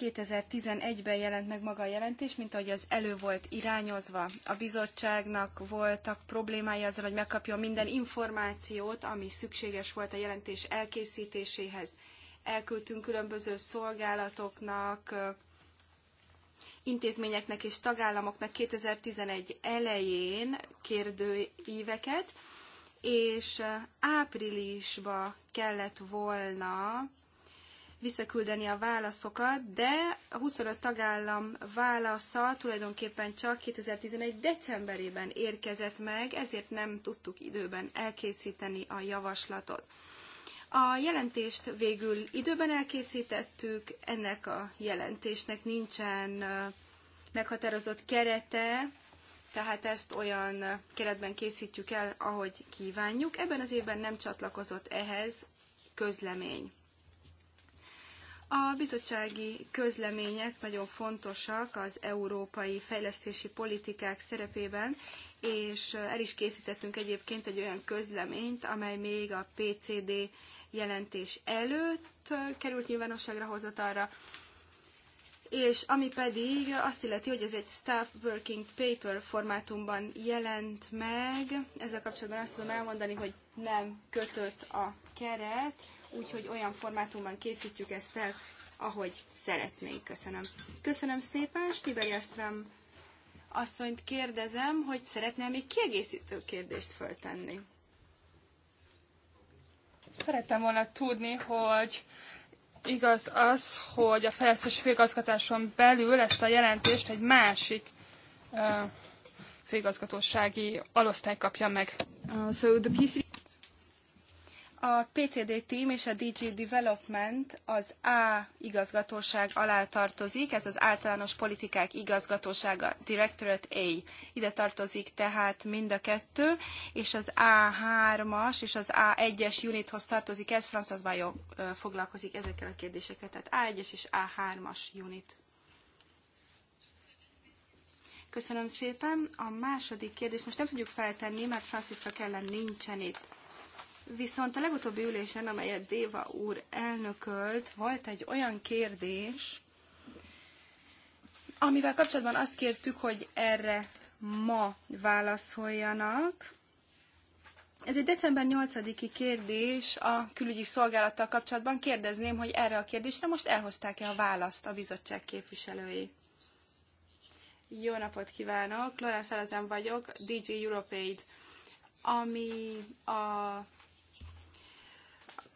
2011-ben jelent meg maga a jelentés, mint ahogy az elő volt irányozva. A bizottságnak voltak problémái azzal, hogy megkapjon minden információt, ami szükséges volt a jelentés elkészítéséhez. Elküldtünk különböző szolgálatoknak, intézményeknek és tagállamoknak 2011 elején kérdőíveket, és áprilisba kellett volna visszaküldeni a válaszokat, de a 25 tagállam válasza tulajdonképpen csak 2011. decemberében érkezett meg, ezért nem tudtuk időben elkészíteni a javaslatot. A jelentést végül időben elkészítettük, ennek a jelentésnek nincsen meghatározott kerete, tehát ezt olyan keretben készítjük el, ahogy kívánjuk. Ebben az évben nem csatlakozott ehhez közlemény. A bizottsági közlemények nagyon fontosak az európai fejlesztési politikák szerepében, és el is készítettünk egyébként egy olyan közleményt, amely még a PCD jelentés előtt került nyilvánosságra hozatalra, és ami pedig azt illeti, hogy ez egy staff working paper formátumban jelent meg. Ezzel kapcsolatban azt tudom elmondani, hogy nem kötött a keret, úgyhogy olyan formátumban készítjük ezt el, ahogy szeretnénk. Köszönöm. Köszönöm szépen, Stiberi Astram asszonyt kérdezem, hogy szeretné még kiegészítő kérdést föltenni. Szerettem volna tudni, hogy igaz az, hogy a fejlesztési főigazgatáson belül ezt a jelentést egy másik uh, főigazgatósági alosztály kapja meg. Uh, so the PC... A PCD Team és a DG Development az A igazgatóság alá tartozik, ez az általános politikák igazgatósága, Directorate A. Ide tartozik tehát mind a kettő, és az A3-as és az A1-es unithoz tartozik, ez Francis Bajó foglalkozik ezekkel a kérdésekkel, tehát A1-es és A3-as unit. Köszönöm szépen. A második kérdés most nem tudjuk feltenni, mert Franciszka Kellen nincsen itt. Viszont a legutóbbi ülésen, amelyet Déva úr elnökölt, volt egy olyan kérdés, amivel kapcsolatban azt kértük, hogy erre ma válaszoljanak. Ez egy december 8-i kérdés a külügyi szolgálattal kapcsolatban. Kérdezném, hogy erre a kérdésre most elhozták-e a választ a bizottság képviselői? Jó napot kívánok! Lorán Alazán vagyok, DJ Europaid. Ami a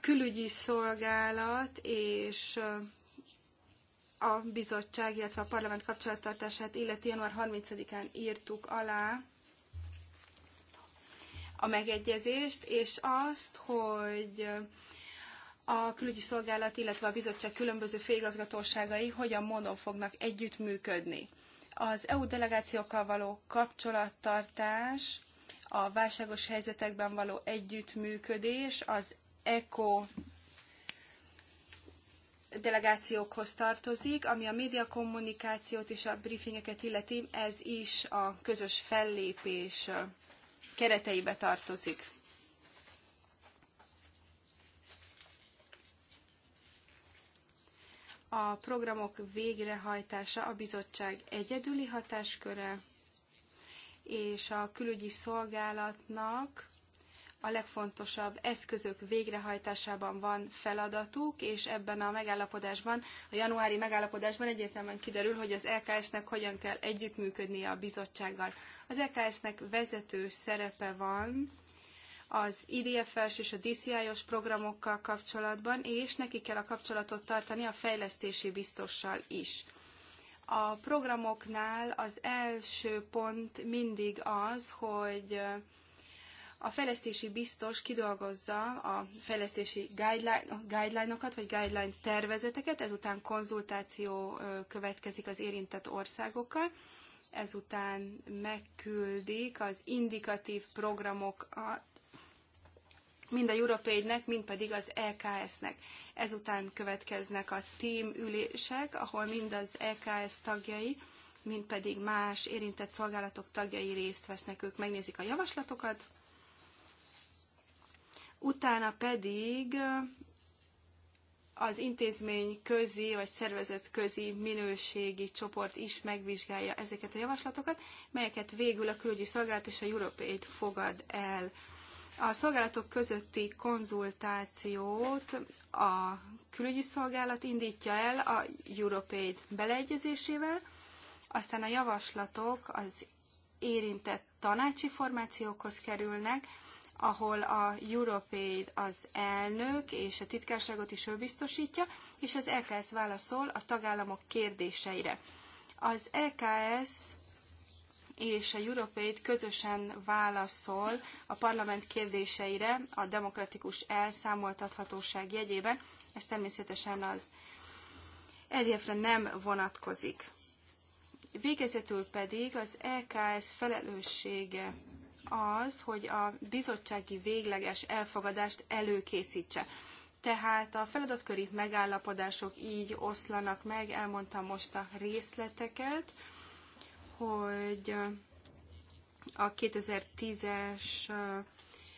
külügyi szolgálat és a bizottság, illetve a parlament kapcsolattartását illeti január 30-án írtuk alá a megegyezést, és azt, hogy a külügyi szolgálat, illetve a bizottság különböző főigazgatóságai hogyan módon fognak együttműködni. Az EU delegációkkal való kapcsolattartás, a válságos helyzetekben való együttműködés, az ECO delegációkhoz tartozik, ami a médiakommunikációt és a briefingeket illeti, ez is a közös fellépés kereteibe tartozik. A programok végrehajtása a bizottság egyedüli hatásköre, és a külügyi szolgálatnak a legfontosabb eszközök végrehajtásában van feladatuk, és ebben a megállapodásban, a januári megállapodásban egyértelműen kiderül, hogy az LKS-nek hogyan kell együttműködnie a bizottsággal. Az LKS-nek vezető szerepe van, az IDFS és a DCI-os programokkal kapcsolatban, és neki kell a kapcsolatot tartani a fejlesztési biztossal is. A programoknál az első pont mindig az, hogy a fejlesztési biztos kidolgozza a fejlesztési guideline-okat, vagy guideline tervezeteket, ezután konzultáció következik az érintett országokkal, ezután megküldik az indikatív programok a, mind a Europaid-nek, mind pedig az EKS-nek. Ezután következnek a team ülések, ahol mind az EKS tagjai, mind pedig más érintett szolgálatok tagjai részt vesznek, ők megnézik a javaslatokat, utána pedig az intézmény közi vagy szervezet közi minőségi csoport is megvizsgálja ezeket a javaslatokat, melyeket végül a külügyi szolgálat és a Europaid fogad el. A szolgálatok közötti konzultációt a külügyi szolgálat indítja el a Europaid beleegyezésével, aztán a javaslatok az érintett tanácsi formációkhoz kerülnek, ahol a Europaid az elnök és a titkárságot is ő biztosítja, és az LKS válaszol a tagállamok kérdéseire. Az LKS és a Europaid közösen válaszol a parlament kérdéseire a demokratikus elszámoltathatóság jegyében. Ez természetesen az egyébként nem vonatkozik. Végezetül pedig az LKS felelőssége az, hogy a bizottsági végleges elfogadást előkészítse. Tehát a feladatköri megállapodások így oszlanak meg, elmondtam most a részleteket, hogy a 2010-es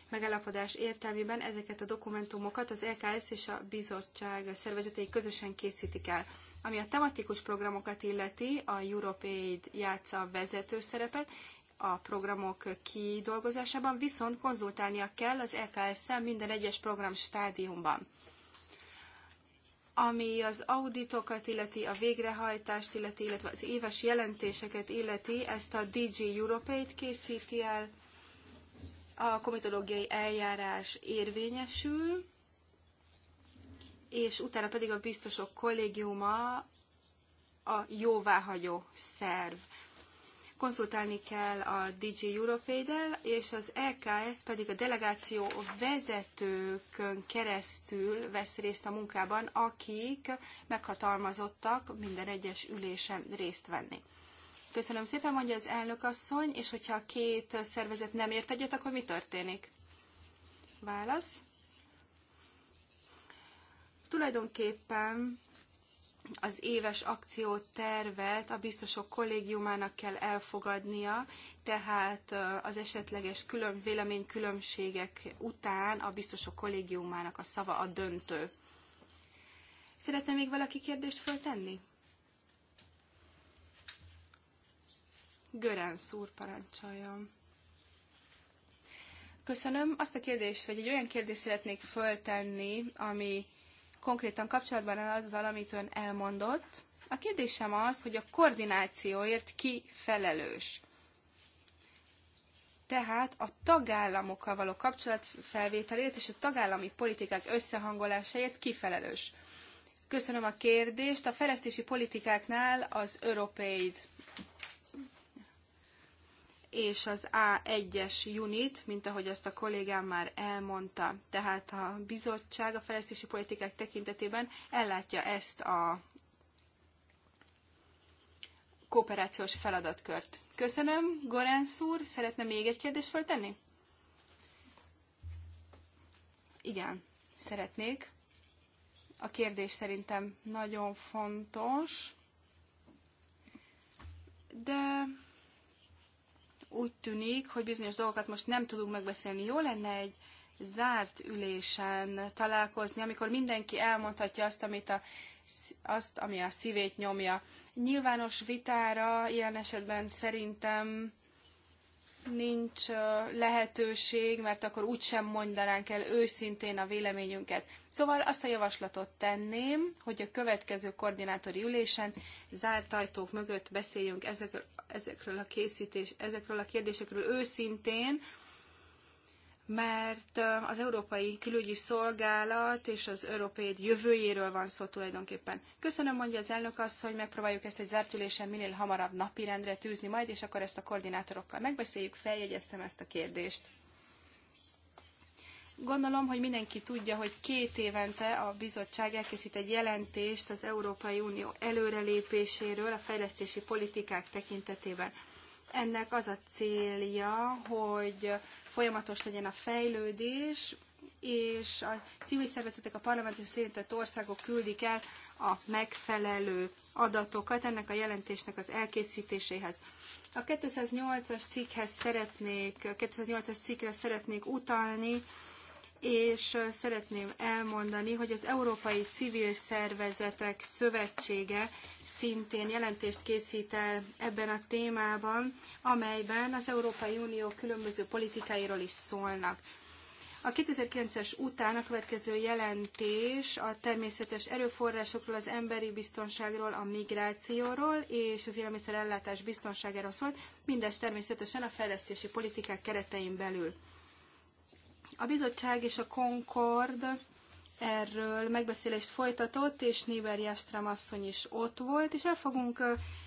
megállapodás értelmében ezeket a dokumentumokat az LKS és a bizottság szervezetei közösen készítik el. Ami a tematikus programokat illeti, a Aid játsza a vezető szerepet, a programok kidolgozásában, viszont konzultálnia kell az EKS-szel minden egyes program stádiumban. Ami az auditokat illeti, a végrehajtást illeti, illetve az éves jelentéseket illeti, ezt a DG Europe-t készíti el, a komitológiai eljárás érvényesül, és utána pedig a biztosok kollégiuma a jóváhagyó szerv konzultálni kell a Europe-del, és az EKS pedig a delegáció vezetőkön keresztül vesz részt a munkában, akik meghatalmazottak minden egyes ülésen részt venni. Köszönöm szépen, mondja az elnök asszony, és hogyha a két szervezet nem ért egyet, akkor mi történik? Válasz. Tulajdonképpen az éves akciótervet a biztosok kollégiumának kell elfogadnia, tehát az esetleges külön, véleménykülönbségek után a biztosok kollégiumának a szava a döntő. Szeretne még valaki kérdést föltenni? Görenc úr parancsolja. Köszönöm. Azt a kérdést, vagy egy olyan kérdést szeretnék föltenni, ami konkrétan kapcsolatban áll azzal, amit ön elmondott. A kérdésem az, hogy a koordinációért ki felelős. Tehát a tagállamokkal való kapcsolatfelvételért és a tagállami politikák összehangolásáért kifelelős. Köszönöm a kérdést. A fejlesztési politikáknál az Europaid és az A1-es unit, mint ahogy azt a kollégám már elmondta. Tehát a bizottság a fejlesztési politikák tekintetében ellátja ezt a kooperációs feladatkört. Köszönöm, Gorensz úr, szeretne még egy kérdést föltenni? Igen, szeretnék. A kérdés szerintem nagyon fontos, de úgy tűnik, hogy bizonyos dolgokat most nem tudunk megbeszélni. Jó lenne egy zárt ülésen találkozni, amikor mindenki elmondhatja azt, amit a, azt ami a szívét nyomja. Nyilvános vitára ilyen esetben szerintem nincs lehetőség, mert akkor úgysem mondanánk el őszintén a véleményünket. Szóval azt a javaslatot tenném, hogy a következő koordinátori ülésen zárt ajtók mögött beszéljünk ezekről, ezekről, a, készítés, ezekről a kérdésekről őszintén, mert az Európai Külügyi Szolgálat és az Európai jövőjéről van szó tulajdonképpen. Köszönöm, mondja az elnök azt, hogy megpróbáljuk ezt egy zárt ülésen minél hamarabb napirendre tűzni majd, és akkor ezt a koordinátorokkal megbeszéljük, feljegyeztem ezt a kérdést. Gondolom, hogy mindenki tudja, hogy két évente a bizottság elkészít egy jelentést az Európai Unió előrelépéséről a fejlesztési politikák tekintetében. Ennek az a célja, hogy folyamatos legyen a fejlődés, és a civil szervezetek a parlament és érintett országok küldik el a megfelelő adatokat ennek a jelentésnek az elkészítéséhez. A 208-as cikkhez szeretnék, 208-as cikkre szeretnék utalni, és szeretném elmondani, hogy az Európai Civil Szervezetek Szövetsége szintén jelentést készít el ebben a témában, amelyben az Európai Unió különböző politikáiról is szólnak. A 2009-es után a következő jelentés a természetes erőforrásokról, az emberi biztonságról, a migrációról és az élelmiszerellátás biztonságáról szólt, mindez természetesen a fejlesztési politikák keretein belül. A bizottság és a Concord erről megbeszélést folytatott, és Néber Jastram asszony is ott volt, és el fogunk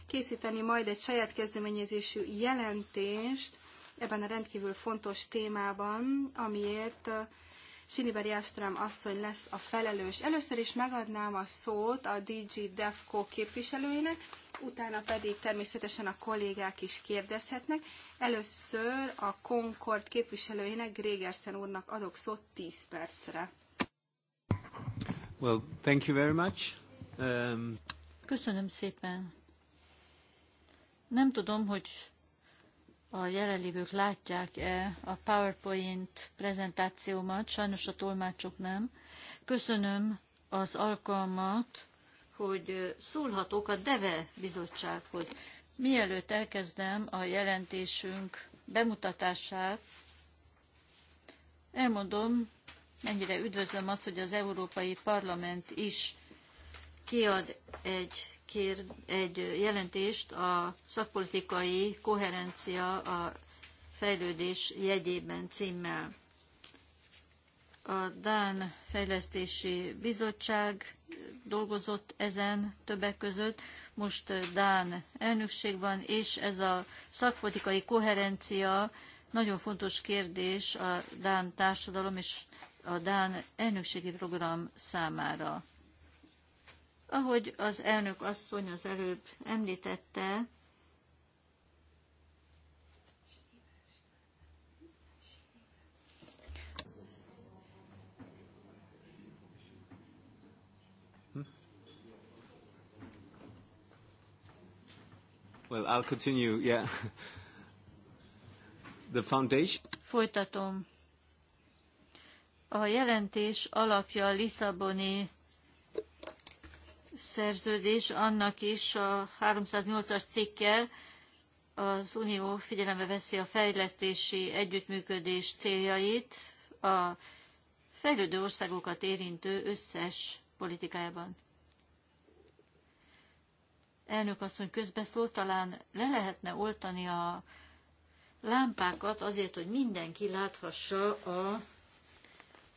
készíteni majd egy saját kezdeményezésű jelentést ebben a rendkívül fontos témában, amiért Siniber Jastram asszony lesz a felelős. Először is megadnám a szót a DG DEFCO képviselőjének, utána pedig természetesen a kollégák is kérdezhetnek. Először a Concord képviselőjének, Grégersen úrnak adok szót 10 percre. Well, thank you very much. Um... Köszönöm szépen. Nem tudom, hogy a jelenlévők látják-e a PowerPoint prezentációmat, sajnos a tolmácsok nem. Köszönöm az alkalmat, hogy szólhatok a DEVE bizottsághoz. Mielőtt elkezdem a jelentésünk bemutatását, elmondom, mennyire üdvözlöm azt, hogy az Európai Parlament is kiad egy, kér, egy jelentést a szakpolitikai koherencia a fejlődés jegyében címmel. A Dán Fejlesztési Bizottság dolgozott ezen többek között, most Dán elnökség van, és ez a szakpolitikai koherencia nagyon fontos kérdés a Dán társadalom és a Dán elnökségi program számára. Ahogy az elnök asszony az előbb említette, Well, I'll continue, yeah. The foundation... Folytatom. A jelentés alapja a Lisszaboni szerződés, annak is a 308-as cikkel az Unió figyelembe veszi a fejlesztési együttműködés céljait a fejlődő országokat érintő összes politikájában elnök asszony közbeszólt, talán le lehetne oltani a lámpákat azért, hogy mindenki láthassa a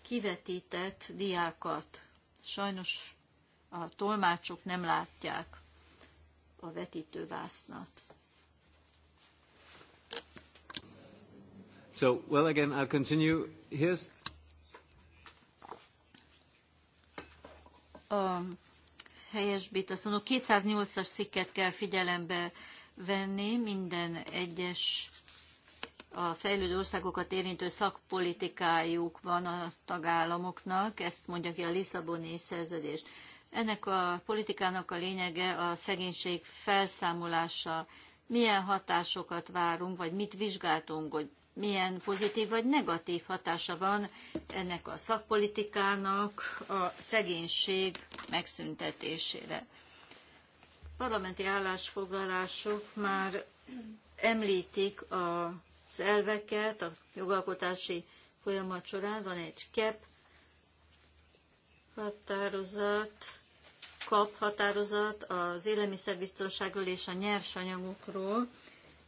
kivetített diákat. Sajnos a tolmácsok nem látják a vetítővásznat. So, well, again, I'll continue. Here's helyesbít azt mondom, 208-as cikket kell figyelembe venni minden egyes a fejlődő országokat érintő szakpolitikájuk van a tagállamoknak, ezt mondja ki a Lisszaboni szerződés. Ennek a politikának a lényege a szegénység felszámolása. Milyen hatásokat várunk, vagy mit vizsgáltunk, hogy milyen pozitív vagy negatív hatása van ennek a szakpolitikának a szegénység megszüntetésére. Parlamenti állásfoglalások már említik az elveket a jogalkotási folyamat során. Van egy KEP határozat, kap határozat az élelmiszerbiztonságról és a nyersanyagokról,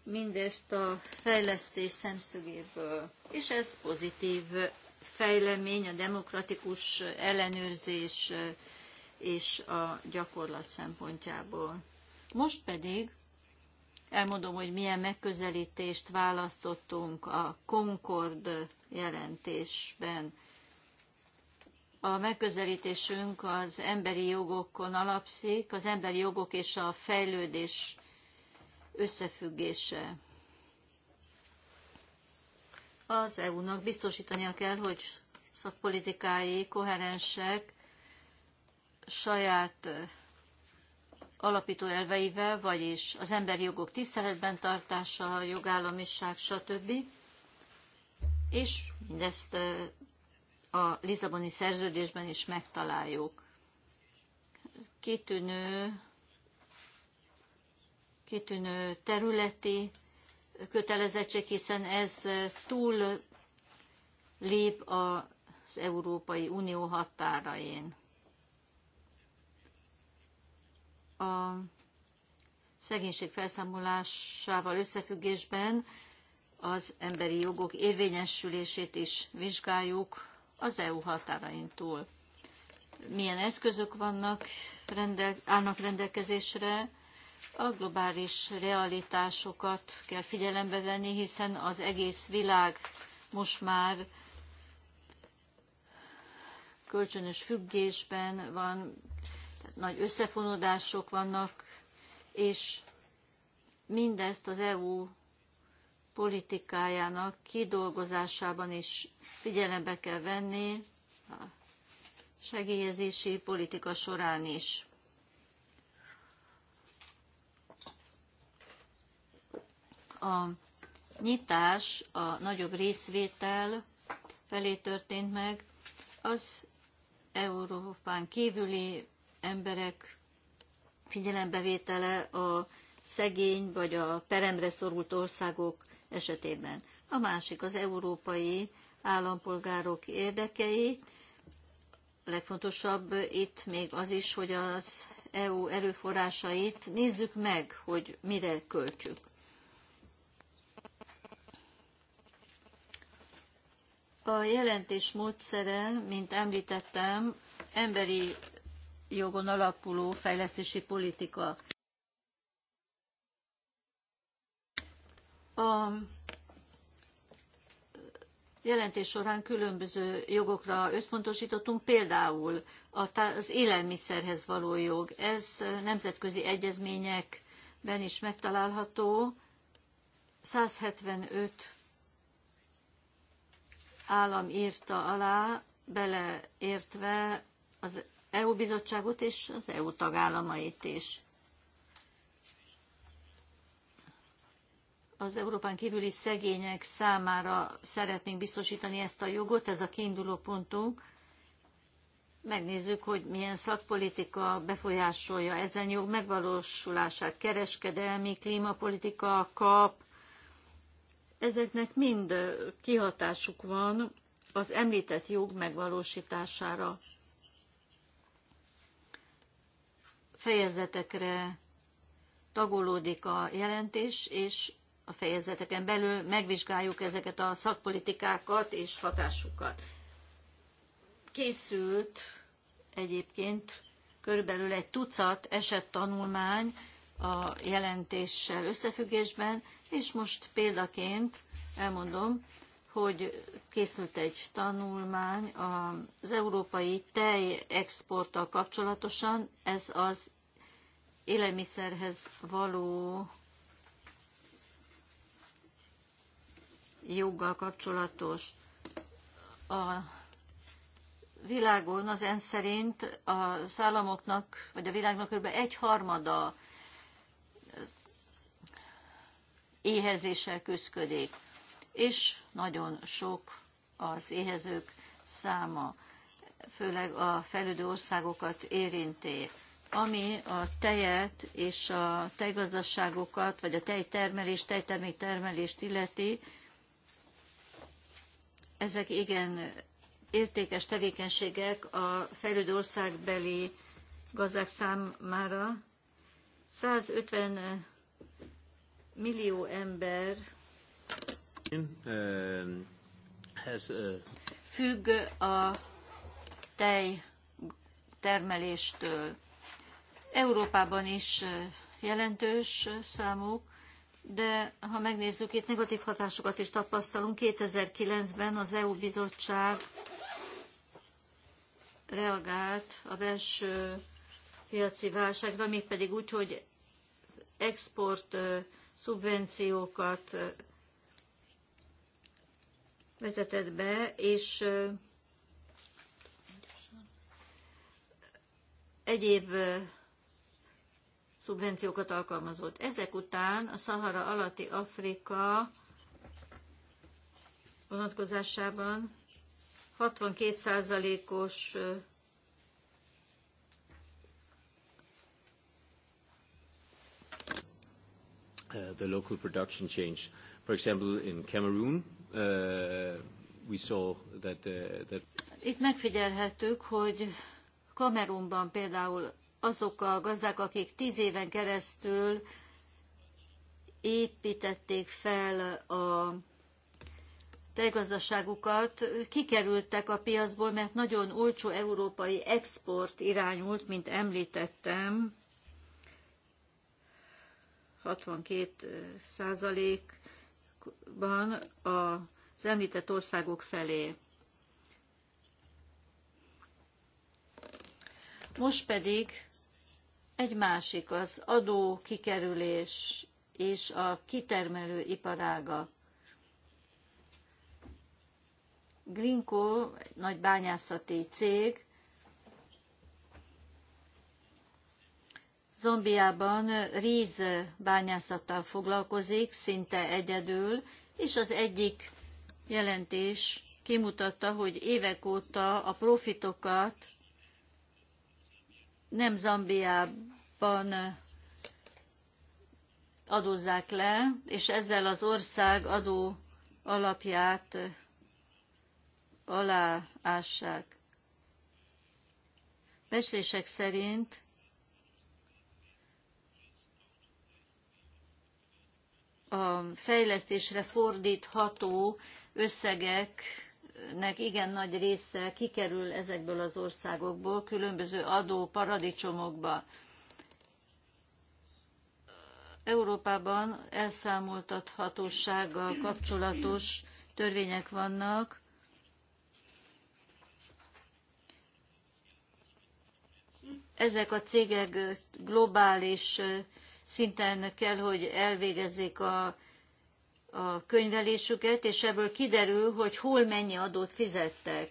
mindezt a fejlesztés szemszögéből. És ez pozitív fejlemény, a demokratikus ellenőrzés és a gyakorlat szempontjából. Most pedig elmondom, hogy milyen megközelítést választottunk a Concord jelentésben. A megközelítésünk az emberi jogokon alapszik, az emberi jogok és a fejlődés összefüggése. Az EU-nak biztosítania kell, hogy szakpolitikái koherensek saját alapító elveivel, vagyis az emberi jogok tiszteletben tartása, jogállamiság, stb. És mindezt a Lisszaboni szerződésben is megtaláljuk. Kitűnő kitűnő területi kötelezettség, hiszen ez túl lép az Európai Unió határain. A szegénység felszámolásával összefüggésben az emberi jogok érvényesülését is vizsgáljuk az EU határain túl. Milyen eszközök vannak, rendel, állnak rendelkezésre, a globális realitásokat kell figyelembe venni, hiszen az egész világ most már kölcsönös függésben van, tehát nagy összefonódások vannak, és mindezt az EU politikájának kidolgozásában is figyelembe kell venni a segélyezési politika során is. a nyitás, a nagyobb részvétel felé történt meg, az Európán kívüli emberek figyelembevétele a szegény vagy a peremre szorult országok esetében. A másik az európai állampolgárok érdekei. A legfontosabb itt még az is, hogy az EU erőforrásait nézzük meg, hogy mire költjük. A jelentés módszere, mint említettem, emberi jogon alapuló fejlesztési politika. A jelentés során különböző jogokra összpontosítottunk, például az élelmiszerhez való jog. Ez nemzetközi egyezményekben is megtalálható. 175 állam írta alá, beleértve az EU bizottságot és az EU tagállamait is. Az Európán kívüli szegények számára szeretnénk biztosítani ezt a jogot, ez a kiinduló pontunk. Megnézzük, hogy milyen szakpolitika befolyásolja ezen jog megvalósulását, kereskedelmi, klímapolitika, kap, Ezeknek mind kihatásuk van az említett jog megvalósítására. Fejezetekre tagolódik a jelentés, és a fejezeteken belül megvizsgáljuk ezeket a szakpolitikákat és hatásukat. Készült egyébként körülbelül egy tucat esettanulmány a jelentéssel összefüggésben, és most példaként elmondom, hogy készült egy tanulmány az európai exporttal kapcsolatosan, ez az élelmiszerhez való joggal kapcsolatos. A világon az ENSZ szerint a államoknak, vagy a világnak kb. egy harmada éhezéssel küzdködik, és nagyon sok az éhezők száma, főleg a fejlődő országokat érinti ami a tejet és a tejgazdaságokat, vagy a tejtermelést, tejtermék termelést illeti, ezek igen értékes tevékenységek a fejlődő országbeli gazdák számára. 150 millió ember ehm, függ a tej termeléstől. Európában is jelentős számuk, de ha megnézzük, itt negatív hatásokat is tapasztalunk. 2009-ben az EU bizottság reagált a belső piaci válságra, mégpedig úgy, hogy export szubvenciókat vezetett be, és egyéb szubvenciókat alkalmazott. Ezek után a Szahara alatti Afrika vonatkozásában 62%-os Uh, the local production change. For example, in Cameroon, uh, we saw that, uh, that Itt megfigyelhettük, hogy Kamerunban például azok a gazdák, akik tíz éven keresztül építették fel a tejgazdaságukat, kikerültek a piacból, mert nagyon olcsó európai export irányult, mint említettem, 62 százalékban az említett országok felé. Most pedig egy másik, az adó kikerülés és a kitermelő iparága. Grinko, egy nagy bányászati cég, Zombiában ríz bányászattal foglalkozik, szinte egyedül, és az egyik jelentés kimutatta, hogy évek óta a profitokat nem Zambiában adózzák le, és ezzel az ország adó alapját aláássák. Beslések szerint a fejlesztésre fordítható összegeknek igen nagy része kikerül ezekből az országokból, különböző adó paradicsomokba. Európában elszámoltathatósággal kapcsolatos törvények vannak, ezek a cégek globális szinten kell, hogy elvégezzék a, a könyvelésüket, és ebből kiderül, hogy hol mennyi adót fizettek.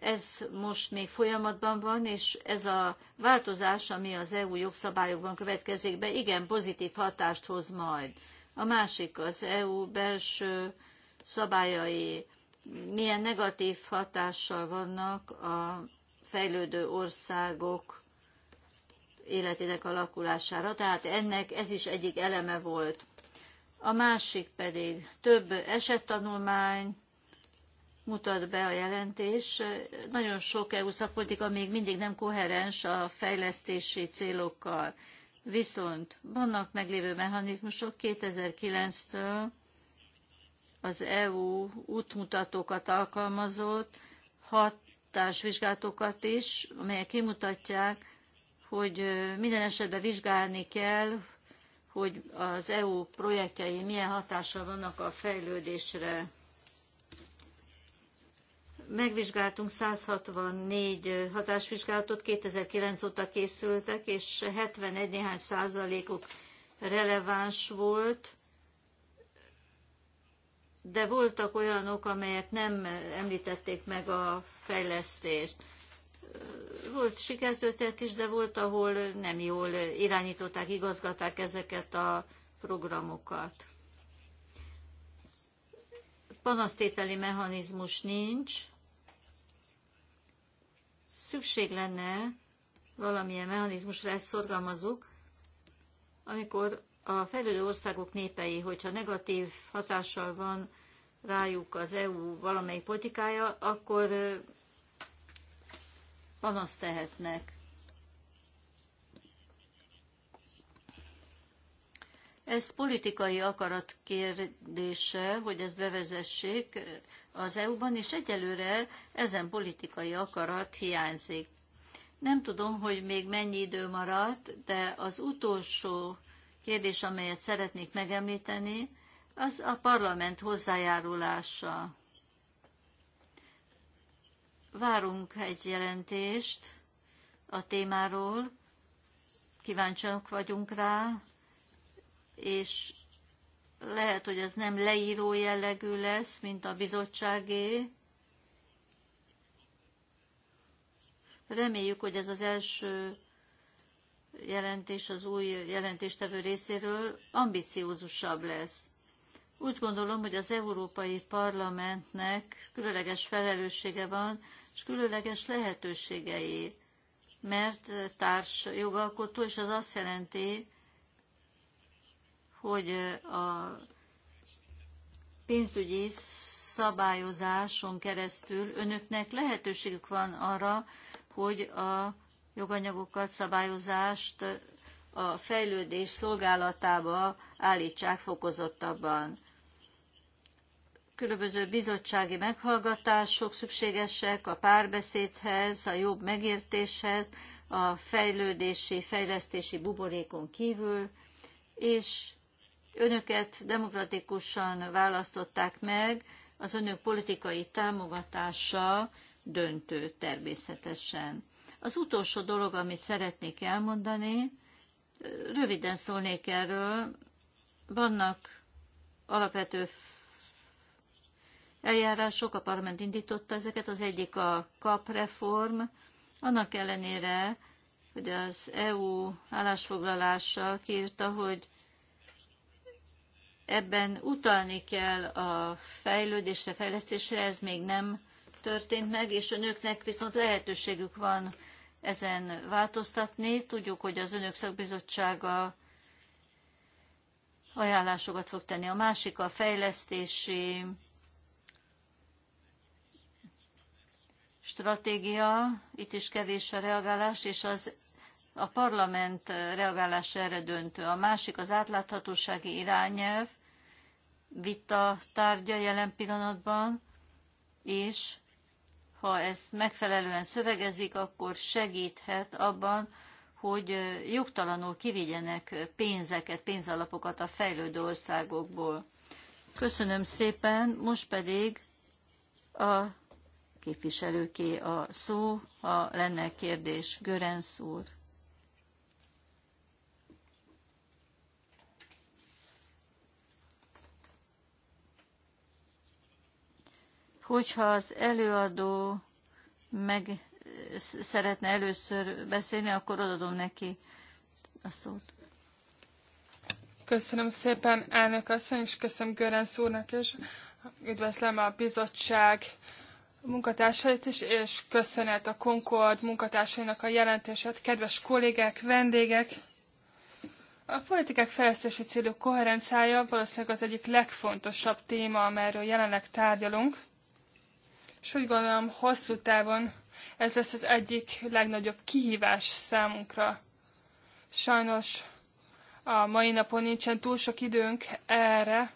Ez most még folyamatban van, és ez a változás, ami az EU jogszabályokban következik be, igen pozitív hatást hoz majd. A másik az EU belső szabályai milyen negatív hatással vannak a fejlődő országok életének alakulására. Tehát ennek ez is egyik eleme volt. A másik pedig több esettanulmány mutat be a jelentés. Nagyon sok EU szakpolitika még mindig nem koherens a fejlesztési célokkal. Viszont vannak meglévő mechanizmusok 2009-től az EU útmutatókat alkalmazott, hatásvizsgálatokat is, amelyek kimutatják, hogy minden esetben vizsgálni kell, hogy az EU projektjei milyen hatással vannak a fejlődésre. Megvizsgáltunk 164 hatásvizsgálatot, 2009 óta készültek, és 71 néhány százalékuk releváns volt, de voltak olyanok, amelyek nem említették meg a fejlesztést volt sikertörténet is, de volt, ahol nem jól irányították, igazgatták ezeket a programokat. Panasztételi mechanizmus nincs. Szükség lenne valamilyen mechanizmusra, ezt szorgalmazunk, amikor a fejlődő országok népei, hogyha negatív hatással van rájuk az EU valamelyik politikája, akkor panaszt tehetnek. Ez politikai akarat kérdése, hogy ezt bevezessék az EU-ban, és egyelőre ezen politikai akarat hiányzik. Nem tudom, hogy még mennyi idő maradt, de az utolsó kérdés, amelyet szeretnék megemlíteni, az a parlament hozzájárulása. Várunk egy jelentést a témáról, kíváncsiak vagyunk rá, és lehet, hogy ez nem leíró jellegű lesz, mint a bizottságé. Reméljük, hogy ez az első jelentés az új jelentéstevő részéről ambiciózusabb lesz. Úgy gondolom, hogy az Európai Parlamentnek különleges felelőssége van, és különleges lehetőségei, mert társ jogalkotó, és az azt jelenti, hogy a pénzügyi szabályozáson keresztül önöknek lehetőségük van arra, hogy a joganyagokat, szabályozást a fejlődés szolgálatába állítsák fokozottabban különböző bizottsági meghallgatások szükségesek a párbeszédhez, a jobb megértéshez, a fejlődési, fejlesztési buborékon kívül, és önöket demokratikusan választották meg, az önök politikai támogatása döntő természetesen. Az utolsó dolog, amit szeretnék elmondani, röviden szólnék erről, vannak alapvető eljárások, a parlament indította ezeket, az egyik a KAP reform, annak ellenére, hogy az EU állásfoglalása kírta, hogy ebben utalni kell a fejlődésre, fejlesztésre, ez még nem történt meg, és a nőknek viszont lehetőségük van ezen változtatni. Tudjuk, hogy az önök szakbizottsága ajánlásokat fog tenni. A másik a fejlesztési stratégia, itt is kevés a reagálás, és az a parlament reagálása erre döntő. A másik az átláthatósági irányelv, vita tárgya jelen pillanatban, és ha ezt megfelelően szövegezik, akkor segíthet abban, hogy jogtalanul kivigyenek pénzeket, pénzalapokat a fejlődő országokból. Köszönöm szépen, most pedig a képviselőké a szó. Ha lenne kérdés, Görenc úr. Hogyha az előadó meg szeretne először beszélni, akkor odadom neki a szót. Köszönöm szépen, elnök asszony, és köszönöm Görenc úrnak, és üdvözlöm a bizottság munkatársait is, és köszönet a Concord munkatársainak a jelentését, kedves kollégák, vendégek. A politikák fejlesztési célú koherenciája valószínűleg az egyik legfontosabb téma, amelyről jelenleg tárgyalunk, és úgy gondolom hosszú távon ez lesz az egyik legnagyobb kihívás számunkra. Sajnos a mai napon nincsen túl sok időnk erre,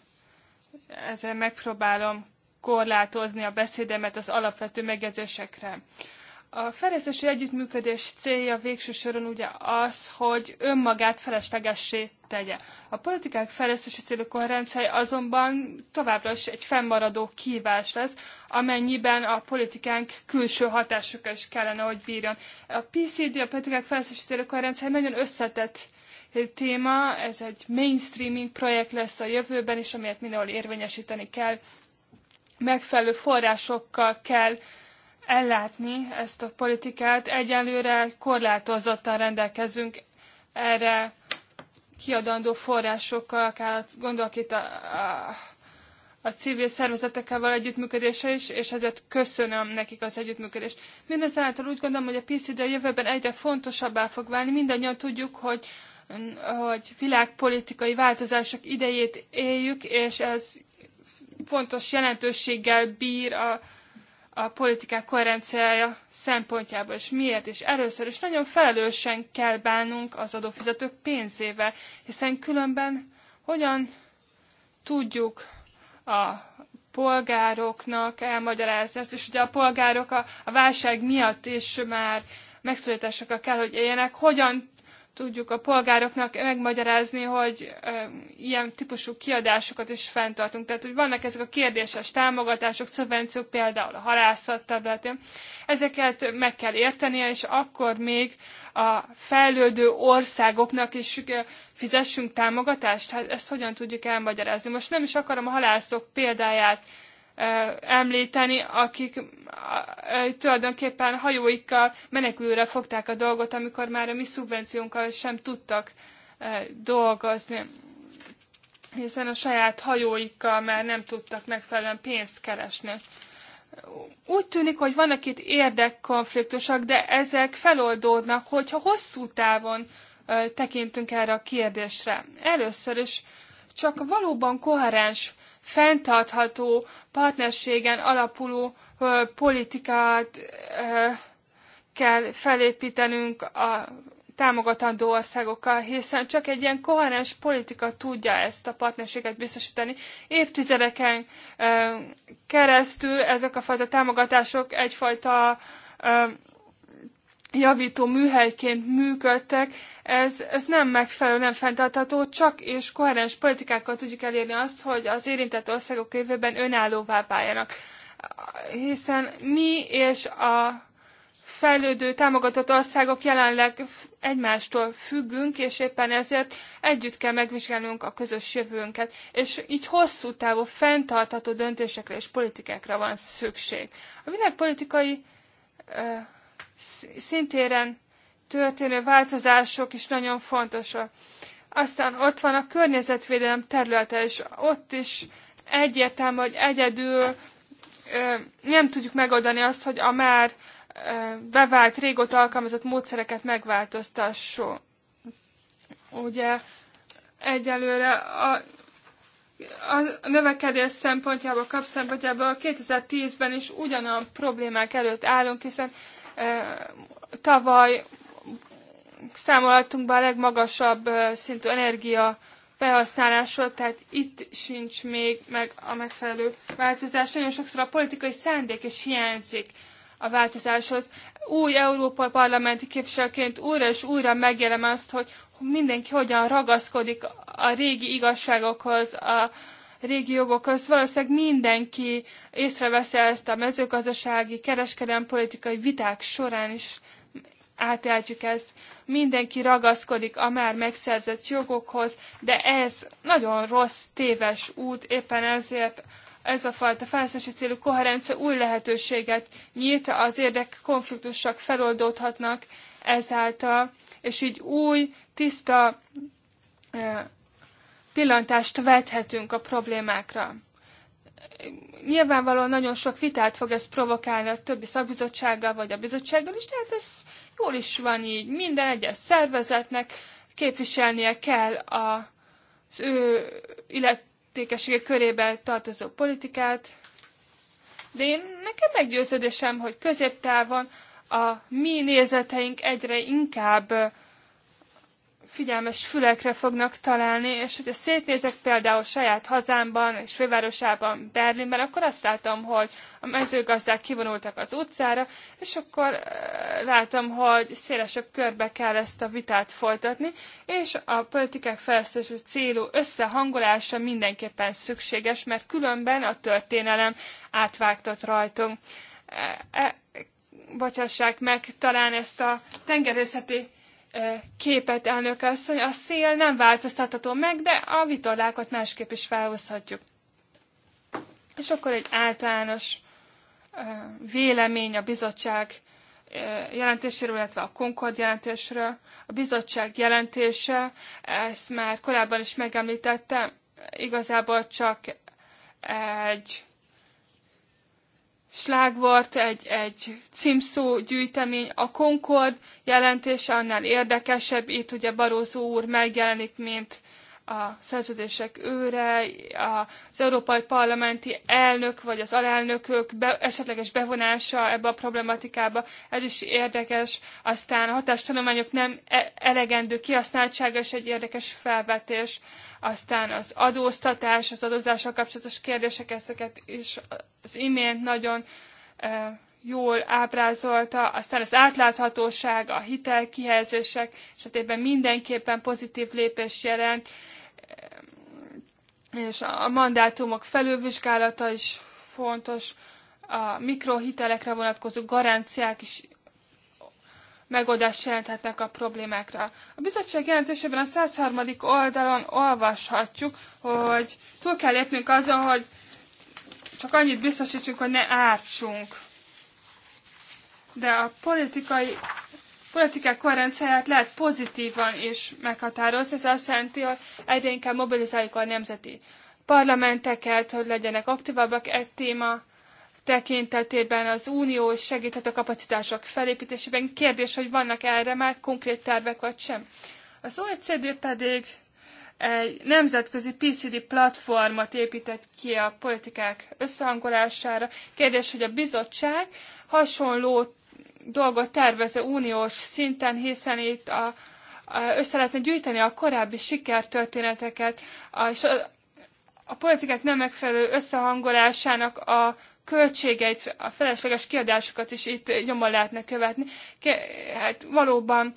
ezért megpróbálom korlátozni a beszédemet az alapvető megjegyzésekre. A fejlesztési együttműködés célja végső soron ugye az, hogy önmagát feleslegessé tegye. A politikák fejlesztési célú koherenciája azonban továbbra is egy fennmaradó kívás lesz, amennyiben a politikánk külső hatásokkal is kellene, hogy bírjon. A PCD, a politikák fejlesztési célú koherenciája nagyon összetett téma, ez egy mainstreaming projekt lesz a jövőben is, amelyet mindenhol érvényesíteni kell, megfelelő forrásokkal kell ellátni ezt a politikát. Egyelőre korlátozottan rendelkezünk erre kiadandó forrásokkal, akár gondolok itt a, a, a civil szervezetekkel való együttműködése is, és ezért köszönöm nekik az együttműködést. Mindezáltal úgy gondolom, hogy a PCD a jövőben egyre fontosabbá fog válni. Mindannyian tudjuk, hogy hogy világpolitikai változások idejét éljük, és ez fontos jelentőséggel bír a, a politikák koherenciája szempontjából, és miért is. Először is nagyon felelősen kell bánnunk az adófizetők pénzével, hiszen különben hogyan tudjuk a polgároknak elmagyarázni ezt, és ugye a polgárok a, a válság miatt is már megszólításokra kell, hogy éljenek, hogyan tudjuk a polgároknak megmagyarázni, hogy ilyen típusú kiadásokat is fenntartunk. Tehát, hogy vannak ezek a kérdéses támogatások, szubvenciók például a halászat területén. Ezeket meg kell értenie, és akkor még a fejlődő országoknak is fizessünk támogatást. Hát ezt hogyan tudjuk elmagyarázni? Most nem is akarom a halászok példáját említeni, akik tulajdonképpen hajóikkal menekülőre fogták a dolgot, amikor már a mi szubvenciónkkal sem tudtak dolgozni hiszen a saját hajóikkal már nem tudtak megfelelően pénzt keresni. Úgy tűnik, hogy vannak itt érdekkonfliktusok, de ezek feloldódnak, hogyha hosszú távon tekintünk erre a kérdésre. Először is csak valóban koherens fenntartható partnerségen alapuló ö, politikát ö, kell felépítenünk a támogatandó országokkal, hiszen csak egy ilyen koherens politika tudja ezt a partnerséget biztosítani. Évtizedeken keresztül ezek a fajta támogatások egyfajta javító műhelyként működtek, ez, ez nem megfelelő, nem fenntartható, csak és koherens politikákkal tudjuk elérni azt, hogy az érintett országok jövőben önállóvá váljanak. Hiszen mi és a fejlődő, támogatott országok jelenleg egymástól függünk, és éppen ezért együtt kell megvizsgálnunk a közös jövőnket. És így hosszú távú, fenntartható döntésekre és politikákra van szükség. A világpolitikai politikai szintéren történő változások is nagyon fontosak. Aztán ott van a környezetvédelem területe, és ott is egyértelmű, hogy egyedül nem tudjuk megoldani azt, hogy a már bevált, régóta alkalmazott módszereket megváltoztasson. Ugye egyelőre a, a növekedés szempontjából, kap szempontjából 2010-ben is ugyanolyan problémák előtt állunk, hiszen Tavaly számolhatunk be a legmagasabb szintű energia felhasználásról, tehát itt sincs még meg a megfelelő változás. Nagyon sokszor a politikai szándék is hiányzik a változáshoz. Új Európai Parlamenti képviselőként újra és újra megjelem azt, hogy mindenki hogyan ragaszkodik a régi igazságokhoz, a, régi jogok közt. Valószínűleg mindenki észreveszi ezt a mezőgazdasági, kereskedelmi politikai viták során is átéltjük ezt. Mindenki ragaszkodik a már megszerzett jogokhoz, de ez nagyon rossz, téves út, éppen ezért ez a fajta felszesi célú koherencia új lehetőséget nyit, az érdekkonfliktusok feloldódhatnak ezáltal, és így új, tiszta pillantást vethetünk a problémákra. Nyilvánvalóan nagyon sok vitát fog ez provokálni a többi szakbizottsággal vagy a bizottsággal is, tehát ez jól is van így. Minden egyes szervezetnek képviselnie kell a, az ő illetékesége körébe tartozó politikát, de én nekem meggyőződésem, hogy középtávon a mi nézeteink egyre inkább figyelmes fülekre fognak találni, és hogyha szétnézek például saját hazámban és fővárosában, Berlinben, akkor azt látom, hogy a mezőgazdák kivonultak az utcára, és akkor látom, hogy szélesebb körbe kell ezt a vitát folytatni, és a politikák felesztős célú összehangolása mindenképpen szükséges, mert különben a történelem átvágtat rajtunk. E, e, bocsássák meg, talán ezt a tengerészeti képet, elnök asszony. A szél nem változtatható meg, de a vitorlákat másképp is felhozhatjuk. És akkor egy általános vélemény a bizottság jelentéséről, illetve a Concord jelentésről. A bizottság jelentése, ezt már korábban is megemlítettem, igazából csak egy slágvort, egy, egy címszó gyűjtemény, a Concord jelentése annál érdekesebb, itt ugye Barózó úr megjelenik, mint a szerződések őre, az európai parlamenti elnök vagy az alelnökök be, esetleges bevonása ebbe a problematikába, ez is érdekes. Aztán a hatástanulmányok nem e, elegendő kihasználtsága is egy érdekes felvetés. Aztán az adóztatás, az adózással kapcsolatos kérdések, ezeket is az imént nagyon e, jól ábrázolta, aztán az átláthatóság, a hitelkihelyezések esetében mindenképpen pozitív lépés jelent, és a mandátumok felülvizsgálata is fontos, a mikrohitelekre vonatkozó garanciák is megoldást jelenthetnek a problémákra. A bizottság jelentésében a 103. oldalon olvashatjuk, hogy túl kell lépnünk azon, hogy csak annyit biztosítsunk, hogy ne ártsunk. De a politikai politikák koherenciáját lehet pozitívan is meghatározni. Ez azt jelenti, hogy egyre inkább mobilizáljuk a nemzeti parlamenteket, hogy legyenek aktívabbak egy téma tekintetében az unió segíthet a kapacitások felépítésében. Kérdés, hogy vannak erre már konkrét tervek vagy sem. Az OECD pedig egy nemzetközi PCD platformot épített ki a politikák összehangolására. Kérdés, hogy a bizottság hasonló dolgot tervező uniós szinten, hiszen itt a, a, össze lehetne gyűjteni a korábbi sikertörténeteket, a, és a, a politikák nem megfelelő összehangolásának a költségeit, a felesleges kiadásokat is itt nyomon lehetne követni. Ke, hát valóban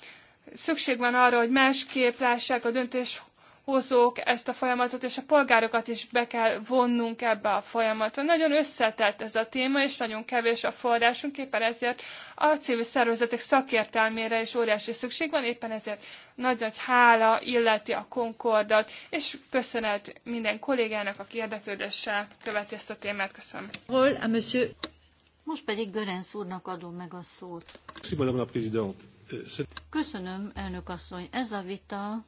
szükség van arra, hogy másképp lássák a döntés hozók ezt a folyamatot, és a polgárokat is be kell vonnunk ebbe a folyamatba. Nagyon összetett ez a téma, és nagyon kevés a forrásunk, éppen ezért a civil szervezetek szakértelmére is óriási szükség van, éppen ezért nagy-nagy hála illeti a Concordat, és köszönet minden kollégának, aki érdeklődéssel követi ezt a témát. Köszönöm. Hol a monsieur? Most pedig Görenc úrnak adom meg a szót. Euh, Köszönöm, elnök asszony. Ez a vita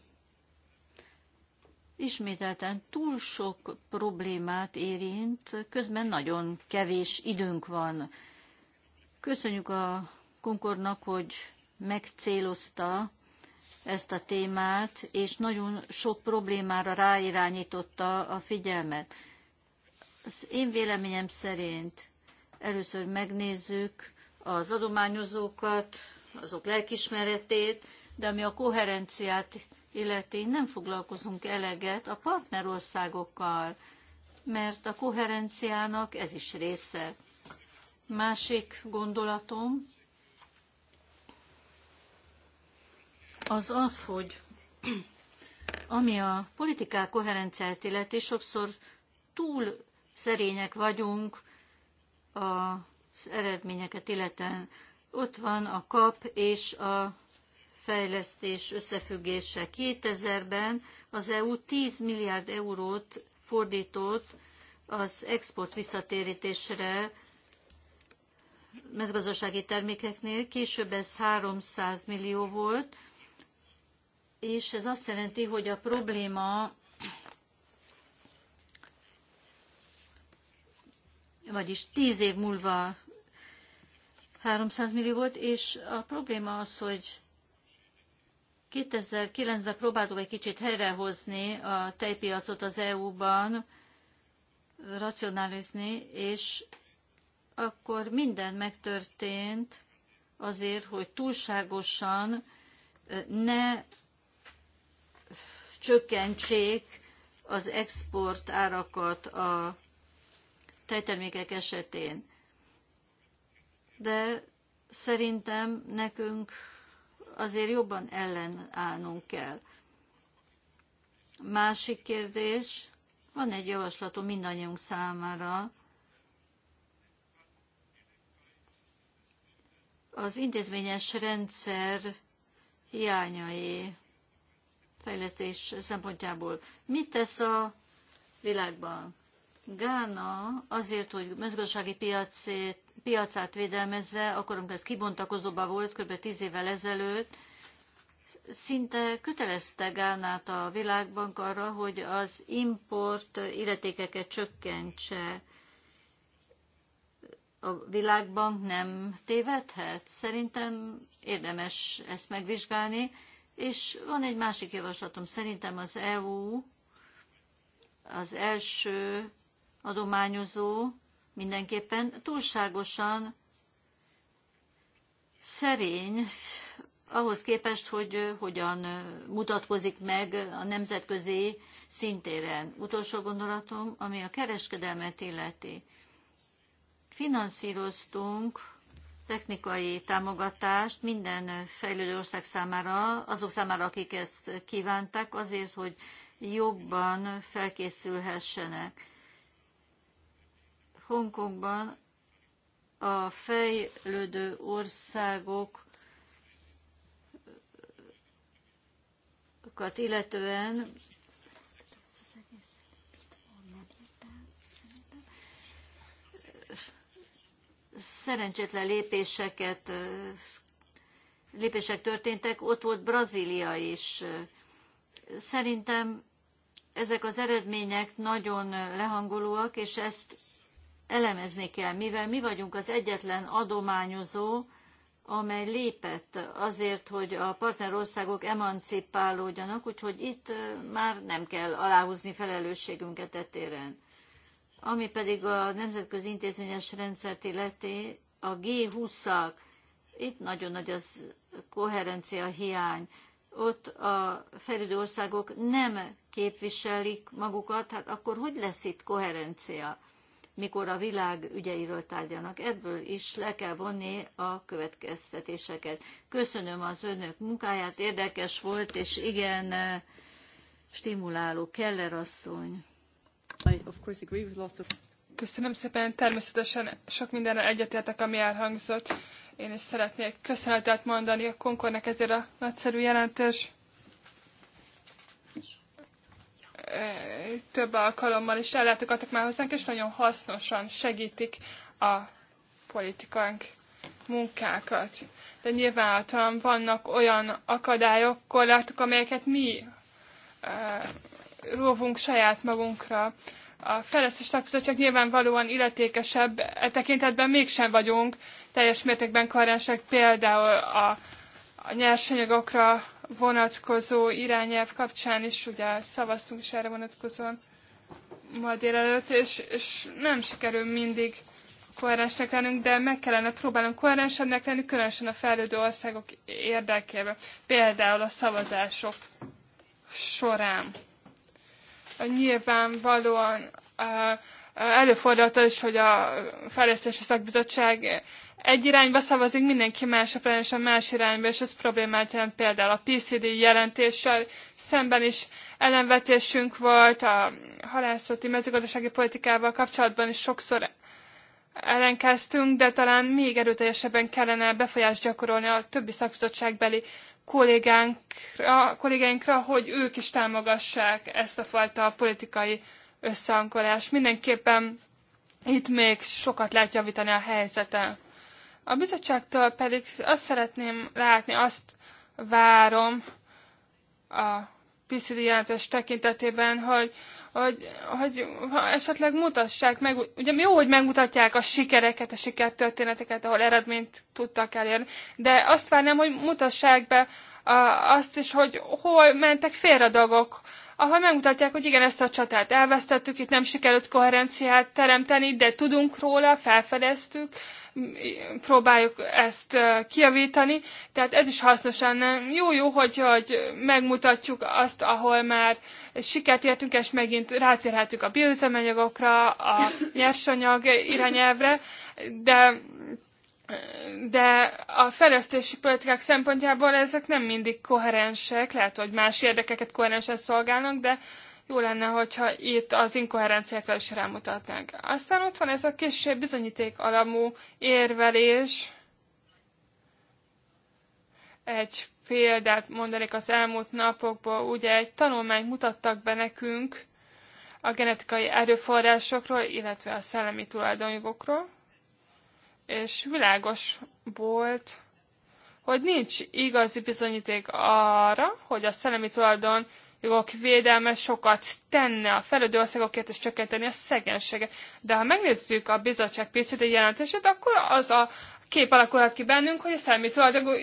ismételten túl sok problémát érint, közben nagyon kevés időnk van. Köszönjük a Konkornak, hogy megcélozta ezt a témát, és nagyon sok problémára ráirányította a figyelmet. Az én véleményem szerint először megnézzük az adományozókat, azok lelkismeretét, de ami a koherenciát illetén nem foglalkozunk eleget a partnerországokkal, mert a koherenciának ez is része. Másik gondolatom az az, hogy ami a politikák koherenciát illeti, sokszor túl szerények vagyunk az eredményeket illetően. Ott van a kap és a fejlesztés összefüggése. 2000-ben az EU 10 milliárd eurót fordított az export visszatérítésre mezgazdasági termékeknél, később ez 300 millió volt, és ez azt jelenti, hogy a probléma vagyis 10 év múlva 300 millió volt, és a probléma az, hogy 2009-ben próbáltuk egy kicsit helyrehozni a tejpiacot az EU-ban, racionalizni, és akkor minden megtörtént azért, hogy túlságosan ne csökkentsék az export árakat a tejtermékek esetén. De szerintem nekünk azért jobban ellenállnunk kell. Másik kérdés, van egy javaslatom mindannyiunk számára, az intézményes rendszer hiányai fejlesztés szempontjából. Mit tesz a világban? Gána azért, hogy mezgazdasági piacét piacát védelmezze, akkor amikor ez kibontakozóban volt, kb. tíz évvel ezelőtt, szinte kötelezte Gánát a világbank arra, hogy az import illetékeket csökkentse. A világbank nem tévedhet? Szerintem érdemes ezt megvizsgálni. És van egy másik javaslatom. Szerintem az EU az első adományozó, mindenképpen túlságosan szerény ahhoz képest, hogy hogyan mutatkozik meg a nemzetközi szintéren. Utolsó gondolatom, ami a kereskedelmet illeti. Finanszíroztunk technikai támogatást minden fejlődő ország számára, azok számára, akik ezt kívánták, azért, hogy jobban felkészülhessenek Hongkongban a fejlődő országok illetően szerencsétlen lépéseket, lépések történtek, ott volt Brazília is. Szerintem ezek az eredmények nagyon lehangolóak, és ezt elemezni kell, mivel mi vagyunk az egyetlen adományozó, amely lépett azért, hogy a partnerországok emancipálódjanak, úgyhogy itt már nem kell aláhúzni felelősségünket etéren. Ami pedig a nemzetközi intézményes rendszert illeti, a G20-ak, itt nagyon nagy az koherencia hiány. Ott a fejlődő országok nem képviselik magukat, hát akkor hogy lesz itt koherencia? mikor a világ ügyeiről tárgyalnak. Ebből is le kell vonni a következtetéseket. Köszönöm az önök munkáját, érdekes volt, és igen, stimuláló. Keller asszony. Köszönöm szépen, természetesen sok mindenre egyetértek, ami elhangzott. Én is szeretnék köszönetet mondani a Konkornak ezért a nagyszerű jelentés több alkalommal is ellátogattak már hozzánk, és nagyon hasznosan segítik a politikánk munkákat. De nyilvánvalóan vannak olyan akadályok, korlátok, amelyeket mi róvunk saját magunkra. A fejlesztés szakbizottság nyilvánvalóan illetékesebb, e tekintetben mégsem vagyunk teljes mértékben karensek, például a a nyersanyagokra vonatkozó irányelv kapcsán is ugye szavaztunk is erre vonatkozóan ma délelőtt, és, és nem sikerül mindig koherensnek lennünk, de meg kellene próbálnunk koherensebbnek lenni, különösen a fejlődő országok érdekében. Például a szavazások során. Nyilvánvalóan uh, előfordult az is, hogy a fejlesztési szakbizottság egy irányba szavazik, mindenki más a a más irányba, és ez problémát jelent például a PCD jelentéssel szemben is ellenvetésünk volt, a halászati mezőgazdasági politikával kapcsolatban is sokszor ellenkeztünk, de talán még erőteljesebben kellene befolyást gyakorolni a többi szakbizottságbeli kollégánkra, kollégáinkra, hogy ők is támogassák ezt a fajta politikai összehangolás. Mindenképpen itt még sokat lehet javítani a helyzetet. A bizottságtól pedig azt szeretném látni, azt várom a PCD jelentős tekintetében, hogy, hogy, hogy ha esetleg mutassák meg, ugye jó, hogy megmutatják a sikereket, a sikertörténeteket, ahol eredményt tudtak elérni, de azt várnám, hogy mutassák be azt is, hogy hol mentek félre a dolgok, ahol megmutatják, hogy igen, ezt a csatát elvesztettük, itt nem sikerült koherenciát teremteni, de tudunk róla, felfedeztük, próbáljuk ezt kiavítani, tehát ez is hasznos lenne. Jó, jó, hogy, hogy megmutatjuk azt, ahol már sikert értünk, és megint rátérhetünk a bioüzemanyagokra, a nyersanyag irányelvre, de de a fejlesztési politikák szempontjából ezek nem mindig koherensek, lehet, hogy más érdekeket koherensen szolgálnak, de jó lenne, hogyha itt az inkoherenciákra is rámutatnánk. Aztán ott van ez a kis bizonyíték alamú érvelés. Egy példát mondanék az elmúlt napokból, ugye egy tanulmányt mutattak be nekünk a genetikai erőforrásokról, illetve a szellemi tulajdonjogokról és világos volt, hogy nincs igazi bizonyíték arra, hogy a szellemi tulajdon jogok védelme sokat tenne a fejlődő országokért és csökkenteni a szegénységet. De ha megnézzük a bizottság pénzügyi jelentését, akkor az a kép alakulhat ki bennünk, hogy a szellemi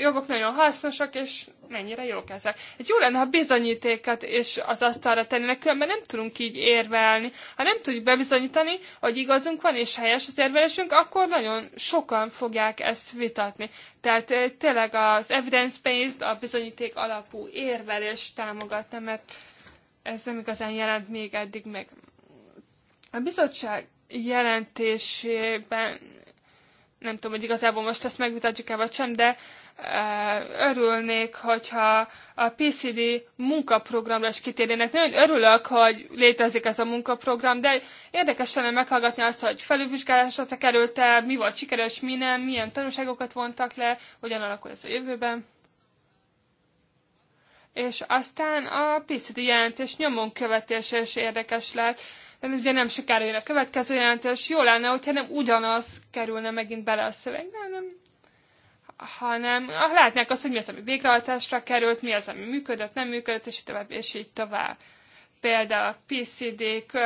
jogok nagyon hasznosak, és mennyire jók ezek. Hát jó lenne, ha bizonyítékat és az asztalra tennének, különben nem tudunk így érvelni. Ha nem tudjuk bebizonyítani, hogy igazunk van és helyes az érvelésünk, akkor nagyon sokan fogják ezt vitatni. Tehát tényleg az evidence-based, a bizonyíték alapú érvelés támogatna, mert ez nem igazán jelent még eddig meg. A bizottság jelentésében nem tudom, hogy igazából most ezt megmutatjuk e vagy sem, de e, örülnék, hogyha a PCD munkaprogramra is kitérjenek. Nagyon örülök, hogy létezik ez a munkaprogram, de érdekes lenne meghallgatni azt, hogy felülvizsgálásra került-e, mi volt sikeres, mi nem, milyen tanulságokat vontak le, hogyan alakul ez a jövőben és aztán a PCD jelentés nyomon követése is érdekes lehet. Ugye nem sokára jön a következő jelentés, jó lenne, hogyha nem ugyanaz kerülne megint bele a szövegbe, hanem hanem látnák azt, hogy mi az, ami végrehajtásra került, mi az, ami működött, nem működött, és így tovább, és így tovább. Például a PCD-k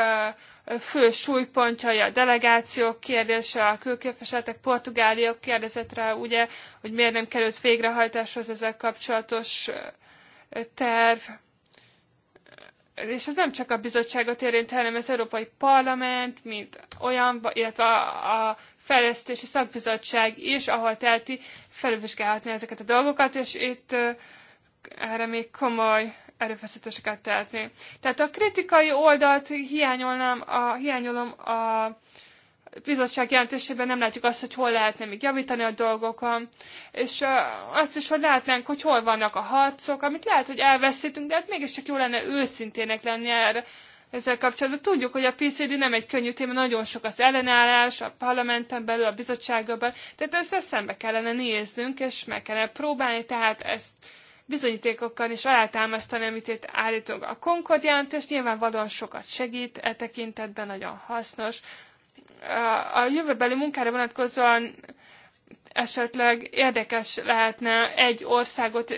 fő súlypontjai, a delegációk kérdése, a külképviseletek, portugáliak kérdezetre, ugye, hogy miért nem került végrehajtáshoz ezzel kapcsolatos terv, és ez nem csak a bizottságot érint, hanem az Európai Parlament, mint olyan, illetve a, fejlesztési szakbizottság is, ahol telti felülvizsgálhatni ezeket a dolgokat, és itt erre még komoly erőfeszítéseket tehetni. Tehát a kritikai oldalt hiányolnám, a, hiányolom a bizottság jelentésében nem látjuk azt, hogy hol lehetne még javítani a dolgokon, és azt is, hogy látnánk, hogy hol vannak a harcok, amit lehet, hogy elveszítünk, de hát mégiscsak jó lenne őszintének lenni erre ezzel kapcsolatban. Tudjuk, hogy a PCD nem egy könnyű téma, nagyon sok az ellenállás a parlamenten belül, a bizottságban, tehát ezt szembe kellene néznünk, és meg kellene próbálni, tehát ezt bizonyítékokkal is alátámasztani, amit itt állítunk. A Concord és nyilvánvalóan sokat segít, e tekintetben nagyon hasznos a jövőbeli munkára vonatkozóan esetleg érdekes lehetne egy országot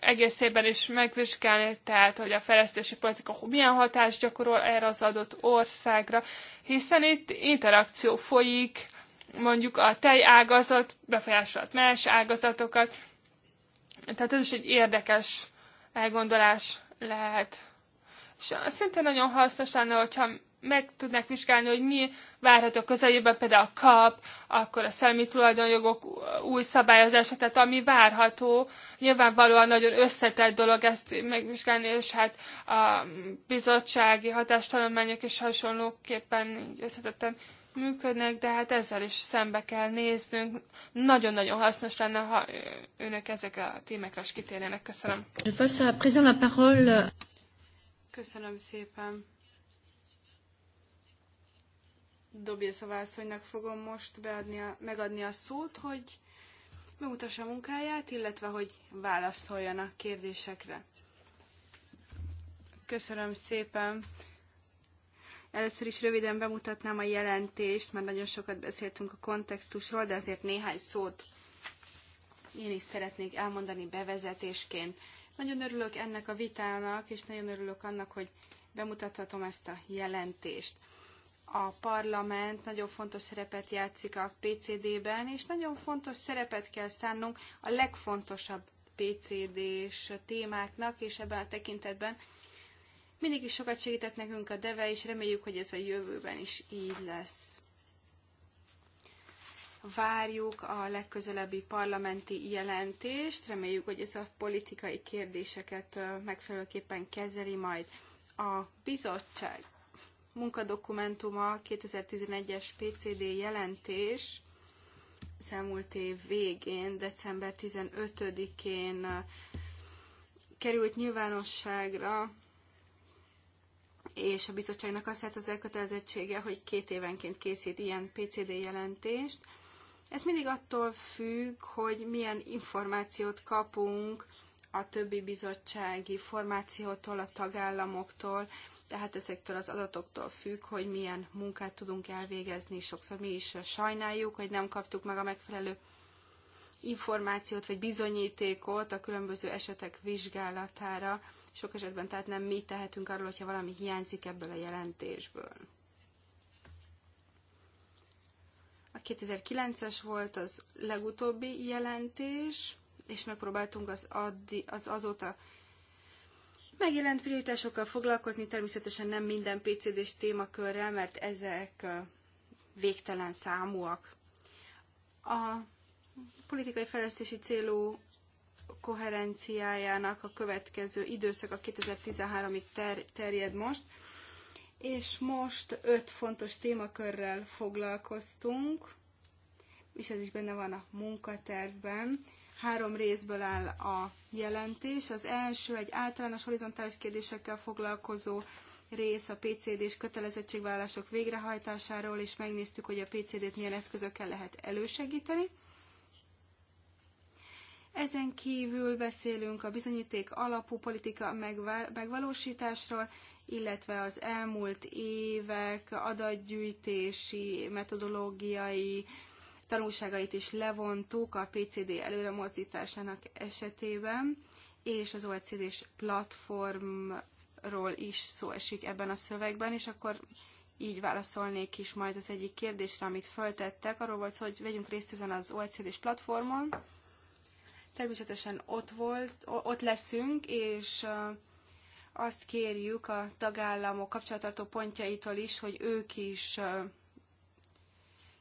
egészében is megvizsgálni, tehát hogy a fejlesztési politika milyen hatást gyakorol erre az adott országra, hiszen itt interakció folyik, mondjuk a tej ágazat befolyásolt más ágazatokat, tehát ez is egy érdekes elgondolás lehet. És szintén nagyon hasznos lenne, hogyha meg tudnák vizsgálni, hogy mi várható a közeljövőben, például a kap, akkor a szellemi tulajdonjogok új szabályozása, tehát ami várható, nyilvánvalóan nagyon összetett dolog ezt megvizsgálni, és hát a bizottsági hatástanulmányok is hasonlóképpen így összetetten működnek, de hát ezzel is szembe kell néznünk. Nagyon-nagyon hasznos lenne, ha önök ezek a témákra is kitérjenek. Köszönöm. Köszönöm szépen. Dobiesz a választóinak fogom most beadni a, megadni a szót, hogy bemutassa a munkáját, illetve hogy válaszoljon a kérdésekre. Köszönöm szépen! Először is röviden bemutatnám a jelentést, mert nagyon sokat beszéltünk a kontextusról, de azért néhány szót én is szeretnék elmondani bevezetésként. Nagyon örülök ennek a vitának, és nagyon örülök annak, hogy bemutathatom ezt a jelentést a parlament nagyon fontos szerepet játszik a PCD-ben, és nagyon fontos szerepet kell szánnunk a legfontosabb PCD-s témáknak, és ebben a tekintetben mindig is sokat segített nekünk a DEVE, és reméljük, hogy ez a jövőben is így lesz. Várjuk a legközelebbi parlamenti jelentést, reméljük, hogy ez a politikai kérdéseket megfelelőképpen kezeli majd a bizottság munkadokumentuma 2011-es PCD jelentés az elmúlt év végén, december 15-én uh, került nyilvánosságra, és a bizottságnak azt lehet az elkötelezettsége, hogy két évenként készít ilyen PCD jelentést. Ez mindig attól függ, hogy milyen információt kapunk a többi bizottsági formációtól, a tagállamoktól, tehát ezektől az adatoktól függ, hogy milyen munkát tudunk elvégezni. Sokszor mi is sajnáljuk, hogy nem kaptuk meg a megfelelő információt vagy bizonyítékot a különböző esetek vizsgálatára. Sok esetben tehát nem mi tehetünk arról, hogyha valami hiányzik ebből a jelentésből. A 2009-es volt az legutóbbi jelentés, és megpróbáltunk az, addi, az azóta Megjelent prioritásokkal foglalkozni természetesen nem minden PCD-s témakörrel, mert ezek végtelen számúak. A politikai fejlesztési célú koherenciájának a következő időszak a 2013-ig ter- terjed most, és most öt fontos témakörrel foglalkoztunk, és ez is benne van a munkatervben. Három részből áll a jelentés. Az első egy általános horizontális kérdésekkel foglalkozó rész a pcd és kötelezettségvállások végrehajtásáról, és megnéztük, hogy a PCD-t milyen eszközökkel lehet elősegíteni. Ezen kívül beszélünk a bizonyíték alapú politika megvalósításról, illetve az elmúlt évek adatgyűjtési, metodológiai, tanulságait is levontuk a PCD előremozdításának esetében, és az OECD-s platformról is szó esik ebben a szövegben, és akkor így válaszolnék is majd az egyik kérdésre, amit föltettek. Arról volt szó, hogy vegyünk részt ezen az OECD-s platformon. Természetesen ott, volt, ott leszünk, és azt kérjük a tagállamok kapcsolattartó pontjaitól is, hogy ők is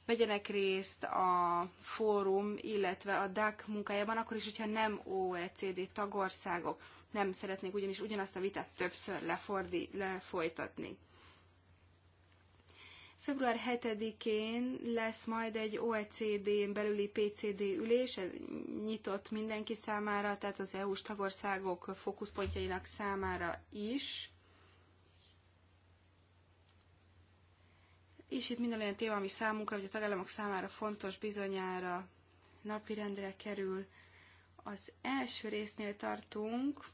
vegyenek részt a fórum, illetve a DAC munkájában, akkor is, hogyha nem OECD tagországok. Nem szeretnék ugyanis ugyanazt a vitát többször lefordi, lefolytatni. Február 7-én lesz majd egy OECD-n belüli PCD ülés, ez nyitott mindenki számára, tehát az EU-s tagországok fókuszpontjainak számára is És itt minden olyan téma, ami számunkra, vagy a tagállamok számára fontos bizonyára napirendre kerül. Az első résznél tartunk,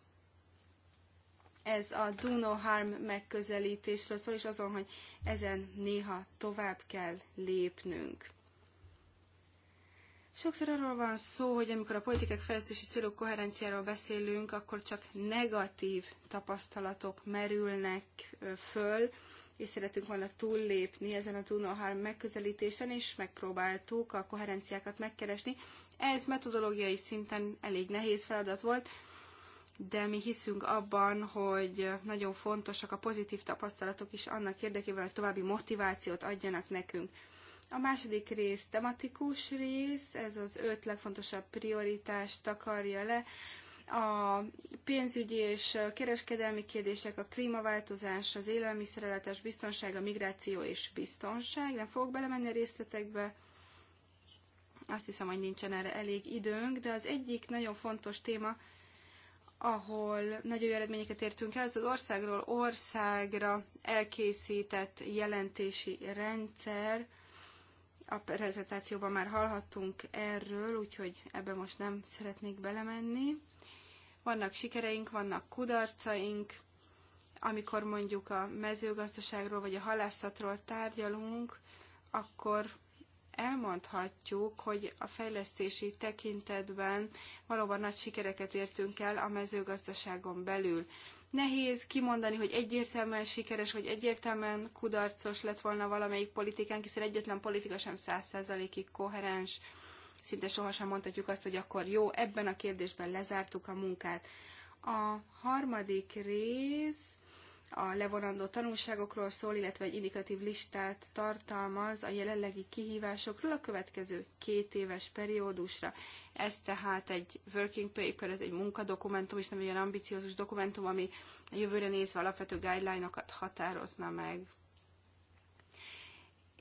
ez a do no harm megközelítésről szól, és azon, hogy ezen néha tovább kell lépnünk. Sokszor arról van szó, hogy amikor a politikák fejlesztési célok koherenciáról beszélünk, akkor csak negatív tapasztalatok merülnek föl, és szeretünk volna túllépni ezen a do harm megközelítésen, és megpróbáltuk a koherenciákat megkeresni. Ez metodológiai szinten elég nehéz feladat volt, de mi hiszünk abban, hogy nagyon fontosak a pozitív tapasztalatok is annak érdekében, hogy további motivációt adjanak nekünk. A második rész tematikus rész, ez az öt legfontosabb prioritást takarja le, a pénzügyi és kereskedelmi kérdések, a klímaváltozás, az élelmiszerelátás biztonság, a migráció és biztonság. Nem fogok belemenni a részletekbe, azt hiszem, hogy nincsen erre elég időnk, de az egyik nagyon fontos téma, ahol nagyon jó eredményeket értünk el, az az országról országra elkészített jelentési rendszer. A prezentációban már hallhattunk erről, úgyhogy ebbe most nem szeretnék belemenni. Vannak sikereink, vannak kudarcaink, amikor mondjuk a mezőgazdaságról vagy a halászatról tárgyalunk, akkor elmondhatjuk, hogy a fejlesztési tekintetben valóban nagy sikereket értünk el a mezőgazdaságon belül. Nehéz kimondani, hogy egyértelműen sikeres, vagy egyértelműen kudarcos lett volna valamelyik politikánk, hiszen egyetlen politika sem száz koherens szinte sohasem mondhatjuk azt, hogy akkor jó, ebben a kérdésben lezártuk a munkát. A harmadik rész a levonandó tanulságokról szól, illetve egy indikatív listát tartalmaz a jelenlegi kihívásokról a következő két éves periódusra. Ez tehát egy working paper, ez egy munkadokumentum, és nem egy olyan ambiciózus dokumentum, ami a jövőre nézve alapvető guideline-okat határozna meg.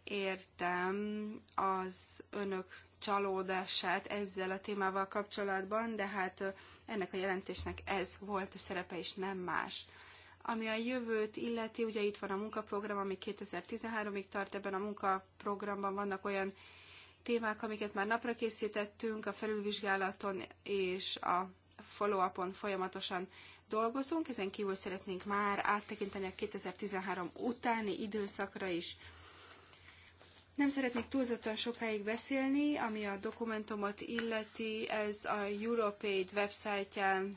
Értem az önök csalódását ezzel a témával kapcsolatban, de hát ennek a jelentésnek ez volt a szerepe, és nem más. Ami a jövőt illeti, ugye itt van a munkaprogram, ami 2013-ig tart, ebben a munkaprogramban vannak olyan témák, amiket már napra készítettünk, a felülvizsgálaton és a follow-upon folyamatosan dolgozunk, ezen kívül szeretnénk már áttekinteni a 2013 utáni időszakra is, nem szeretnék túlzottan sokáig beszélni, ami a dokumentumot illeti, ez a Europaid websájtján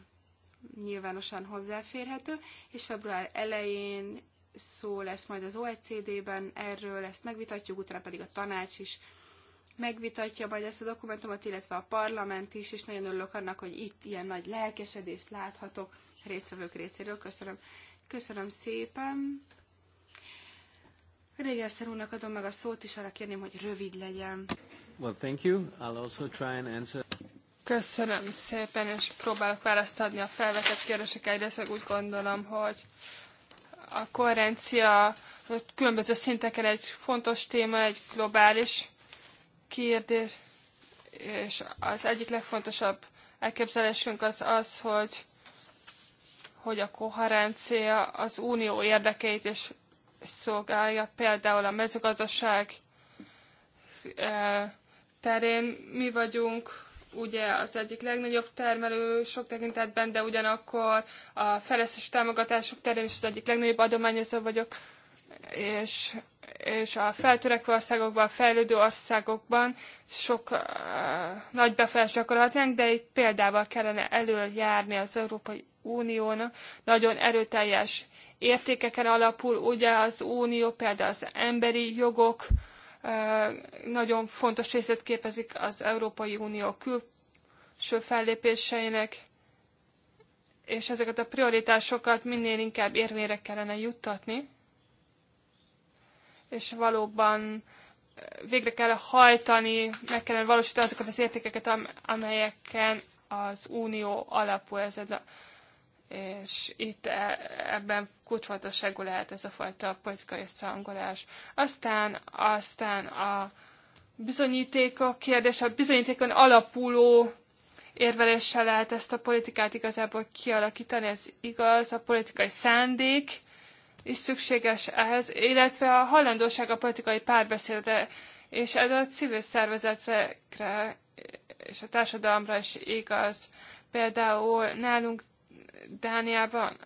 nyilvánosan hozzáférhető, és február elején szó lesz majd az OECD-ben, erről ezt megvitatjuk, utána pedig a tanács is megvitatja majd ezt a dokumentumot, illetve a parlament is, és nagyon örülök annak, hogy itt ilyen nagy lelkesedést láthatok résztvevők részéről. Köszönöm. Köszönöm szépen úrnak adom meg a szót, és arra kérném, hogy rövid legyen. Well, thank you. I'll also try and answer. Köszönöm szépen, és próbálok választ adni a felvetett kérdésekre. Egyrészt szóval úgy gondolom, hogy a koherencia különböző szinteken egy fontos téma, egy globális kérdés, és az egyik legfontosabb elképzelésünk az az, hogy, hogy a koherencia az unió érdekeit és szolgálja, például a mezőgazdaság e, terén mi vagyunk ugye az egyik legnagyobb termelő sok tekintetben, de ugyanakkor a feleszes támogatások terén is az egyik legnagyobb adományozó vagyok, és, és a feltörekvő országokban, a fejlődő országokban sok uh, nagy befolyást gyakorolhatnánk, de itt példával kellene előjárni az Európai Uniónak. Nagyon erőteljes értékeken alapul, ugye az Unió például az emberi jogok nagyon fontos részét képezik az Európai Unió külső fellépéseinek, és ezeket a prioritásokat minél inkább érvényre kellene juttatni, és valóban végre kell hajtani, meg kellene valósítani azokat az értékeket, amelyeken az Unió alapul ez a és itt e, ebben kulcsfontosságú lehet ez a fajta politikai összehangolás. Aztán, aztán a bizonyítékok kérdés, a bizonyítékon alapuló érveléssel lehet ezt a politikát igazából kialakítani, ez igaz, a politikai szándék is szükséges ehhez, illetve a hajlandóság a politikai párbeszédre, és ez a civil szervezetre és a társadalomra is igaz. Például nálunk Dániában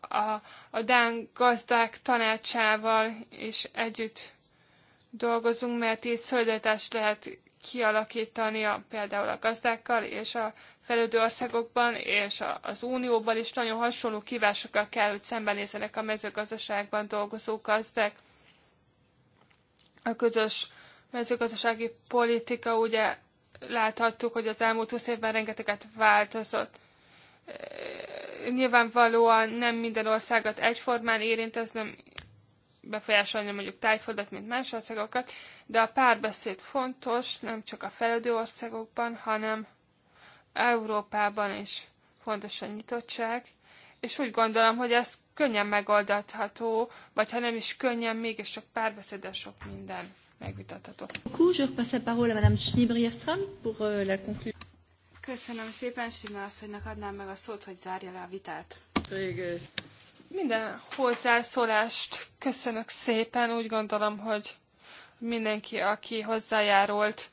a, a Dán gazdák tanácsával is együtt dolgozunk, mert így szolidaritást lehet kialakítani a, például a gazdákkal és a felődő országokban és a, az unióban is nagyon hasonló kívásokkal kell, hogy szembenézzenek a mezőgazdaságban dolgozó gazdák. A közös mezőgazdasági politika ugye láthattuk, hogy az elmúlt 20 évben rengeteget változott nyilvánvalóan nem minden országot egyformán érint, ez nem befolyásolni mondjuk tájföldet, mint más országokat, de a párbeszéd fontos, nem csak a felelő országokban, hanem Európában is fontos a nyitottság, és úgy gondolom, hogy ez könnyen megoldatható, vagy ha nem is könnyen, mégis csak párbeszédes sok minden megvitatható. Köszönöm szépen, Simna asszonynak adnám meg a szót, hogy zárja le a vitát. Végül. Minden hozzászólást köszönök szépen. Úgy gondolom, hogy mindenki, aki hozzájárult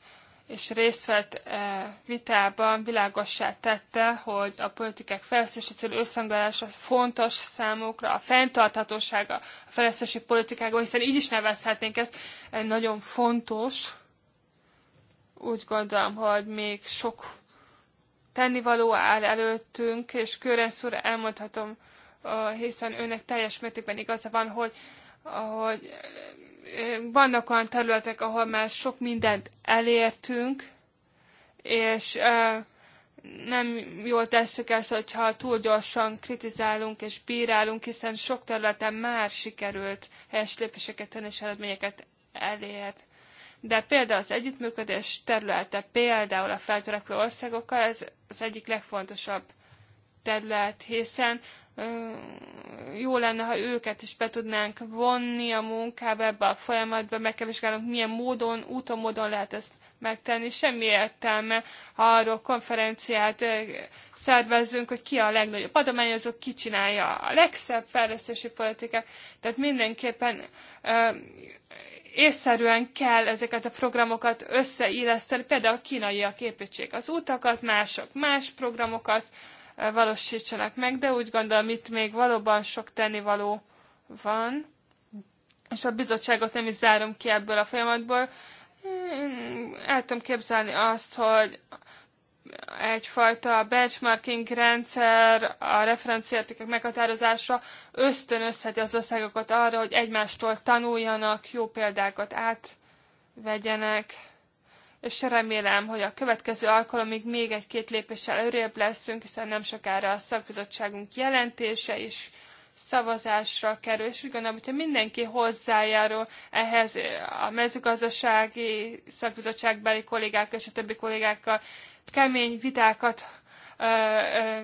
és részt vett e, vitában, világossá tette, hogy a politikák fejlesztési célú összhangolása fontos számukra, a fenntarthatósága a fejlesztési politikákban, hiszen így is nevezhetnénk ezt, nagyon fontos. Úgy gondolom, hogy még sok tennivaló áll előttünk, és Kőrensz úr elmondhatom, hiszen őnek teljes mértékben igaza van, hogy, hogy vannak olyan területek, ahol már sok mindent elértünk, és nem jól tesszük ezt, hogyha túl gyorsan kritizálunk és bírálunk, hiszen sok területen már sikerült helyes lépéseket tenni és eredményeket elérni de például az együttműködés területe, például a feltörekvő országokkal, ez az egyik legfontosabb terület, hiszen jó lenne, ha őket is be tudnánk vonni a munkába, ebbe a folyamatba, meg kell vizsgálnunk, milyen módon, úton, módon lehet ezt megtenni. Semmi értelme, ha arról konferenciát szervezzünk, hogy ki a legnagyobb adományozó, ki csinálja a legszebb fejlesztési politikát. Tehát mindenképpen észszerűen kell ezeket a programokat összeilleszteni, például a kínaiak építsék az utakat, mások más programokat valósítsanak meg, de úgy gondolom itt még valóban sok tennivaló van, és a bizottságot nem is zárom ki ebből a folyamatból. Hmm, el tudom képzelni azt, hogy egyfajta benchmarking rendszer, a referenciértékek meghatározása ösztönözheti az országokat arra, hogy egymástól tanuljanak, jó példákat átvegyenek, és remélem, hogy a következő alkalomig még egy-két lépéssel előrébb leszünk, hiszen nem sokára a szakbizottságunk jelentése is szavazásra kerül, és úgy gondolom, hogyha mindenki hozzájárul ehhez a mezőgazdasági szakbizottságbeli kollégák és a többi kollégákkal kemény vitákat ö, ö,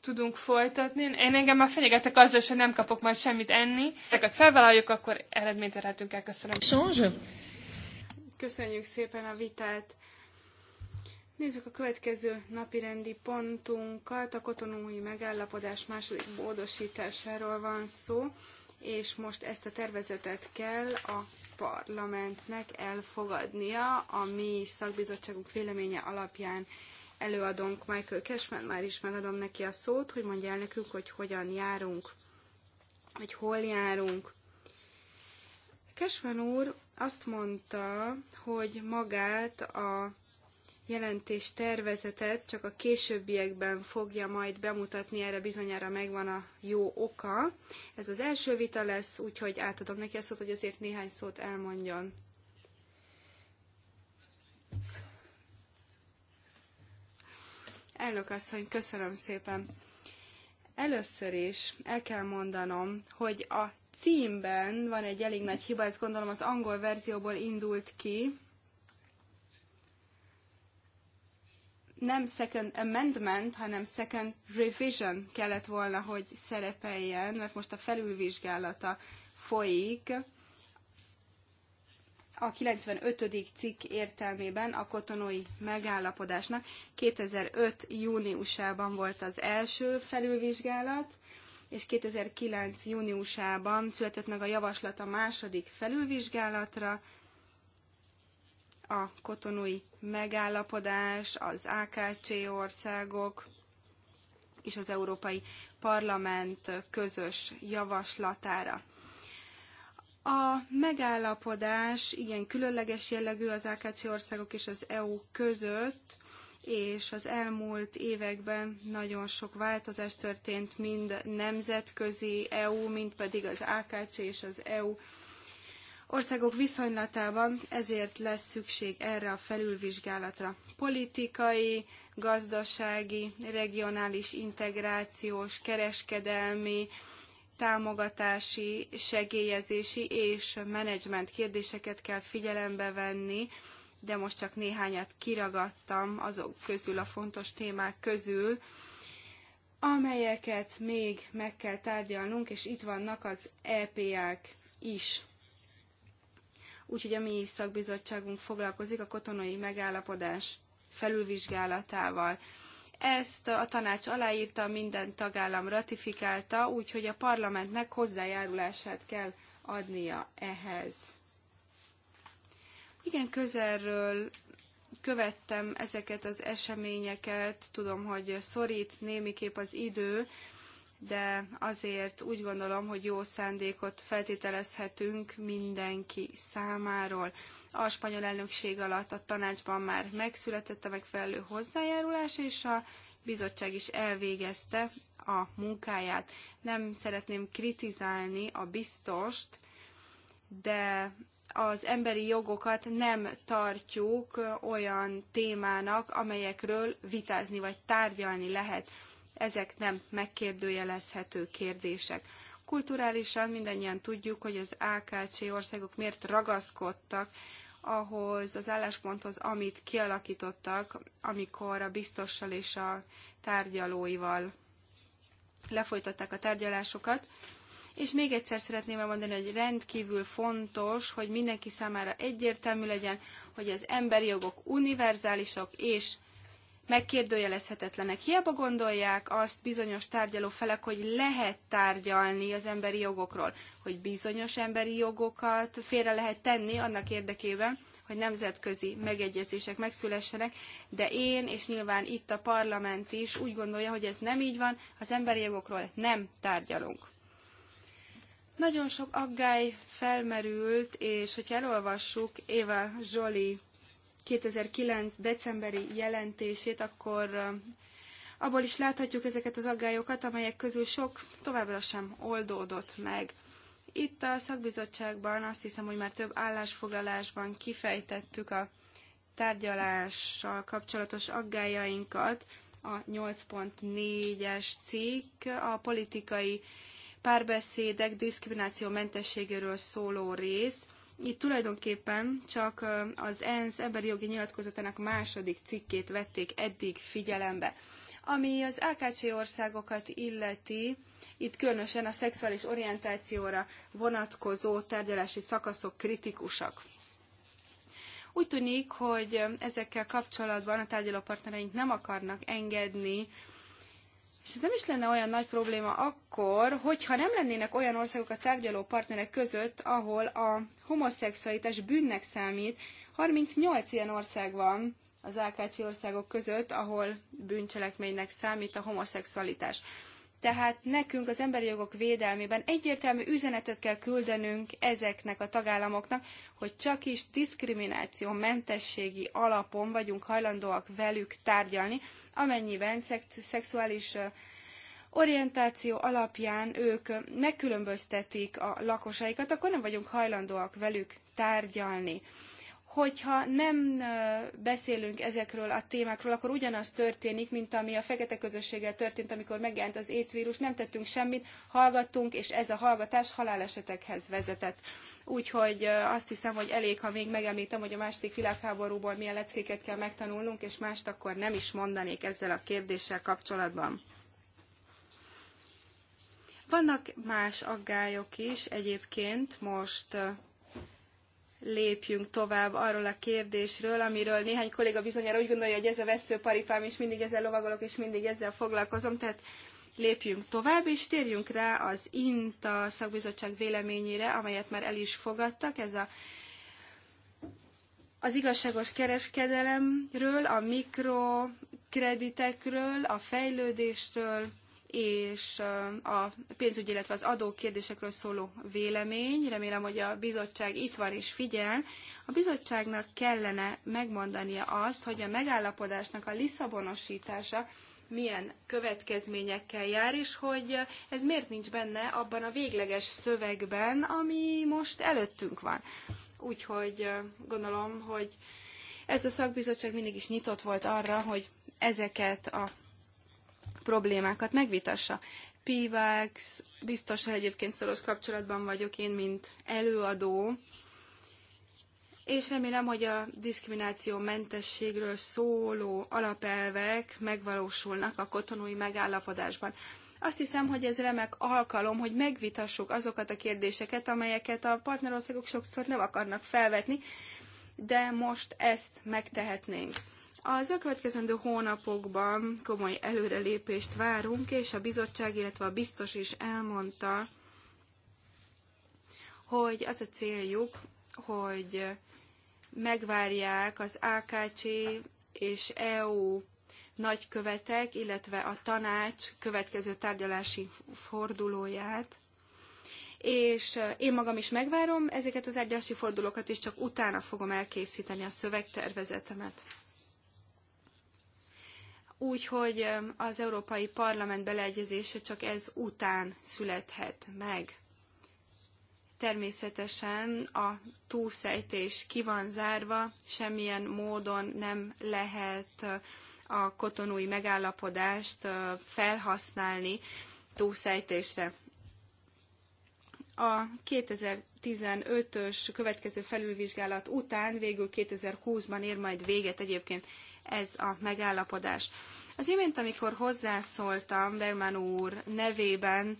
tudunk folytatni. Én engem már fenyegetek azzal, hogy nem kapok majd semmit enni. Ezeket felvállaljuk, akkor eredményt érhetünk el. Köszönöm. Köszönjük szépen a vitát. Nézzük a következő napi rendi pontunkat. A kotonói megállapodás második módosításáról van szó, és most ezt a tervezetet kell a parlamentnek elfogadnia. A mi szakbizottságunk véleménye alapján előadónk Michael Cashman, már is megadom neki a szót, hogy mondja el nekünk, hogy hogyan járunk, hogy hol járunk. Cashman úr azt mondta, hogy magát a jelentés tervezetet csak a későbbiekben fogja majd bemutatni, erre bizonyára megvan a jó oka. Ez az első vita lesz, úgyhogy átadom neki a szót, hogy azért néhány szót elmondjon. Elnök asszony, köszönöm szépen. Először is el kell mondanom, hogy a címben van egy elég nagy hiba, ezt gondolom az angol verzióból indult ki, nem second amendment, hanem second revision kellett volna, hogy szerepeljen, mert most a felülvizsgálata folyik a 95. cikk értelmében a kotonói megállapodásnak. 2005. júniusában volt az első felülvizsgálat, és 2009. júniusában született meg a javaslat a második felülvizsgálatra, a kotonói megállapodás, az AKC országok és az Európai Parlament közös javaslatára. A megállapodás igen különleges jellegű az AKC országok és az EU között, és az elmúlt években nagyon sok változás történt, mind nemzetközi EU, mind pedig az AKC és az EU országok viszonylatában, ezért lesz szükség erre a felülvizsgálatra. Politikai, gazdasági, regionális integrációs, kereskedelmi, támogatási, segélyezési és menedzsment kérdéseket kell figyelembe venni, de most csak néhányat kiragadtam azok közül, a fontos témák közül, amelyeket még meg kell tárgyalnunk, és itt vannak az EPA-k is úgyhogy a mi szakbizottságunk foglalkozik a katonai megállapodás felülvizsgálatával. Ezt a tanács aláírta, minden tagállam ratifikálta, úgyhogy a parlamentnek hozzájárulását kell adnia ehhez. Igen, közelről követtem ezeket az eseményeket, tudom, hogy szorít némiképp az idő, de azért úgy gondolom, hogy jó szándékot feltételezhetünk mindenki számáról. A spanyol elnökség alatt a tanácsban már megszületett a megfelelő hozzájárulás, és a bizottság is elvégezte a munkáját. Nem szeretném kritizálni a biztost, de az emberi jogokat nem tartjuk olyan témának, amelyekről vitázni vagy tárgyalni lehet ezek nem megkérdőjelezhető kérdések. Kulturálisan mindannyian tudjuk, hogy az AKC országok miért ragaszkodtak ahhoz az állásponthoz, amit kialakítottak, amikor a biztossal és a tárgyalóival lefolytatták a tárgyalásokat. És még egyszer szeretném elmondani, hogy rendkívül fontos, hogy mindenki számára egyértelmű legyen, hogy az emberi jogok univerzálisok és megkérdőjelezhetetlenek. Hiába gondolják azt bizonyos tárgyaló felek, hogy lehet tárgyalni az emberi jogokról, hogy bizonyos emberi jogokat félre lehet tenni annak érdekében, hogy nemzetközi megegyezések megszülessenek, de én és nyilván itt a parlament is úgy gondolja, hogy ez nem így van, az emberi jogokról nem tárgyalunk. Nagyon sok aggály felmerült, és hogyha elolvassuk Éva Zsoli 2009. decemberi jelentését, akkor abból is láthatjuk ezeket az aggályokat, amelyek közül sok továbbra sem oldódott meg. Itt a szakbizottságban azt hiszem, hogy már több állásfoglalásban kifejtettük a tárgyalással kapcsolatos aggájainkat. A 8.4-es cikk a politikai párbeszédek diszkrimináció mentességéről szóló rész, itt tulajdonképpen csak az ENSZ emberi jogi nyilatkozatának második cikkét vették eddig figyelembe. Ami az AKC országokat illeti, itt különösen a szexuális orientációra vonatkozó tárgyalási szakaszok kritikusak. Úgy tűnik, hogy ezekkel kapcsolatban a tárgyalópartnereink nem akarnak engedni és ez nem is lenne olyan nagy probléma akkor, hogyha nem lennének olyan országok a tárgyaló partnerek között, ahol a homoszexualitás bűnnek számít. 38 ilyen ország van az AKC országok között, ahol bűncselekménynek számít a homoszexualitás tehát nekünk az emberi jogok védelmében egyértelmű üzenetet kell küldenünk ezeknek a tagállamoknak, hogy csak is diszkrimináció mentességi alapon vagyunk hajlandóak velük tárgyalni, amennyiben szex- szexuális orientáció alapján ők megkülönböztetik a lakosaikat, akkor nem vagyunk hajlandóak velük tárgyalni hogyha nem beszélünk ezekről a témákról, akkor ugyanaz történik, mint ami a fekete közösséggel történt, amikor megjelent az AIDS vírus, nem tettünk semmit, hallgattunk, és ez a hallgatás halálesetekhez vezetett. Úgyhogy azt hiszem, hogy elég, ha még megemlítem, hogy a második világháborúból milyen leckéket kell megtanulnunk, és mást akkor nem is mondanék ezzel a kérdéssel kapcsolatban. Vannak más aggályok is egyébként most lépjünk tovább arról a kérdésről, amiről néhány kolléga bizonyára úgy gondolja, hogy ez a veszőparipám, és mindig ezzel lovagolok, és mindig ezzel foglalkozom, tehát lépjünk tovább, és térjünk rá az INTA szakbizottság véleményére, amelyet már el is fogadtak, ez a az igazságos kereskedelemről, a mikrokreditekről, a fejlődésről, és a pénzügyi, illetve az adó kérdésekről szóló vélemény. Remélem, hogy a bizottság itt van és figyel. A bizottságnak kellene megmondania azt, hogy a megállapodásnak a liszabonosítása milyen következményekkel jár, és hogy ez miért nincs benne abban a végleges szövegben, ami most előttünk van. Úgyhogy gondolom, hogy ez a szakbizottság mindig is nyitott volt arra, hogy ezeket a problémákat megvitassa. Pivax, biztosan egyébként szoros kapcsolatban vagyok én, mint előadó, és remélem, hogy a diszkrimináció mentességről szóló alapelvek megvalósulnak a kotonói megállapodásban. Azt hiszem, hogy ez remek alkalom, hogy megvitassuk azokat a kérdéseket, amelyeket a partnerországok sokszor nem akarnak felvetni, de most ezt megtehetnénk. Az elkövetkezendő hónapokban komoly előrelépést várunk, és a bizottság, illetve a biztos is elmondta, hogy az a céljuk, hogy megvárják az AKC és EU nagykövetek, illetve a tanács következő tárgyalási fordulóját, és eh, én magam is megvárom ezeket az tárgyalási fordulókat, és csak utána fogom elkészíteni a szövegtervezetemet úgyhogy az Európai Parlament beleegyezése csak ez után születhet meg. Természetesen a túlszejtés ki van zárva, semmilyen módon nem lehet a kotonúi megállapodást felhasználni túlszejtésre. A 2015-ös következő felülvizsgálat után végül 2020-ban ér majd véget egyébként ez a megállapodás. Az imént, amikor hozzászóltam Berman úr nevében,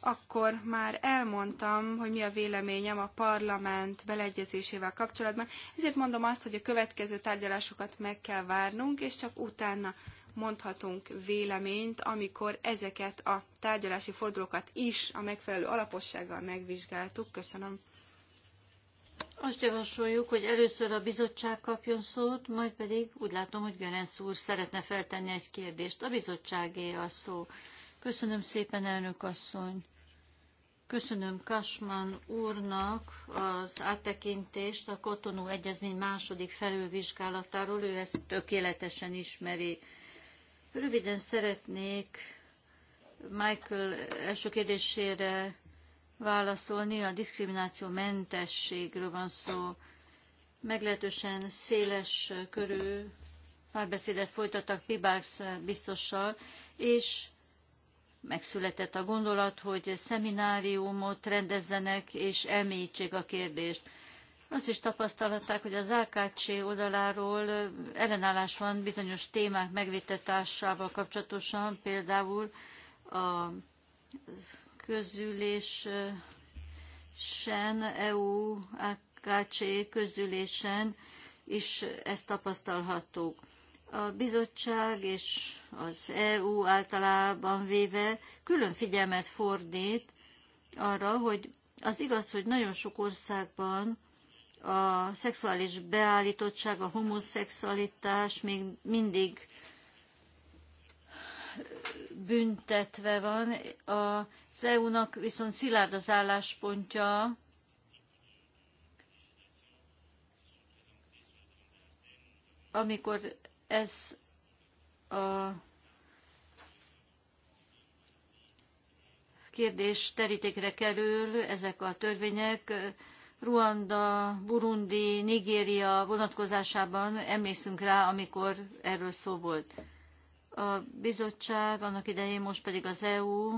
akkor már elmondtam, hogy mi a véleményem a parlament beleegyezésével kapcsolatban. Ezért mondom azt, hogy a következő tárgyalásokat meg kell várnunk, és csak utána mondhatunk véleményt, amikor ezeket a tárgyalási fordulókat is a megfelelő alapossággal megvizsgáltuk. Köszönöm. Azt javasoljuk, hogy először a bizottság kapjon szót, majd pedig úgy látom, hogy Görenc úr szeretne feltenni egy kérdést. A bizottságé a szó. Köszönöm szépen, elnök asszony. Köszönöm Kasman úrnak az áttekintést a Kotonú Egyezmény második felülvizsgálatáról. Ő ezt tökéletesen ismeri. Röviden szeretnék Michael első kérdésére válaszolni. A diszkrimináció mentességről van szó. Meglehetősen széles körű párbeszédet folytattak Pibax biztossal, és megszületett a gondolat, hogy szemináriumot rendezzenek és elmélyítsék a kérdést. Azt is tapasztalhatták, hogy az AKC oldaláról ellenállás van bizonyos témák megvétetásával kapcsolatosan, például a közülésen, EU AKC közülésen is ezt tapasztalhattuk. A bizottság és az EU általában véve külön figyelmet fordít arra, hogy az igaz, hogy nagyon sok országban a szexuális beállítottság, a homoszexualitás még mindig büntetve van. Az EU-nak viszont szilárd az álláspontja, amikor ez a kérdés terítékre kerül, ezek a törvények, Ruanda, Burundi, Nigéria vonatkozásában emlékszünk rá, amikor erről szó volt. A bizottság, annak idején most pedig az EU,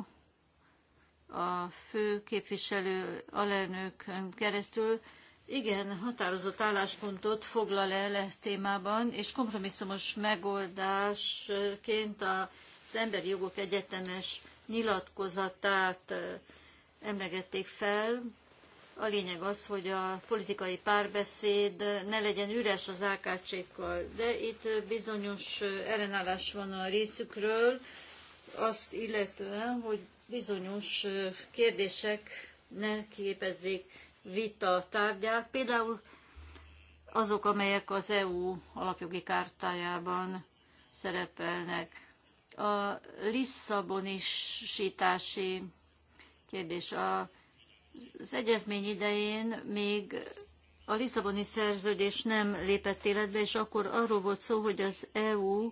a fő képviselő alelnökön keresztül igen határozott álláspontot foglal el e témában, és kompromisszumos megoldásként az Emberi Jogok Egyetemes nyilatkozatát emlegették fel, a lényeg az, hogy a politikai párbeszéd ne legyen üres az AKC-kkal, de itt bizonyos ellenállás van a részükről, azt illetően, hogy bizonyos kérdések ne képezzék vita tárgyát, például azok, amelyek az EU alapjogi kártájában szerepelnek. A Lisszabonisítási kérdés, a az egyezmény idején még a Lisszaboni szerződés nem lépett életbe, és akkor arról volt szó, hogy az EU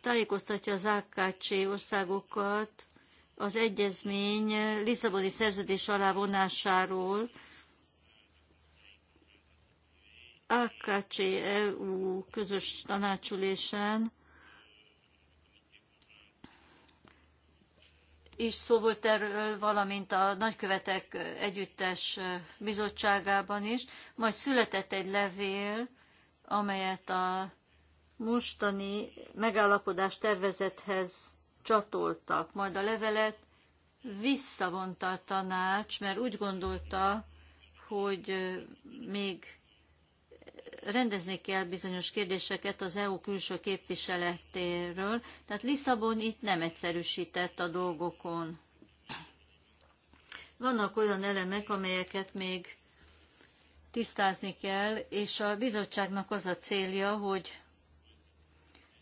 tájékoztatja az AKC országokat az egyezmény Lisszaboni szerződés alá vonásáról. AKC EU közös tanácsülésen is szó volt erről, valamint a nagykövetek együttes bizottságában is. Majd született egy levél, amelyet a mostani megállapodás tervezethez csatoltak. Majd a levelet visszavonta a tanács, mert úgy gondolta, hogy még rendezni kell bizonyos kérdéseket az EU külső képviseletéről, tehát Lisszabon itt nem egyszerűsített a dolgokon. Vannak olyan elemek, amelyeket még tisztázni kell, és a bizottságnak az a célja, hogy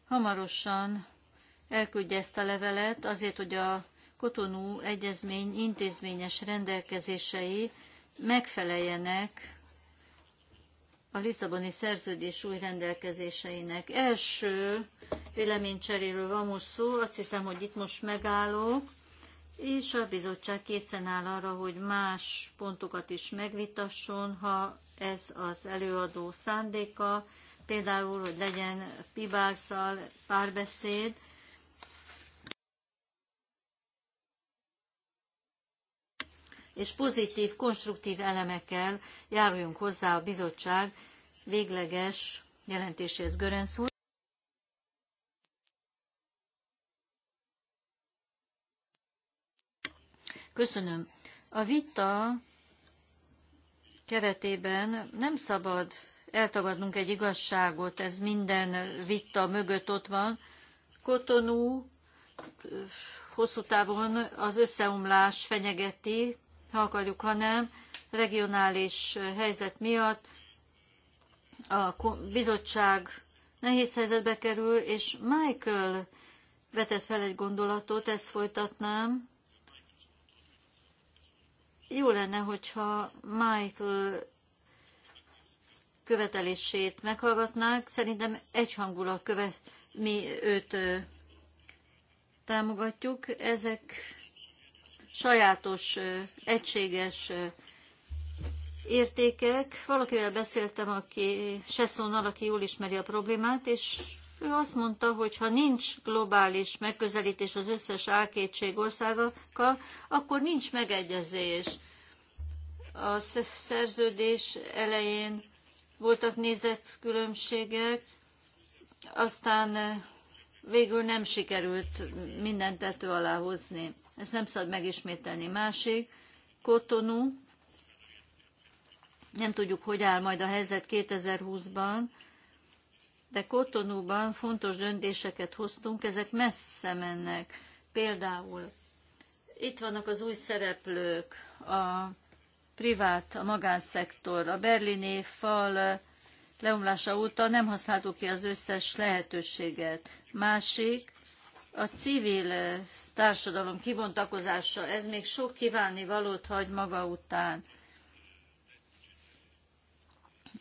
hamarosan elküldje ezt a levelet azért, hogy a Kotonú Egyezmény intézményes rendelkezései megfeleljenek a Lisszaboni szerződés új rendelkezéseinek. Első véleménycseréről van most szó, azt hiszem, hogy itt most megállok, és a bizottság készen áll arra, hogy más pontokat is megvitasson, ha ez az előadó szándéka, például, hogy legyen pibálszal párbeszéd, és pozitív, konstruktív elemekkel járuljunk hozzá a bizottság végleges jelentéséhez Görenc úr. Köszönöm. A vita keretében nem szabad eltagadnunk egy igazságot, ez minden vita mögött ott van. Kotonú hosszú távon az összeomlás fenyegeti ha akarjuk, hanem regionális helyzet miatt a bizottság nehéz helyzetbe kerül, és Michael vetett fel egy gondolatot, ezt folytatnám. Jó lenne, hogyha Michael követelését meghallgatnák. Szerintem egyhangulag követ, mi őt támogatjuk. Ezek sajátos, egységes értékek. Valakivel beszéltem, aki Sessonnal, aki jól ismeri a problémát, és ő azt mondta, hogy ha nincs globális megközelítés az összes álkétség országokkal, akkor nincs megegyezés. A szerződés elején voltak nézetkülönbségek, aztán végül nem sikerült mindent tető alá hozni ezt nem szabad megismételni. Másik, Kotonu, nem tudjuk, hogy áll majd a helyzet 2020-ban, de Kotonúban fontos döntéseket hoztunk, ezek messze mennek. Például itt vannak az új szereplők, a privát, a magánszektor, a berlini fal leomlása óta nem használtuk ki az összes lehetőséget. Másik, a civil társadalom kibontakozása, ez még sok kívánni valót hagy maga után.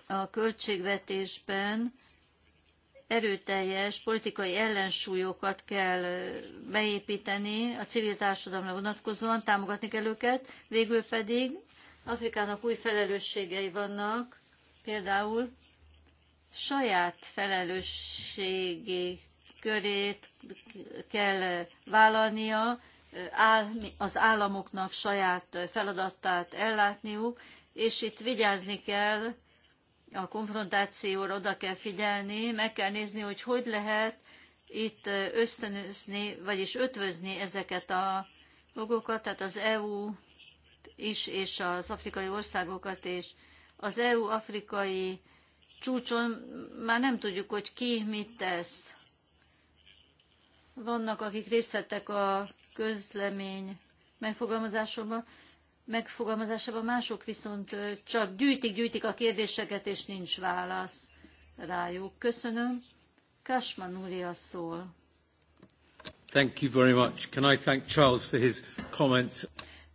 A költségvetésben erőteljes politikai ellensúlyokat kell beépíteni a civil társadalomra vonatkozóan, támogatni kell őket, végül pedig Afrikának új felelősségei vannak, például saját felelősségi körét kell vállalnia, az államoknak saját feladatát ellátniuk, és itt vigyázni kell a konfrontációra, oda kell figyelni, meg kell nézni, hogy hogy lehet itt ösztönözni, vagyis ötvözni ezeket a dolgokat, tehát az EU is, és az afrikai országokat, és az EU-afrikai csúcson már nem tudjuk, hogy ki mit tesz vannak, akik részt vettek a közlemény megfogalmazásában, megfogalmazásában, mások viszont csak gyűjtik-gyűjtik a kérdéseket, és nincs válasz rájuk. Köszönöm. Kasman úr a szól. Thank you very much. Can I thank Charles for his comments?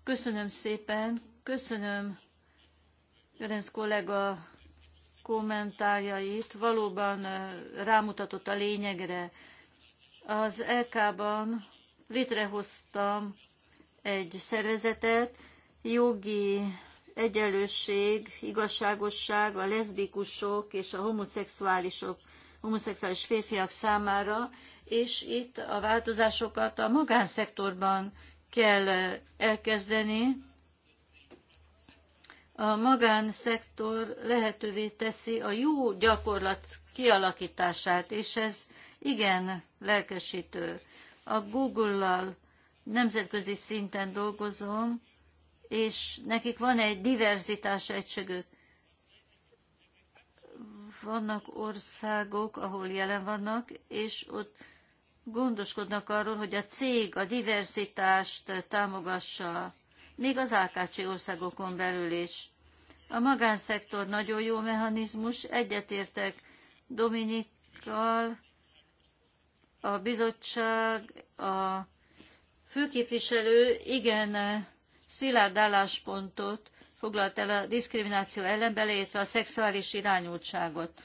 Köszönöm szépen. Köszönöm Ferenc kollega kommentárjait. Valóban rámutatott a lényegre az LK-ban létrehoztam egy szervezetet, jogi egyenlőség, igazságosság a leszbikusok és a homoszexuálisok, homoszexuális férfiak számára, és itt a változásokat a magánszektorban kell elkezdeni. A magánszektor lehetővé teszi a jó gyakorlat kialakítását, és ez igen lelkesítő. A Google-lal nemzetközi szinten dolgozom, és nekik van egy diverzitás egységük. Vannak országok, ahol jelen vannak, és ott gondoskodnak arról, hogy a cég a diversitást támogassa, még az Ákácsi országokon belül is. A magánszektor nagyon jó mechanizmus, egyetértek Dominikkal, a bizottság, a főképviselő igen szilárd álláspontot foglalt el a diszkrimináció ellen, beleértve a szexuális irányultságot.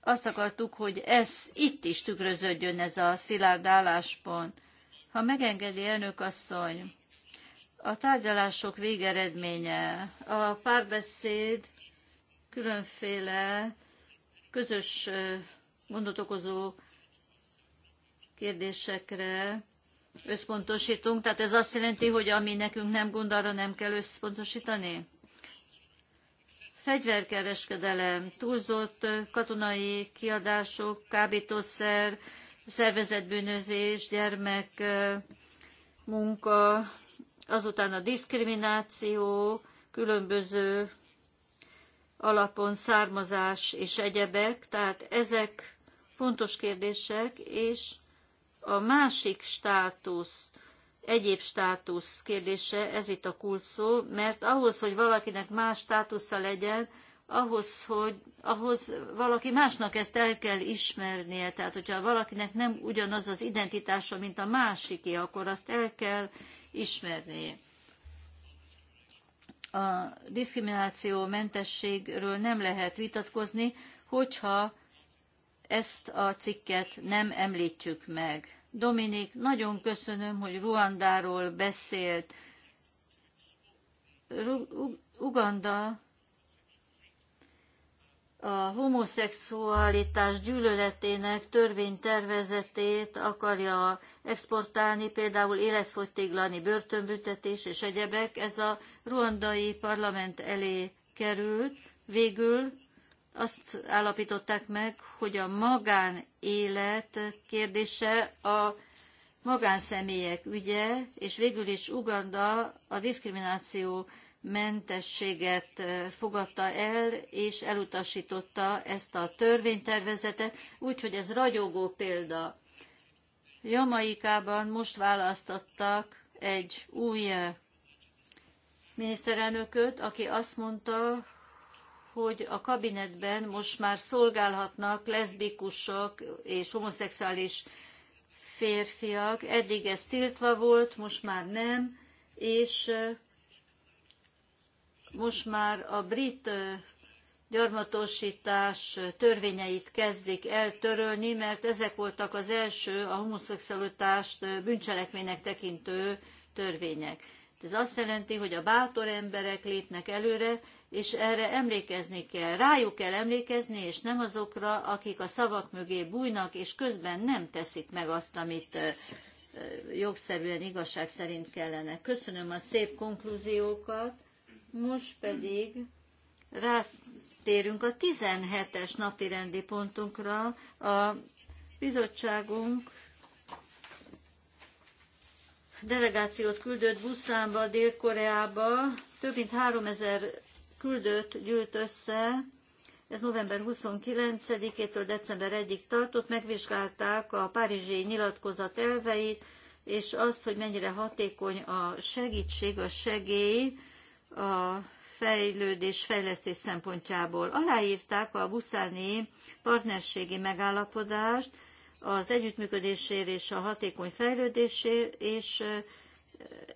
Azt akartuk, hogy ez itt is tükröződjön ez a szilárd álláspont. Ha megengedi elnök asszony, a tárgyalások végeredménye, a párbeszéd különféle közös gondot okozó kérdésekre összpontosítunk. Tehát ez azt jelenti, hogy ami nekünk nem gond, arra nem kell összpontosítani? Fegyverkereskedelem, túlzott katonai kiadások, kábítószer, szervezetbűnözés, gyermek munka, azután a diszkrimináció, különböző alapon származás és egyebek, tehát ezek fontos kérdések, és a másik státusz, egyéb státusz kérdése, ez itt a kult szó, mert ahhoz, hogy valakinek más státusza legyen, ahhoz, hogy ahhoz valaki másnak ezt el kell ismernie. Tehát, hogyha valakinek nem ugyanaz az identitása, mint a másiké, akkor azt el kell ismernie. A diszkrimináció mentességről nem lehet vitatkozni, hogyha ezt a cikket nem említsük meg. Dominik, nagyon köszönöm, hogy Ruandáról beszélt. Ru- Uganda a homoszexualitás gyűlöletének törvénytervezetét akarja exportálni, például életfogytiglani börtönbüntetés és egyebek. Ez a ruandai parlament elé került. Végül azt állapították meg, hogy a magánélet kérdése a magánszemélyek ügye, és végül is Uganda a diszkrimináció mentességet fogadta el, és elutasította ezt a törvénytervezetet, úgyhogy ez ragyogó példa. Jamaikában most választottak egy új miniszterelnököt, aki azt mondta, hogy a kabinetben most már szolgálhatnak leszbikusok és homoszexuális férfiak. Eddig ez tiltva volt, most már nem, és most már a brit gyarmatosítás törvényeit kezdik eltörölni, mert ezek voltak az első a homoszexualitást bűncselekménynek tekintő törvények. Ez azt jelenti, hogy a bátor emberek lépnek előre, és erre emlékezni kell. Rájuk kell emlékezni, és nem azokra, akik a szavak mögé bújnak, és közben nem teszik meg azt, amit jogszerűen, igazság szerint kellene. Köszönöm a szép konklúziókat, most pedig rátérünk a 17-es napirendi pontunkra. A bizottságunk delegációt küldött Buszánba, Dél-Koreába, több mint 3000 küldött gyűlt össze, ez november 29-től december 1-ig tartott, megvizsgálták a Párizsi nyilatkozat elveit, és azt, hogy mennyire hatékony a segítség, a segély a fejlődés, fejlesztés szempontjából. Aláírták a buszáni partnerségi megállapodást, az együttműködésért és a hatékony fejlődésért, és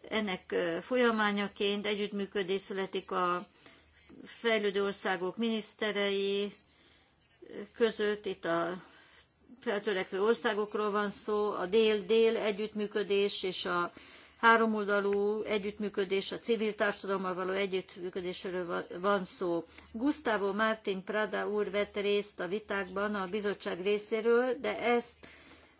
ennek folyamányaként együttműködés születik a fejlődő országok miniszterei között, itt a feltörekvő országokról van szó, a dél-dél együttműködés és a háromoldalú együttműködés, a civil társadalommal való együttműködésről van szó. Gustavo Martin Prada úr vett részt a vitákban a bizottság részéről, de ezt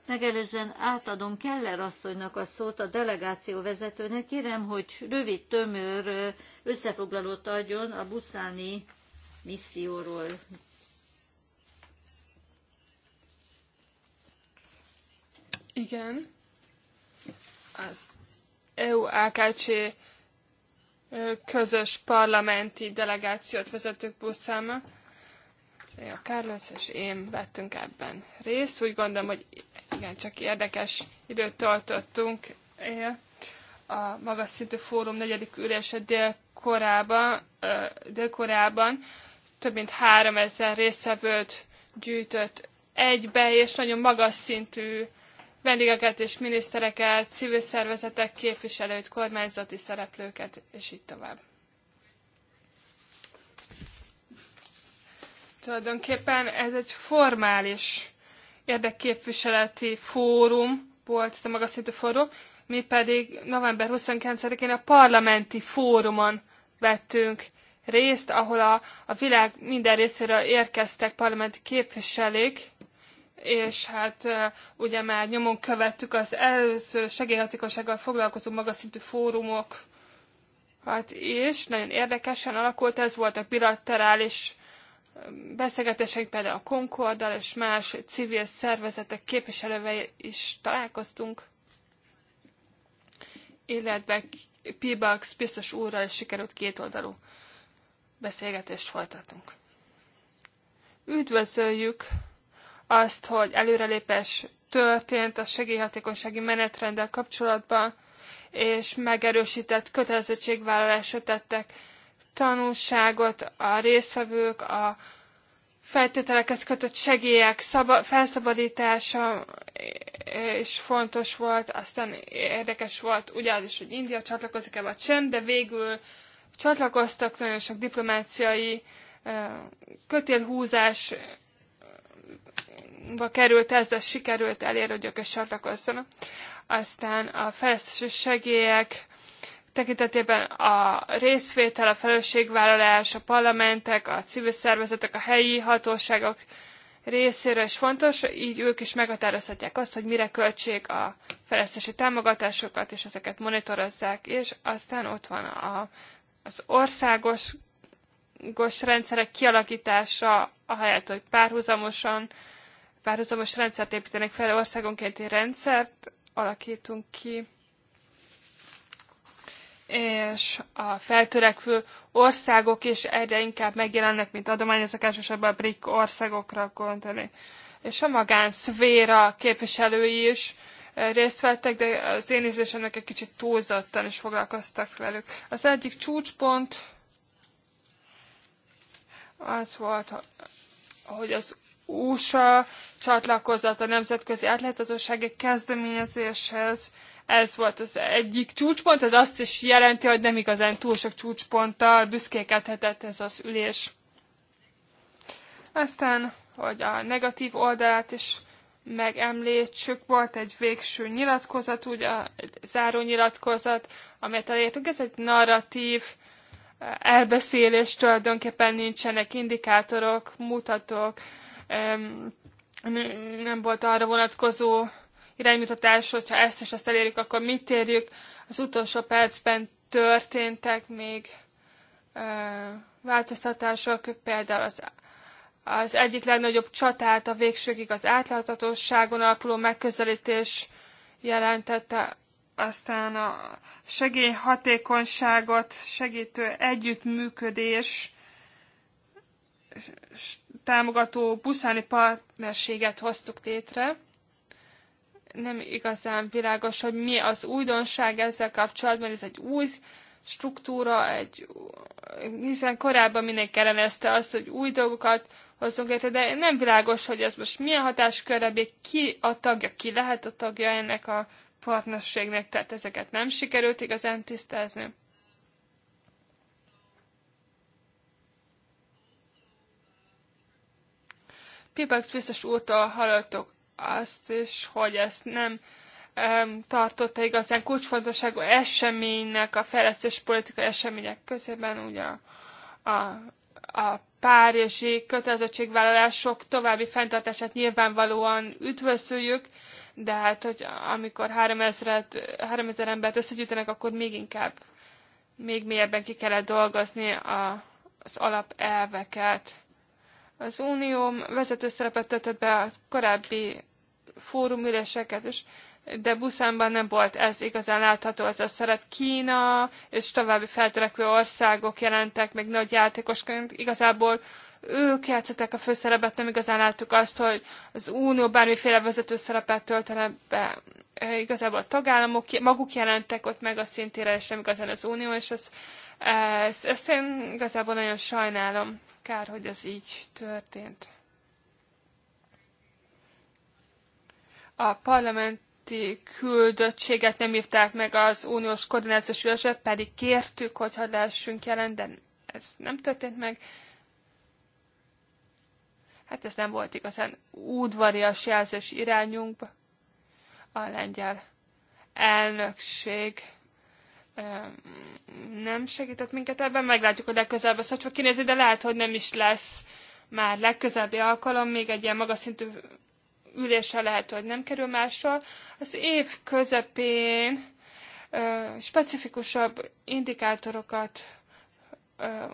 megelőzően átadom Keller asszonynak a szót a delegáció vezetőnek. Kérem, hogy rövid, tömör összefoglalót adjon a buszáni misszióról. Igen, az EU-AKC közös parlamenti delegációt vezetők buszáma. A Carlos és én vettünk ebben részt. Úgy gondolom, hogy igen, csak érdekes időt tartottunk a magas szintű fórum negyedik ülése délkorában. dél több mint 3000 résztvevőt gyűjtött egybe, és nagyon magas szintű vendégeket és minisztereket, civil szervezetek képviselőt, kormányzati szereplőket, és így tovább. Tulajdonképpen ez egy formális érdekképviseleti fórum volt, ez a magas szintű fórum, mi pedig november 29-én a parlamenti fórumon vettünk részt, ahol a, a világ minden részéről érkeztek parlamenti képviselők, és hát ugye már nyomon követtük az először segélyhatékossággal foglalkozó magaszintű fórumok hát és nagyon érdekesen alakult, ez volt a bilaterális beszélgetések, például a Concorddal és más civil szervezetek képviselővel is találkoztunk, illetve Pibax biztos úrral is sikerült kétoldalú beszélgetést folytatunk. Üdvözöljük azt, hogy előrelépés történt a segélyhatékonysági menetrenddel kapcsolatban, és megerősített kötelezettségvállalásra tettek tanulságot a résztvevők, a feltételekhez kötött segélyek szaba, felszabadítása és fontos volt, aztán érdekes volt ugye az is, hogy India csatlakozik e vagy sem, de végül csatlakoztak nagyon sok diplomáciai kötélhúzás került ez, de sikerült elérni, hogy ők is csatlakozzanak. Aztán a fejlesztési segélyek tekintetében a részvétel, a felelősségvállalás, a parlamentek, a civil szervezetek, a helyi hatóságok részéről is fontos, így ők is meghatározhatják azt, hogy mire költsék a fejlesztési támogatásokat, és ezeket monitorozzák, és aztán ott van a, az országos rendszerek kialakítása, ahelyett, hogy párhuzamosan párhuzamos rendszert építenek fel, országonkénti rendszert alakítunk ki, és a feltörekvő országok is egyre inkább megjelennek, mint adományozok, elsősorban a BRIC országokra gondolni. És a magánszféra képviselői is eh, részt vettek, de az én ízlésemnek egy kicsit túlzottan is foglalkoztak velük. Az egyik csúcspont az volt, hogy az USA csatlakozott a nemzetközi átláthatósági kezdeményezéshez. Ez volt az egyik csúcspont, ez azt is jelenti, hogy nem igazán túl sok csúcsponttal büszkékedhetett ez az ülés. Aztán, hogy a negatív oldalát is megemlítsük, volt egy végső nyilatkozat, ugye a záró nyilatkozat, amelyet elértünk. Ez egy narratív eh, elbeszélés, tulajdonképpen nincsenek indikátorok, mutatók, nem volt arra vonatkozó iránymutatás, hogyha ezt és ezt elérjük, akkor mit érjük. Az utolsó percben történtek még változtatások, például az, az egyik legnagyobb csatát a végsőkig az átláthatóságon alapuló megközelítés jelentette, aztán a segélyhatékonyságot segítő együttműködés támogató buszáni partnerséget hoztuk létre. Nem igazán világos, hogy mi az újdonság ezzel kapcsolatban, ez egy új struktúra, egy, hiszen korábban mindenki ellenezte azt, hogy új dolgokat hozzunk létre, de nem világos, hogy ez most milyen hatáskörre bír, ki a tagja, ki lehet a tagja ennek a partnerségnek, tehát ezeket nem sikerült igazán tisztázni. Pibax biztos úrtól hallottuk azt is, hogy ezt nem um, tartotta igazán kulcsfontosságú eseménynek, a fejlesztés politikai események közében, ugye a, a, a párizsi kötelezettségvállalások további fenntartását nyilvánvalóan üdvözlőjük, de hát, hogy amikor 3000, 3000 embert összegyűjtenek, akkor még inkább, még mélyebben ki kellett dolgozni a, az alapelveket. Az Unió vezető szerepet töltött be a korábbi fórumüléseket is, de Buszánban nem volt ez igazán látható, ez a szerep Kína és további feltörekvő országok jelentek, meg nagy játékosként igazából ők játszották a főszerepet, nem igazán láttuk azt, hogy az Unió bármiféle vezető szerepet töltene be. Igazából a tagállamok maguk jelentek ott meg a szintére, és nem igazán az Unió, és ez ezt, ezt én igazából nagyon sajnálom. Kár, hogy ez így történt. A parlamenti küldöttséget nem írták meg az uniós koordinációs ülésre, pedig kértük, hogy hadd lehessünk jelen, de ez nem történt meg. Hát ez nem volt igazán udvarias jelzés irányunkba. A lengyel elnökség nem segített minket ebben, meglátjuk, hogy legközelebb ezt hogy fog kinézni, de lehet, hogy nem is lesz már legközelebbi alkalom, még egy ilyen magas szintű ülésre lehet, hogy nem kerül mással. Az év közepén ö, specifikusabb indikátorokat, ö,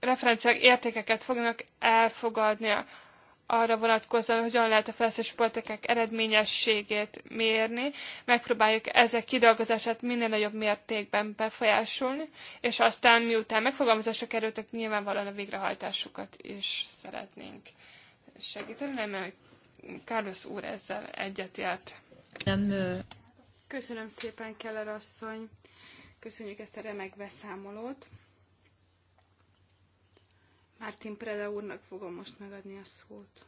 referenciák, értékeket fognak elfogadni a arra vonatkozóan, hogy hogyan lehet a fejlesztési politikák eredményességét mérni. Megpróbáljuk ezek kidolgozását minél nagyobb mértékben befolyásolni, és aztán miután megfogalmazásra kerültek, nyilvánvalóan a végrehajtásukat is szeretnénk segíteni. Nem, mert Carlos úr ezzel egyetért. Nem. Köszönöm szépen, Keller asszony. Köszönjük ezt a remek beszámolót. Martin Preda úrnak fogom most megadni a szót.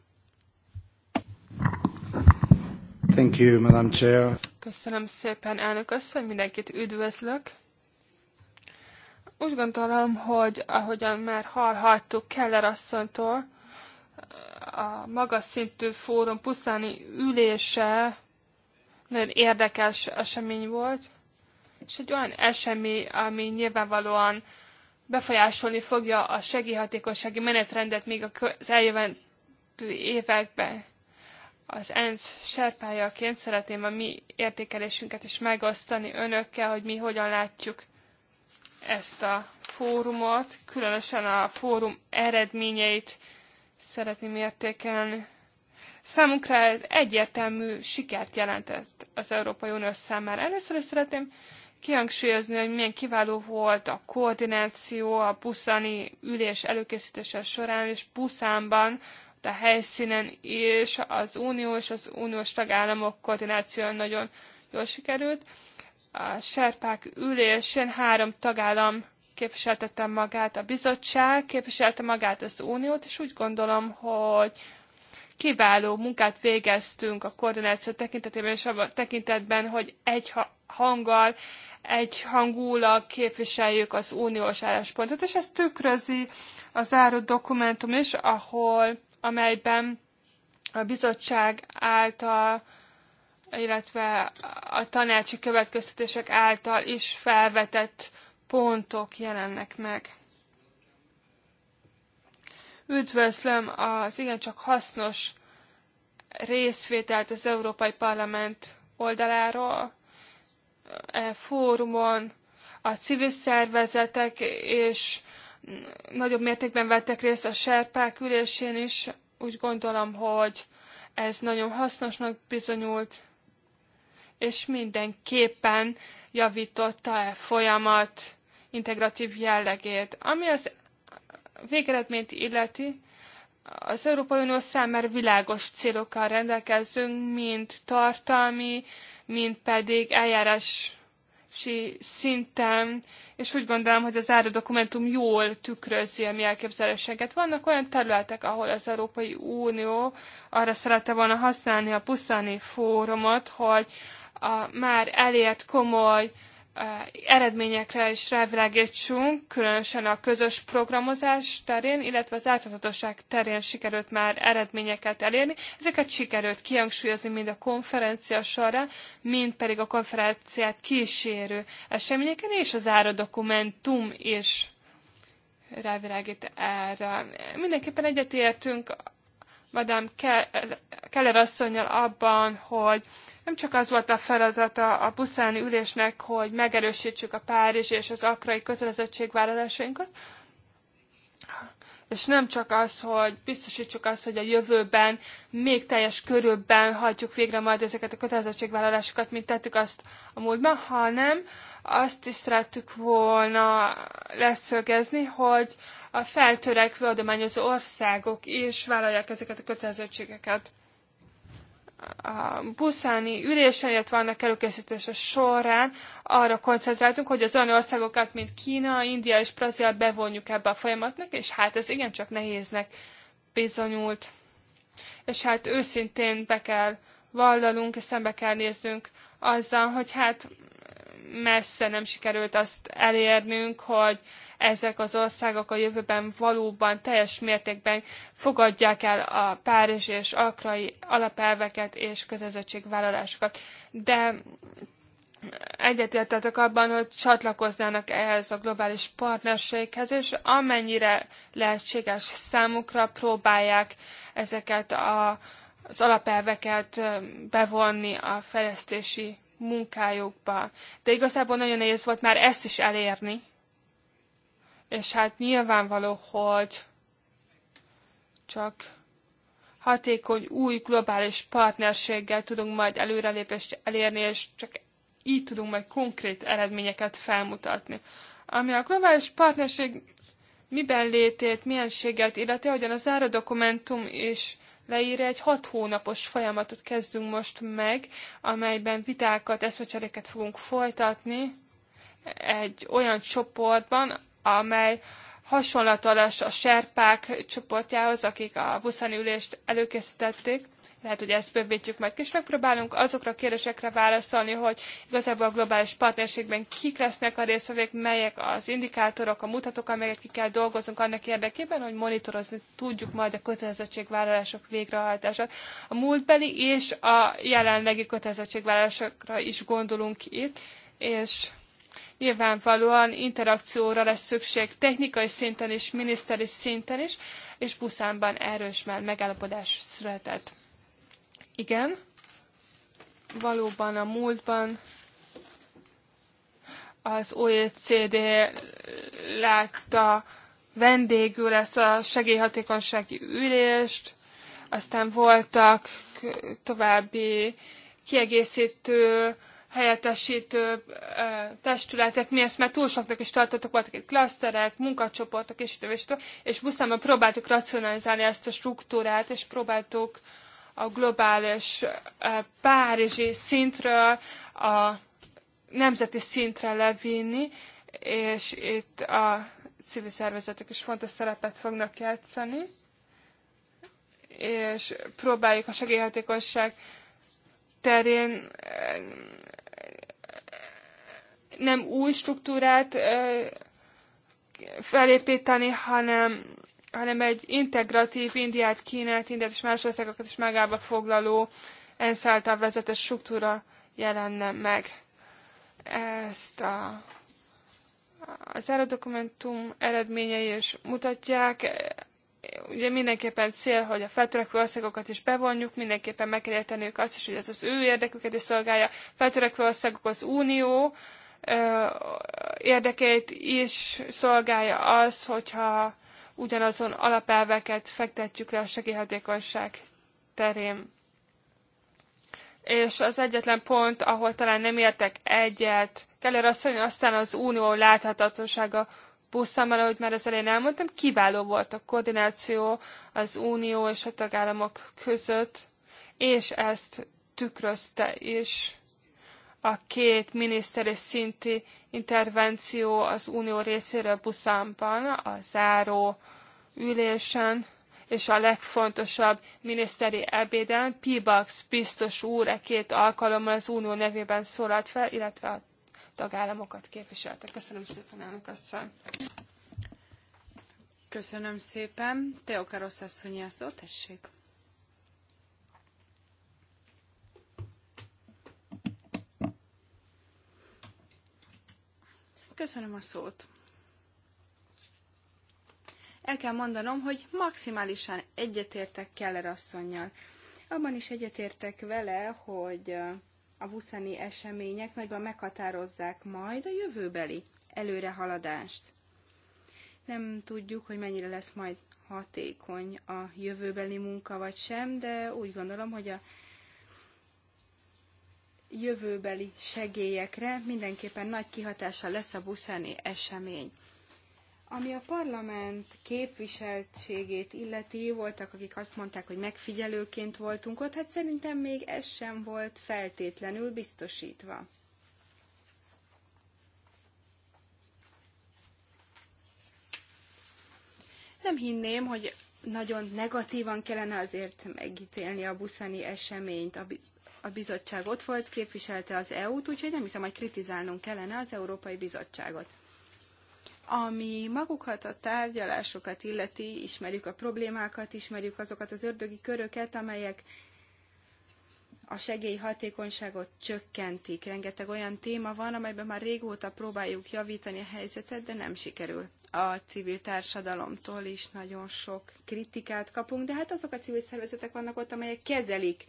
Thank you, Madam Chair. Köszönöm szépen, elnök asszony, mindenkit üdvözlök. Úgy gondolom, hogy ahogyan már hallhattuk Keller asszonytól, a magas szintű fórum pusztáni ülése nagyon érdekes esemény volt, és egy olyan esemény, ami nyilvánvalóan befolyásolni fogja a segélyhatékonysági menetrendet még az eljövendő években. Az ENSZ serpájaként szeretném a mi értékelésünket is megosztani önökkel, hogy mi hogyan látjuk ezt a fórumot, különösen a fórum eredményeit szeretném értékelni. Számunkra ez egyértelmű sikert jelentett az Európai Unió számára. Először is szeretném kihangsúlyozni, hogy milyen kiváló volt a koordináció a buszani ülés előkészítése során, és buszánban, a helyszínen és az unió és az uniós tagállamok koordinációja nagyon jól sikerült. A serpák ülésén három tagállam képviseltette magát a bizottság, képviselte magát az uniót, és úgy gondolom, hogy kiváló munkát végeztünk a koordináció tekintetében, és abban tekintetben, hogy egy hanggal, egy hangulag képviseljük az uniós álláspontot, és ez tükrözi a záró dokumentum is, ahol, amelyben a bizottság által illetve a tanácsi következtetések által is felvetett pontok jelennek meg. Üdvözlöm az igencsak hasznos részvételt az Európai Parlament oldaláról, e fórumon a civil szervezetek és nagyobb mértékben vettek részt a serpák ülésén is. Úgy gondolom, hogy ez nagyon hasznosnak bizonyult, és mindenképpen javította e folyamat integratív jellegét. Ami az végeredményt illeti, az Európai Unió számára világos célokkal rendelkezünk, mind tartalmi, mind pedig eljárási szinten, és úgy gondolom, hogy az ára dokumentum jól tükrözi a mi elképzeléseket. Vannak olyan területek, ahol az Európai Unió arra szerette volna használni a Puszani fórumot, hogy a már elért komoly eredményekre is rávilágítsunk, különösen a közös programozás terén, illetve az átláthatóság terén sikerült már eredményeket elérni. Ezeket sikerült kihangsúlyozni mind a konferencia során, mind pedig a konferenciát kísérő eseményeken, és az áradokumentum is rávilágít erre. Mindenképpen egyetértünk Madame Keller asszonynal abban, hogy nem csak az volt a feladata a buszáni ülésnek, hogy megerősítsük a Párizs és az akrai kötelezettségvállalásainkat, és nem csak az, hogy biztosítsuk azt, hogy a jövőben még teljes körülben hajtjuk végre majd ezeket a kötelezettségvállalásokat, mint tettük azt a múltban, hanem azt is szerettük volna leszögezni, hogy a feltörekvő adományozó országok is vállalják ezeket a kötelezettségeket a buszáni ülésen, illetve annak előkészítése során arra koncentráltunk, hogy az olyan országokat, mint Kína, India és Brazília bevonjuk ebbe a folyamatnak, és hát ez igencsak nehéznek bizonyult. És hát őszintén be kell vallalunk, és szembe kell néznünk azzal, hogy hát messze nem sikerült azt elérnünk, hogy ezek az országok a jövőben valóban teljes mértékben fogadják el a Párizs és Akrai alapelveket és kötelezettségvállalásokat. De egyetértetek abban, hogy csatlakoznának ehhez a globális partnerséghez, és amennyire lehetséges számukra próbálják ezeket a, az alapelveket bevonni a fejlesztési munkájukba. De igazából nagyon nehéz volt már ezt is elérni. És hát nyilvánvaló, hogy csak hatékony új globális partnerséggel tudunk majd előrelépést elérni, és csak így tudunk majd konkrét eredményeket felmutatni. Ami a globális partnerség miben létét, milyenséget illeti, ahogyan az áradokumentum is leírja. Egy hat hónapos folyamatot kezdünk most meg, amelyben vitákat, eszmecseréket fogunk folytatni egy olyan csoportban, amely hasonlatos a serpák csoportjához, akik a buszani ülést előkészítették lehet, hogy ezt bővítjük majd. kis megpróbálunk azokra a kérdésekre válaszolni, hogy igazából a globális partnerségben kik lesznek a részvevők, melyek az indikátorok, a mutatók, amelyek ki kell dolgozunk annak érdekében, hogy monitorozni tudjuk majd a kötelezettségvállalások végrehajtását. A múltbeli és a jelenlegi kötelezettségvállalásokra is gondolunk itt, és nyilvánvalóan interakcióra lesz szükség technikai szinten is, miniszteri szinten is, és Buszánban erős már megállapodás született. Igen, valóban a múltban az OECD látta vendégül ezt a segélyhatékonysági ülést, aztán voltak további kiegészítő, helyettesítő testületek, mi ezt már túl soknak is tartottak voltak itt klaszterek, munkacsoportok, és így és, és, és, buszában próbáltuk racionalizálni ezt a struktúrát, és próbáltuk a globális párizsi szintről a nemzeti szintre levinni, és itt a civil szervezetek is fontos szerepet fognak játszani, és próbáljuk a segélyhatékosság terén nem új struktúrát felépíteni, hanem hanem egy integratív Indiát, Kínát, Indiát és más országokat is magába foglaló ENSZ által vezetett struktúra jelenne meg. Ezt a, az dokumentum eredményei is mutatják. Ugye mindenképpen cél, hogy a feltörekvő országokat is bevonjuk, mindenképpen meg kell érteniük azt is, hogy ez az ő érdeküket is szolgálja. Feltörekvő országok az Unió, érdekeit is szolgálja az, hogyha ugyanazon alapelveket fektetjük le a segélyhatékonyság terén. És az egyetlen pont, ahol talán nem értek egyet, Keller asszony, aztán az unió láthatatlansága buszammal, ahogy már az elején elmondtam, kiváló volt a koordináció az unió és a tagállamok között, és ezt tükrözte is a két miniszteri szinti intervenció az unió részéről Buszánban, a záró ülésen, és a legfontosabb miniszteri ebéden Pibax biztos úr e két alkalommal az unió nevében szólalt fel, illetve a tagállamokat képviselte. Köszönöm szépen, elnök asszony! Köszönöm szépen. Teokarosz asszonyi a szó, tessék. Köszönöm a szót. El kell mondanom, hogy maximálisan egyetértek Keller asszonynal. Abban is egyetértek vele, hogy a buszani események nagyban meghatározzák majd a jövőbeli előrehaladást. Nem tudjuk, hogy mennyire lesz majd hatékony a jövőbeli munka vagy sem, de úgy gondolom, hogy a jövőbeli segélyekre mindenképpen nagy kihatása lesz a buszáni esemény. Ami a parlament képviseltségét illeti, voltak, akik azt mondták, hogy megfigyelőként voltunk ott, hát szerintem még ez sem volt feltétlenül biztosítva. Nem hinném, hogy nagyon negatívan kellene azért megítélni a buszani eseményt. A a bizottság ott volt, képviselte az EU-t, úgyhogy nem hiszem, hogy kritizálnunk kellene az Európai Bizottságot. Ami magukat a tárgyalásokat illeti, ismerjük a problémákat, ismerjük azokat az ördögi köröket, amelyek a segély hatékonyságot csökkentik. Rengeteg olyan téma van, amelyben már régóta próbáljuk javítani a helyzetet, de nem sikerül. A civil társadalomtól is nagyon sok kritikát kapunk, de hát azok a civil szervezetek vannak ott, amelyek kezelik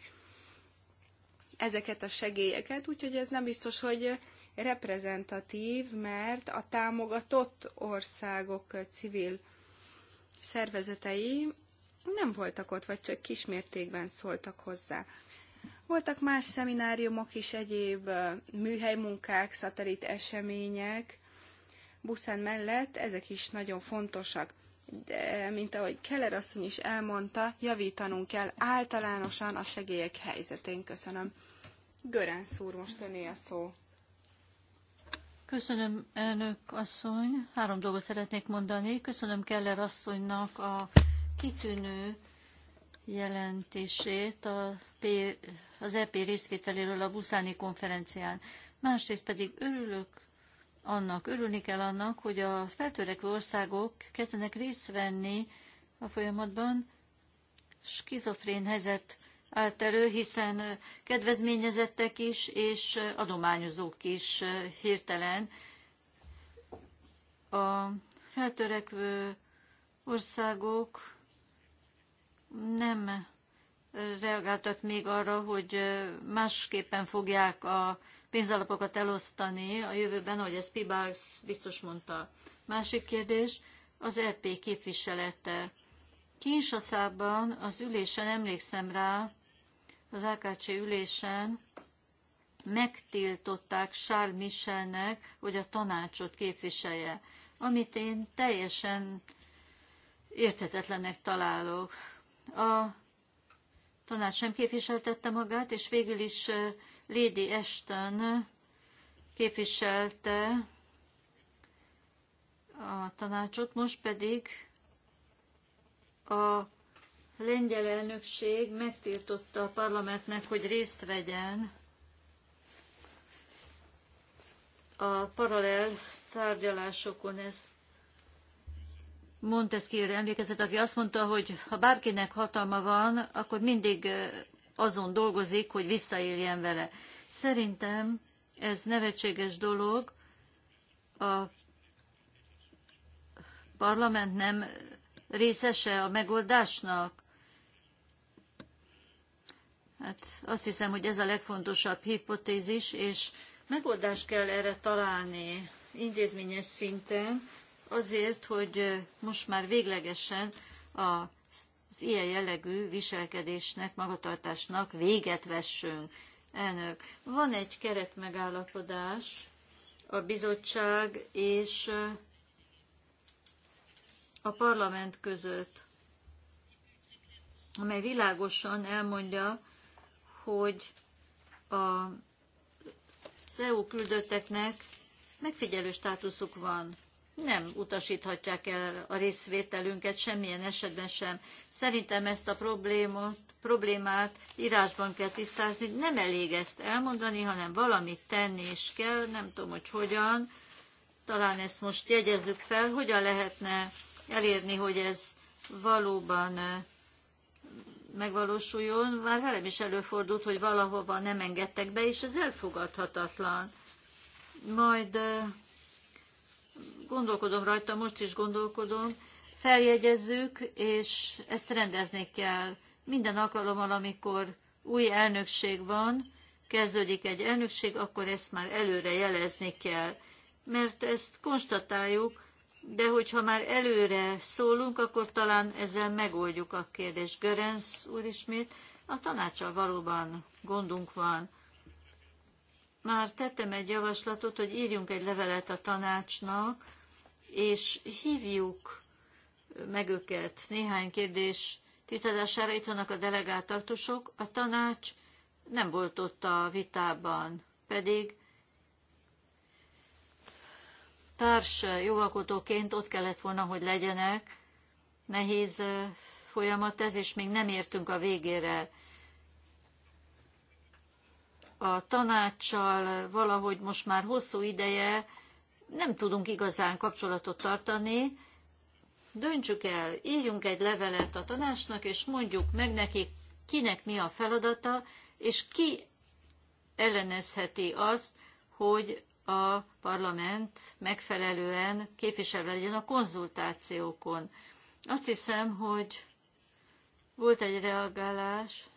ezeket a segélyeket, úgyhogy ez nem biztos, hogy reprezentatív, mert a támogatott országok civil szervezetei nem voltak ott, vagy csak kismértékben szóltak hozzá. Voltak más szemináriumok is, egyéb műhelymunkák, szatelit események, Buszán mellett ezek is nagyon fontosak de mint ahogy Keller asszony is elmondta, javítanunk kell általánosan a segélyek helyzetén. Köszönöm. Görán szúr most öné a szó. Köszönöm, elnök asszony. Három dolgot szeretnék mondani. Köszönöm Keller asszonynak a kitűnő jelentését a P, az EP részvételéről a buszáni konferencián. Másrészt pedig örülök annak, örülni kell annak, hogy a feltörekvő országok kezdenek részt venni a folyamatban, skizofrén helyzet állt elő, hiszen kedvezményezettek is, és adományozók is hirtelen. A feltörekvő országok nem reagáltak még arra, hogy másképpen fogják a pénzalapokat elosztani a jövőben, ahogy ezt Pibász biztos mondta. Másik kérdés, az EP képviselete. Kinsaszában az ülésen, emlékszem rá, az AKC ülésen megtiltották Charles Michelnek, hogy a tanácsot képviselje, amit én teljesen érthetetlennek találok. A tanács nem képviseltette magát, és végül is Lady Ashton képviselte a tanácsot, most pedig a lengyel elnökség megtiltotta a parlamentnek, hogy részt vegyen a paralel tárgyalásokon. Ez Montesquieu emlékezett, aki azt mondta, hogy ha bárkinek hatalma van, akkor mindig azon dolgozik, hogy visszaéljen vele. Szerintem ez nevetséges dolog. A parlament nem részese a megoldásnak. Hát azt hiszem, hogy ez a legfontosabb hipotézis, és megoldást kell erre találni intézményes szinten, azért, hogy most már véglegesen a az ilyen jellegű viselkedésnek, magatartásnak véget vessünk. Elnök, van egy keretmegállapodás a bizottság és a parlament között, amely világosan elmondja, hogy a, az EU küldötteknek megfigyelő státuszuk van nem utasíthatják el a részvételünket semmilyen esetben sem. Szerintem ezt a problémát, problémát írásban kell tisztázni. Nem elég ezt elmondani, hanem valamit tenni is kell, nem tudom, hogy hogyan. Talán ezt most jegyezzük fel, hogyan lehetne elérni, hogy ez valóban megvalósuljon. Már velem is előfordult, hogy valahova nem engedtek be, és ez elfogadhatatlan. Majd gondolkodom rajta, most is gondolkodom, feljegyezzük, és ezt rendezni kell. Minden alkalommal, amikor új elnökség van, kezdődik egy elnökség, akkor ezt már előre jelezni kell. Mert ezt konstatáljuk, de hogyha már előre szólunk, akkor talán ezzel megoldjuk a kérdést. Görenc úr ismét, a tanácsal valóban gondunk van. Már tettem egy javaslatot, hogy írjunk egy levelet a tanácsnak, és hívjuk meg őket. Néhány kérdés tisztázására itt vannak a delegált aktusok. A tanács nem volt ott a vitában, pedig társ jogalkotóként ott kellett volna, hogy legyenek. Nehéz folyamat ez, és még nem értünk a végére. A tanácssal valahogy most már hosszú ideje nem tudunk igazán kapcsolatot tartani, döntsük el, írjunk egy levelet a tanácsnak, és mondjuk meg nekik, kinek mi a feladata, és ki ellenezheti azt, hogy a parlament megfelelően képviselve legyen a konzultációkon. Azt hiszem, hogy volt egy reagálás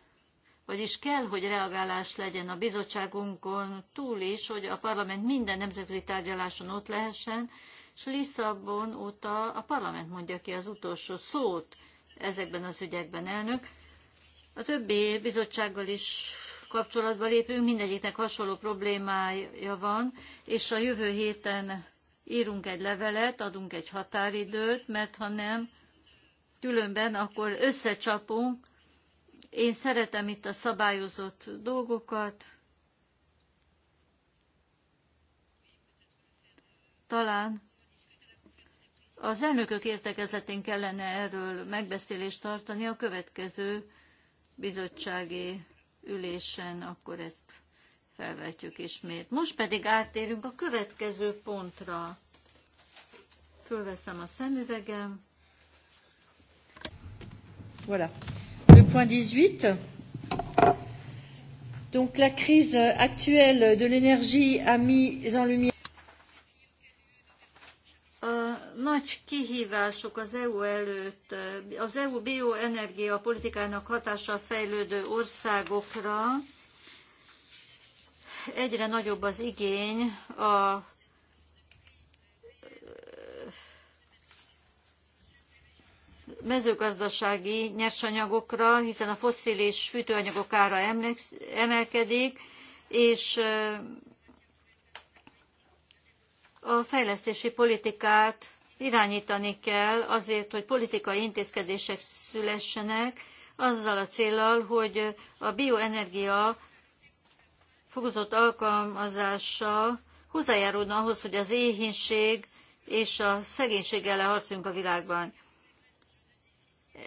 vagyis kell, hogy reagálás legyen a bizottságunkon túl is, hogy a parlament minden nemzetközi tárgyaláson ott lehessen, és Lisszabon óta a parlament mondja ki az utolsó szót ezekben az ügyekben, elnök. A többi bizottsággal is kapcsolatba lépünk, mindegyiknek hasonló problémája van, és a jövő héten írunk egy levelet, adunk egy határidőt, mert ha nem, különben akkor összecsapunk, én szeretem itt a szabályozott dolgokat. Talán az elnökök értekezletén kellene erről megbeszélést tartani a következő bizottsági ülésen, akkor ezt felvetjük ismét. Most pedig áttérünk a következő pontra. Fölveszem a szemüvegem. Voilà point 18. Donc la crise actuelle de l'énergie a mis en lumière nagy kihívások az EU előtt, az EU bioenergia politikának hatása fejlődő országokra. Egyre nagyobb az igény a mezőgazdasági nyersanyagokra, hiszen a fosszilis fűtőanyagok ára emelkedik, és a fejlesztési politikát irányítani kell azért, hogy politikai intézkedések szülessenek, azzal a célral, hogy a bioenergia fokozott alkalmazása hozzájárulna ahhoz, hogy az éhínség és a szegénység ellen harcoljunk a világban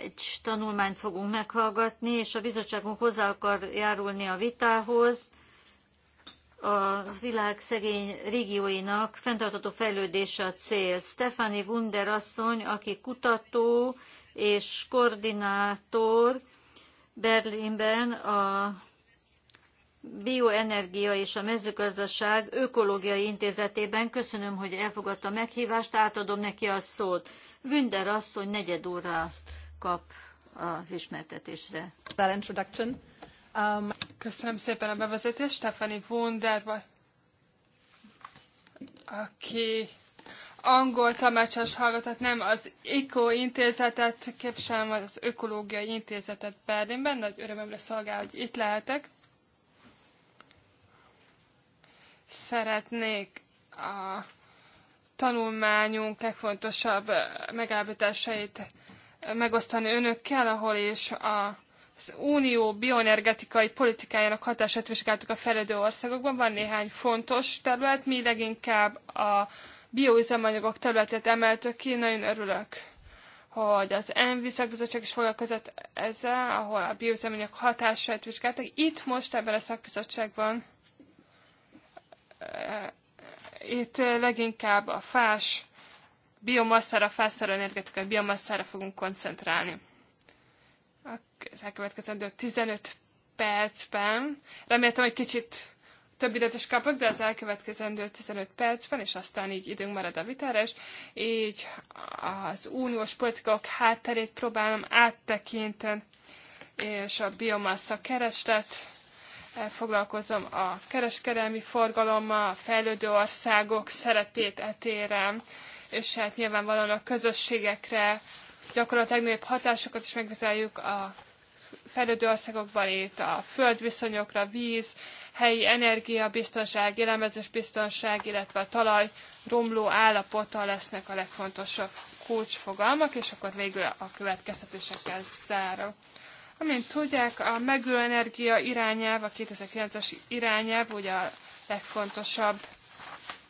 egy tanulmányt fogunk meghallgatni, és a bizottságunk hozzá akar járulni a vitához a világ szegény régióinak fenntartató fejlődése a cél. Stefani Wunder asszony, aki kutató és koordinátor Berlinben a Bioenergia és a Mezőgazdaság Ökológiai Intézetében. Köszönöm, hogy elfogadta a meghívást, átadom neki a szót. Wunder asszony negyed óra kap az ismertetésre. That introduction. Um... Köszönöm szépen a bevezetést. Stephanie Wunder, aki angol tanácsos hallgatott, nem az ICO intézetet képviselem, az Ökológiai Intézetet Berlinben. Nagy örömömre szolgál, hogy itt lehetek. Szeretnék a tanulmányunk legfontosabb megállapításait megosztani önökkel, ahol is a az unió bioenergetikai politikájának hatását vizsgáltuk a fejlődő országokban. Van néhány fontos terület, mi leginkább a bioüzemanyagok területét emeltük ki, nagyon örülök hogy az ENVI szakbizottság is foglalkozott ezzel, ahol a bioüzemanyag hatását vizsgáltak. Itt most ebben a szakbizottságban eh, itt leginkább a fás biomasszára, felszerelő energetikai biomasszára fogunk koncentrálni. Az elkövetkezendő 15 percben, reméltem, hogy kicsit több időt is kapok, de az elkövetkezendő 15 percben, és aztán így időnk marad a vitára, és így az uniós politikok hátterét próbálom áttekinteni, és a biomassa kereslet, eh, foglalkozom a kereskedelmi forgalommal, a fejlődő országok szerepét etérem, és hát nyilvánvalóan a közösségekre a legnagyobb hatásokat is megvizsgáljuk a fejlődő országokban itt a földviszonyokra, víz, helyi energiabiztonság, élelmezős biztonság, illetve a talaj romló állapota lesznek a legfontosabb kulcsfogalmak, és akkor végül a következtetésekkel zárok. Amint tudják, a megülő energia irányelv, a 2009-es irányelv ugye a legfontosabb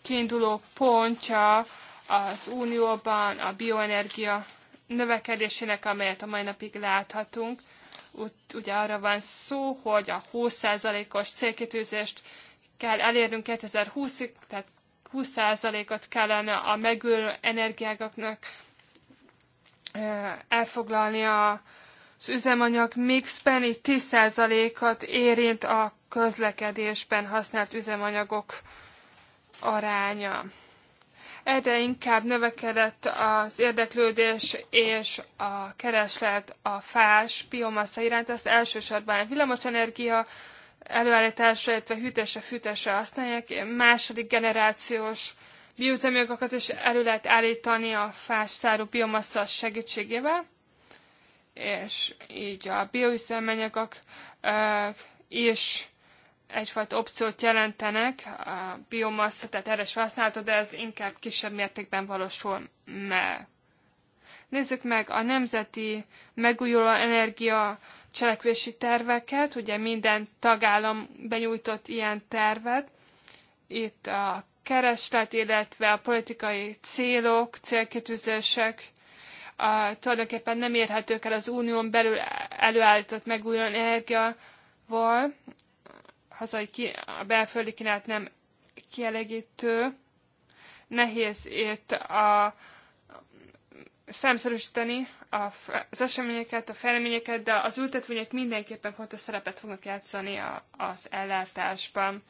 kiinduló pontja az Unióban, a bioenergia növekedésének, amelyet a mai napig láthatunk. ugye arra van szó, hogy a 20%-os célkitűzést kell elérnünk 2020-ig, tehát 20%-ot kellene a megülő energiáknak elfoglalni az üzemanyag mixben, így 10 ot érint a közlekedésben használt üzemanyagok aránya. Egyre inkább növekedett az érdeklődés és a kereslet a fás biomassa iránt, ezt elsősorban villamosenergia előállításra, illetve hűtésre, fűtésre használják, második generációs bioüzemanyagokat is elő lehet állítani a fás tárú biomassa segítségével, és így a bioüzemanyagok is egyfajta opciót jelentenek a biomassa, tehát erre is használható, de ez inkább kisebb mértékben valósul meg. Nézzük meg a nemzeti megújuló energia cselekvési terveket, ugye minden tagállam benyújtott ilyen tervet. Itt a kereslet, illetve a politikai célok, célkitűzések a, tulajdonképpen nem érhetők el az unión belül előállított megújuló energiával, hazai ki, a belföldi kínálat nem kielégítő, nehéz itt a számszerűsíteni az eseményeket, a fejleményeket, de az ültetvények mindenképpen fontos szerepet fognak játszani a, az ellátásban.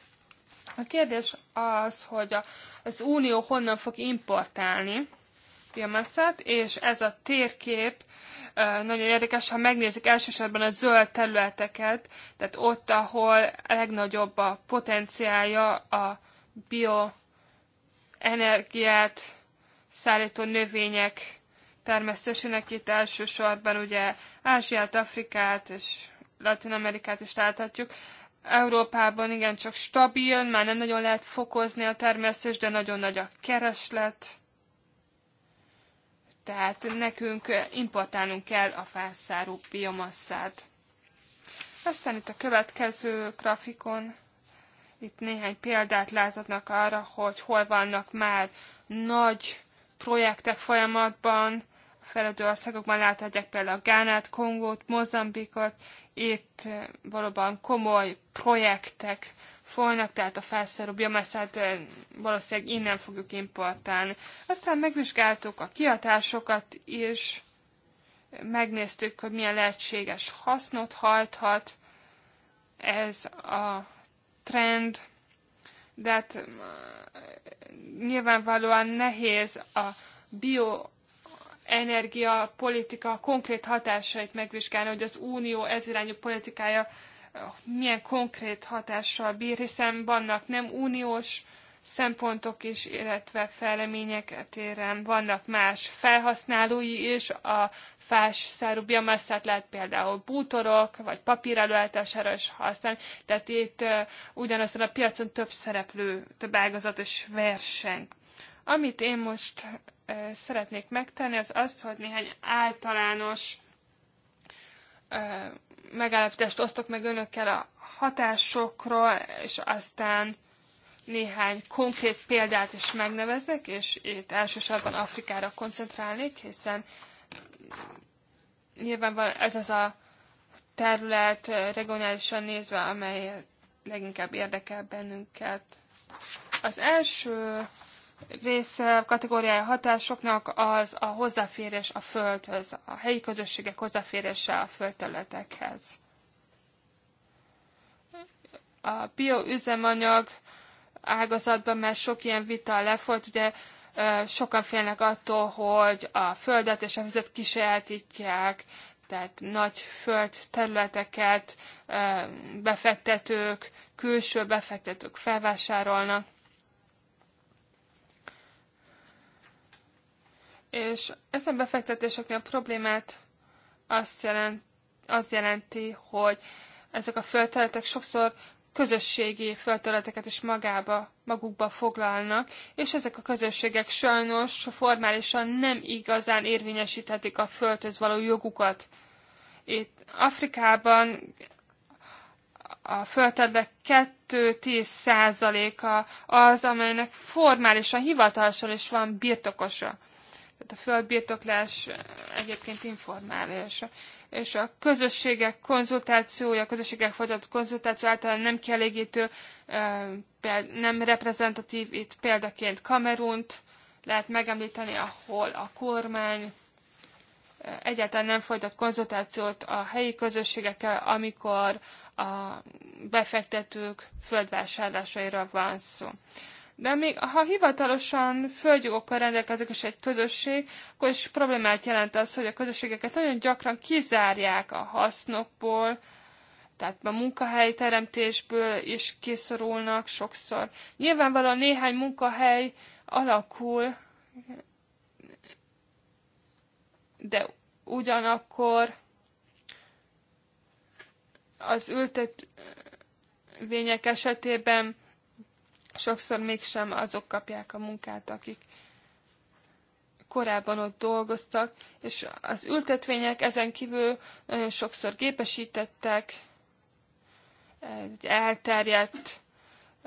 A kérdés az, hogy a, az Unió honnan fog importálni biomasszát, és ez a térkép nagyon érdekes, ha megnézik elsősorban a zöld területeket, tehát ott, ahol a legnagyobb a potenciálja a bioenergiát szállító növények termesztésének itt elsősorban ugye Ázsiát, Afrikát és Latin Amerikát is láthatjuk. Európában igen csak stabil, már nem nagyon lehet fokozni a termesztést, de nagyon nagy a kereslet tehát nekünk importálnunk kell a felszáró biomasszát. Aztán itt a következő grafikon, itt néhány példát láthatnak arra, hogy hol vannak már nagy projektek folyamatban, a fejlődő országokban láthatják például a Gánát, Kongót, Mozambikot, itt valóban komoly projektek folynak, tehát a felszerű biomaszát eh, valószínűleg innen fogjuk importálni. Aztán megvizsgáltuk a kiadásokat is, megnéztük, hogy milyen lehetséges hasznot hajthat ez a trend, de hát eh, nyilvánvalóan nehéz a bio energia politika konkrét hatásait megvizsgálni, hogy az unió ez irányú politikája milyen konkrét hatással bír, hiszen vannak nem uniós szempontok is, illetve fejlemények téren vannak más felhasználói is, a fás szárú biomasszát lehet például bútorok, vagy papír előállítására is használni, tehát itt ugyanazon a piacon több szereplő, több ágazatos verseng. Amit én most szeretnék megtenni, az az, hogy néhány általános megállapítást osztok meg önökkel a hatásokról, és aztán néhány konkrét példát is megneveznek, és itt elsősorban Afrikára koncentrálnék, hiszen nyilvánvalóan ez az a terület eh, regionálisan nézve, amely leginkább érdekel bennünket. Az első rész eh, kategóriája hatásoknak az a hozzáférés a földhöz, a helyi közösségek hozzáférése a földterületekhez. A bioüzemanyag ágazatban már sok ilyen vita lefolyt, ugye eh, sokan félnek attól, hogy a földet és a vizet kisajátítják, tehát nagy földterületeket eh, befektetők, külső befektetők felvásárolnak, És ezen befektetéseknél a problémát azt jelent, az jelenti, hogy ezek a földterületek sokszor közösségi földterületeket is magába, magukba foglalnak, és ezek a közösségek sajnos formálisan nem igazán érvényesíthetik a földhöz való jogukat. Itt Afrikában a földterületek 2-10 százaléka az, amelynek formálisan hivatalosan is van birtokosa a földbirtoklás egyébként informális. És a közösségek konzultációja, a közösségek folytatott konzultáció általán nem kielégítő, nem reprezentatív itt példaként Kamerunt lehet megemlíteni, ahol a kormány egyáltalán nem folytat konzultációt a helyi közösségekkel, amikor a befektetők földvásárlásaira van szó. De még ha hivatalosan földjogokkal rendelkezik is egy közösség, akkor is problémát jelent az, hogy a közösségeket nagyon gyakran kizárják a hasznokból, tehát a munkahelyteremtésből is kiszorulnak sokszor. Nyilvánvalóan néhány munkahely alakul, de ugyanakkor az ültetvények esetében sokszor mégsem azok kapják a munkát, akik korábban ott dolgoztak, és az ültetvények ezen kívül nagyon sokszor gépesítettek, egy elterjedt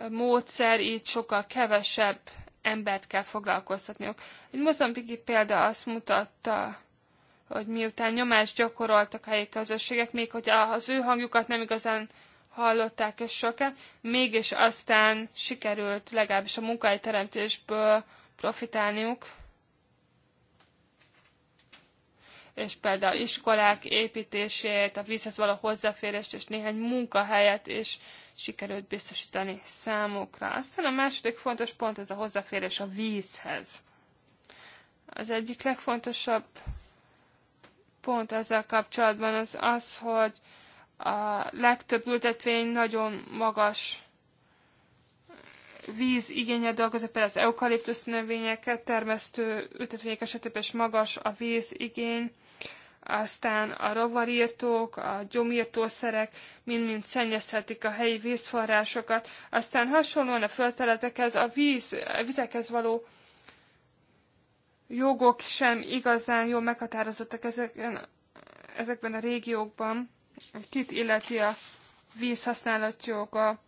módszer, így sokkal kevesebb embert kell foglalkoztatniuk. Egy mozambiki példa azt mutatta, hogy miután nyomást gyakoroltak a helyi közösségek, még hogy az ő hangjukat nem igazán hallották és sokan, mégis aztán sikerült legalábbis a munkahelyteremtésből profitálniuk. És például iskolák építését, a vízhez való hozzáférést és néhány munkahelyet is sikerült biztosítani számukra. Aztán a második fontos pont ez a hozzáférés a vízhez. Az egyik legfontosabb pont ezzel kapcsolatban az az, hogy a legtöbb ültetvény nagyon magas víz igénye dolgozik, például az eukaliptusz növényeket termesztő ültetvények esetében is magas a víz igény, aztán a rovarírtók, a gyomírtószerek mind-mind szennyezhetik a helyi vízforrásokat, aztán hasonlóan a földterületekhez a, víz, a vizekhez való jogok sem igazán jól meghatározottak ezeken, ezekben a régiókban kit illeti a vízhasználat joga.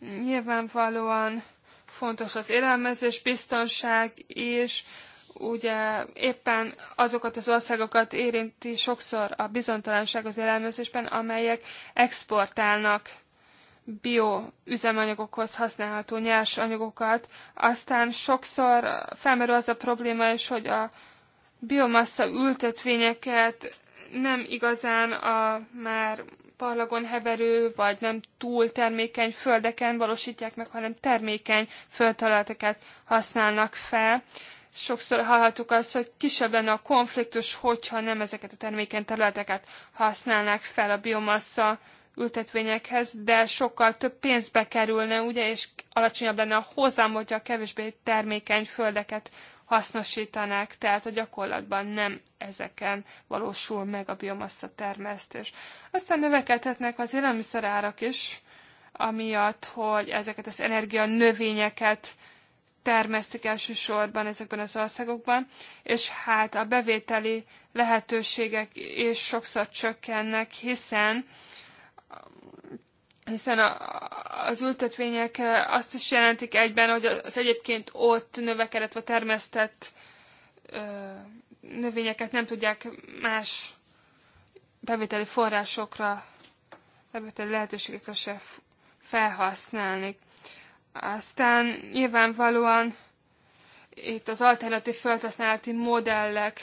Nyilvánvalóan fontos az élelmezés, biztonság és ugye éppen azokat az országokat érinti sokszor a bizonytalanság az élelmezésben, amelyek exportálnak bioüzemanyagokhoz használható nyersanyagokat. Aztán sokszor felmerül az a probléma is, hogy a biomassa ültetvényeket nem igazán a már parlagon heverő, vagy nem túl termékeny földeken valósítják meg, hanem termékeny földtalateket használnak fel. Sokszor hallhattuk azt, hogy kisebb lenne a konfliktus, hogyha nem ezeket a termékeny területeket használnák fel a biomassa ültetvényekhez, de sokkal több pénzbe kerülne, ugye, és alacsonyabb lenne a hozam, hogyha kevésbé termékeny földeket hasznosítanák, tehát a gyakorlatban nem ezeken valósul meg a biomassa termesztés. Aztán növekedhetnek az élelmiszerárak is, amiatt, hogy ezeket az energia növényeket termesztik elsősorban ezekben az országokban, és hát a bevételi lehetőségek is sokszor csökkennek, hiszen hiszen a, az ültetvények eh, azt is jelentik egyben, hogy az egyébként ott növekedett vagy termesztett ö, eh, növényeket nem tudják más bevételi forrásokra, bevételi lehetőségekre se felhasználni. Aztán nyilvánvalóan itt az alternatív felhasználati modellek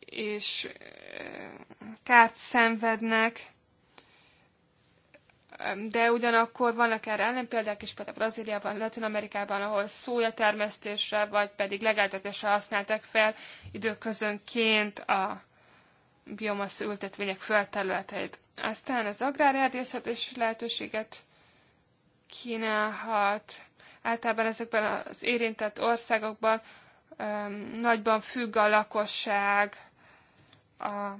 és eh, kárt szenvednek, de ugyanakkor vannak erre ellenpéldák is, például Brazíliában, Latin-Amerikában, ahol szója termesztésre, vagy pedig legeltetésre használtak fel időközönként a biomasz ültetvények földterületeit. Aztán az agrárerdészet is lehetőséget kínálhat. Általában ezekben az érintett országokban um, nagyban függ a lakosság a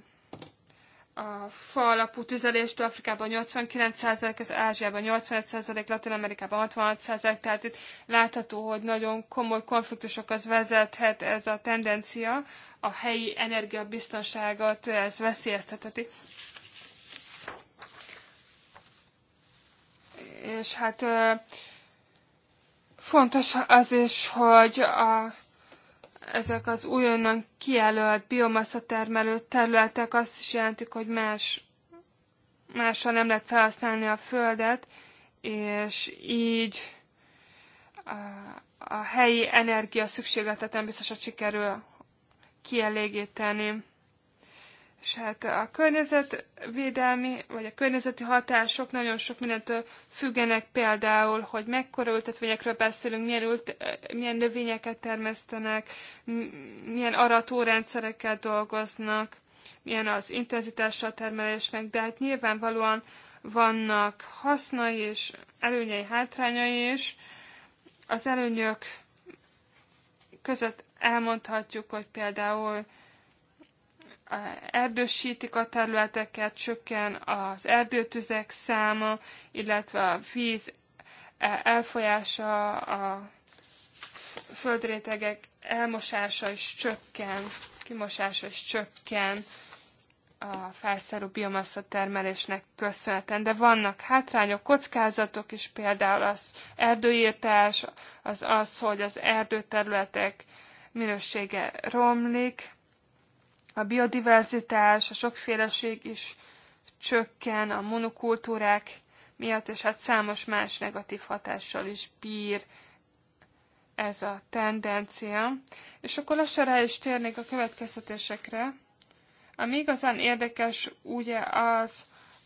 a fa alapú tüzelést Afrikában 89%, az Ázsiában 85%, Latin Amerikában 66%, tehát itt látható, hogy nagyon komoly konfliktusokhoz vezethet ez a tendencia, a helyi energiabiztonságot ez veszélyeztetheti. És hát fontos az is, hogy a ezek az újonnan kijelölt biomassa termelő területek azt is jelentik, hogy más, mással nem lehet felhasználni a földet, és így a, a helyi energia szükségletet nem biztos, hogy sikerül kielégíteni. És hát a környezetvédelmi, vagy a környezeti hatások nagyon sok mindentől függenek, például, hogy mekkora ültetvényekről beszélünk, milyen, ült, milyen növényeket termesztenek, milyen aratórendszerekkel dolgoznak, milyen az intenzitással a termelésnek, de hát nyilvánvalóan vannak hasznai és előnyei, hátrányai is. Az előnyök között elmondhatjuk, hogy például erdősítik a területeket, csökken az erdőtüzek száma, illetve a víz e, elfolyása, a földrétegek elmosása is csökken, kimosása is csökken a felszerű biomassa termelésnek köszönhetően. De vannak hátrányok, kockázatok is, például az erdőírtás, az az, hogy az erdőterületek minősége romlik, a biodiverzitás, a sokféleség is csökken, a monokultúrák miatt, és hát számos más negatív hatással is bír ez a tendencia. És akkor lassan rá is térnék a következtetésekre. Ami igazán érdekes, ugye az,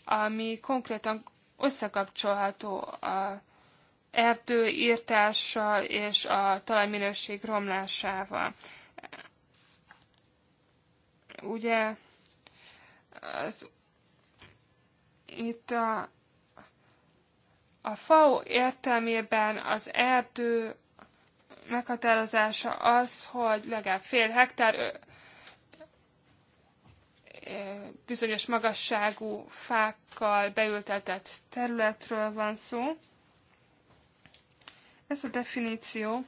ami konkrétan összekapcsolható a erdőírtással és a talajminőség romlásával ugye az, itt a, a FAO értelmében az erdő meghatározása az, hogy legalább fél hektár ö, ö, bizonyos magasságú fákkal beültetett területről van szó. Ez a definíció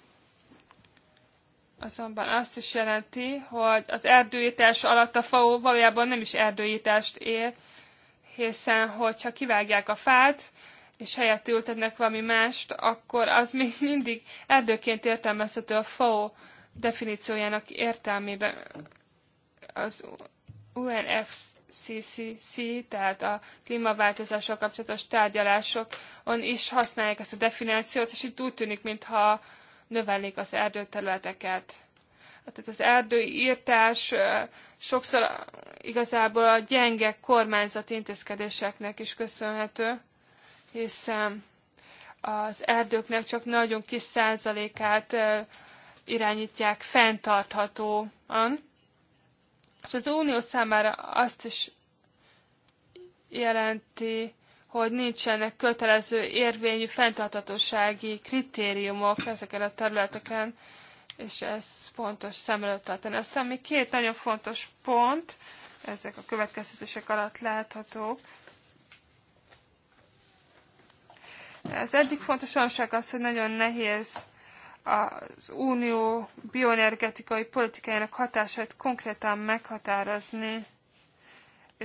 azonban azt is jelenti, hogy az erdőítás alatt a faó valójában nem is erdőítást él, hiszen hogyha kivágják a fát, és helyett ültetnek valami mást, akkor az még mindig erdőként értelmezhető a FAO definíciójának értelmében. Az UNFCCC, tehát a klímaváltozással kapcsolatos tárgyalásokon is használják ezt a definíciót, és itt úgy tűnik, mintha növelik az erdőterületeket. Tehát az erdőírtás sokszor igazából a gyenge kormányzati intézkedéseknek is köszönhető, hiszen az erdőknek csak nagyon kis százalékát irányítják fenntarthatóan. És az unió számára azt is jelenti hogy nincsenek kötelező érvényű fenntartatósági kritériumok ezeken a területeken, és ez fontos szem előtt tartani. Aztán még két nagyon fontos pont, ezek a következtetések alatt láthatók. Az egyik fontos valóság az, hogy nagyon nehéz az unió bioenergetikai politikájának hatásait konkrétan meghatározni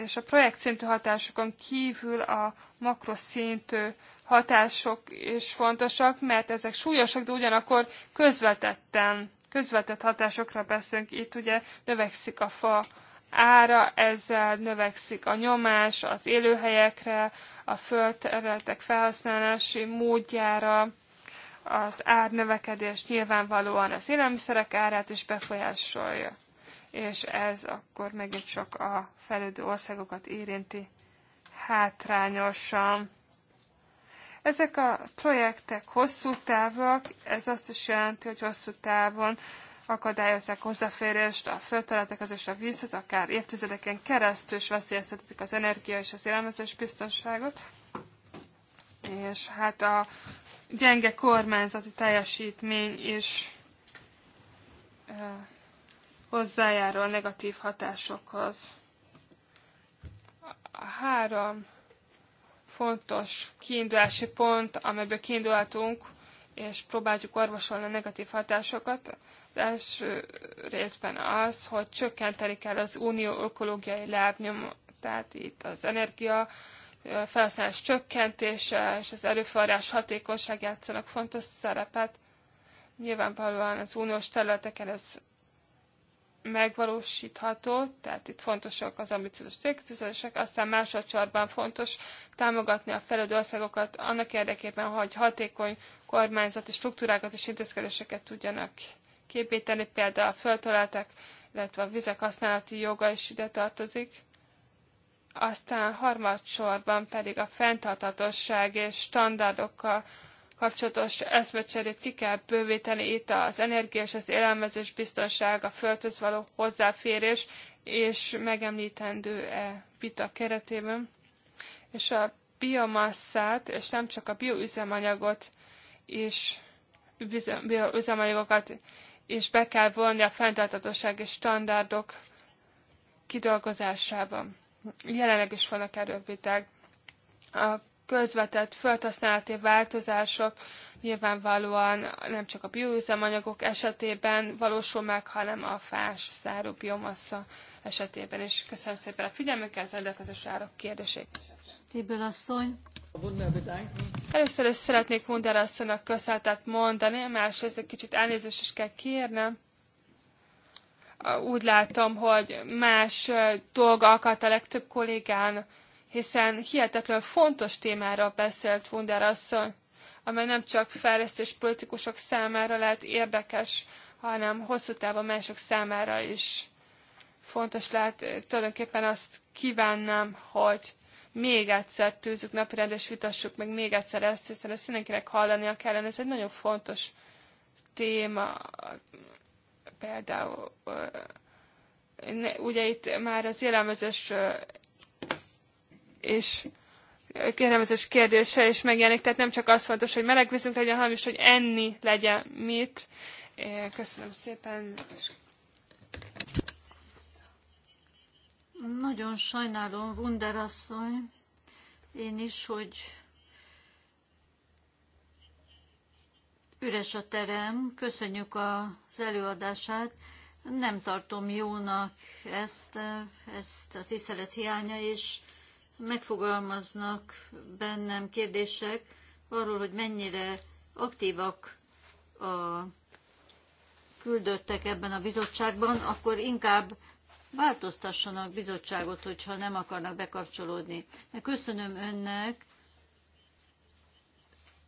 és a projektszintű hatásokon kívül a makroszintű hatások is fontosak, mert ezek súlyosak, de ugyanakkor közvetetten, közvetett hatásokra beszélünk. Itt ugye növekszik a fa ára, ezzel növekszik a nyomás az élőhelyekre, a földterületek felhasználási módjára, az árnövekedés nyilvánvalóan az élelmiszerek árát is befolyásolja és ez akkor megint csak a fejlődő országokat érinti hátrányosan. Ezek a projektek hosszú távok ez azt is jelenti, hogy hosszú távon akadályozzák hozzáférést a földterületekhez és a vízhez, akár évtizedeken keresztül is veszélyeztetik az energia és az élelmezés biztonságot. És hát a gyenge kormányzati teljesítmény is hozzájárul a negatív hatásokhoz. A három fontos kiindulási pont, amelyből kiindulhatunk, és próbáljuk orvosolni a negatív hatásokat. Az első részben az, hogy csökkenteni kell az unió ökológiai lábnyom, tehát itt az energia felhasználás csökkentése és az erőforrás hatékonyság játszanak fontos szerepet. Nyilvánvalóan az uniós területeken ez megvalósítható, tehát itt fontosak az ambiciózus célkitűzések, aztán másodszorban fontos támogatni a fejlődő országokat annak érdekében, hogy hatékony kormányzati struktúrákat és intézkedéseket tudjanak képíteni, például a föltalálták, illetve a vizek használati joga is ide tartozik. Aztán harmadsorban pedig a fenntartatosság és standardokkal kapcsolatos eszmecserét ki kell bővíteni itt az energia és az élelmezés biztonság, a földhöz való hozzáférés, és megemlítendő e vita keretében. És a biomasszát, és nem csak a bioüzemanyagot és bioüzemanyagokat és be kell vonni a fenntartatósági standardok kidolgozásába. Jelenleg is vannak erről viták. A közvetett földhasználati változások nyilvánvalóan nem csak a bioüzemanyagok esetében valósul meg, hanem a fás, szárú biomassa esetében is. Köszönöm szépen a figyelmüket, rendelkezés árok kérdését. Tibül asszony. Először is szeretnék Wunder asszonynak köszönetet mondani, másrészt egy kicsit elnézést is kell kérnem. Úgy látom, hogy más dolga akadt a legtöbb kollégának, hiszen hihetetlen fontos témára beszélt Wunder asszony, amely nem csak fejlesztés politikusok számára lehet érdekes, hanem hosszú távon mások számára is fontos lehet. Eh, tulajdonképpen azt kívánnám, hogy még egyszer tűzzük napirendre, és vitassuk meg még egyszer ezt, hiszen ezt mindenkinek hallania kellene. Ez egy nagyon fontos téma. Például eh, ugye itt már az élelmezés eh, és kérdezős kérdése is megjelenik, tehát nem csak az fontos, hogy meleg legyen, hanem is, hogy enni legyen mit. Köszönöm szépen. Nagyon sajnálom, Wunderasszony, én is, hogy üres a terem. Köszönjük az előadását. Nem tartom jónak ezt, ezt a tisztelet hiánya, és megfogalmaznak bennem kérdések arról, hogy mennyire aktívak a küldöttek ebben a bizottságban, akkor inkább változtassanak bizottságot, hogyha nem akarnak bekapcsolódni. Köszönöm önnek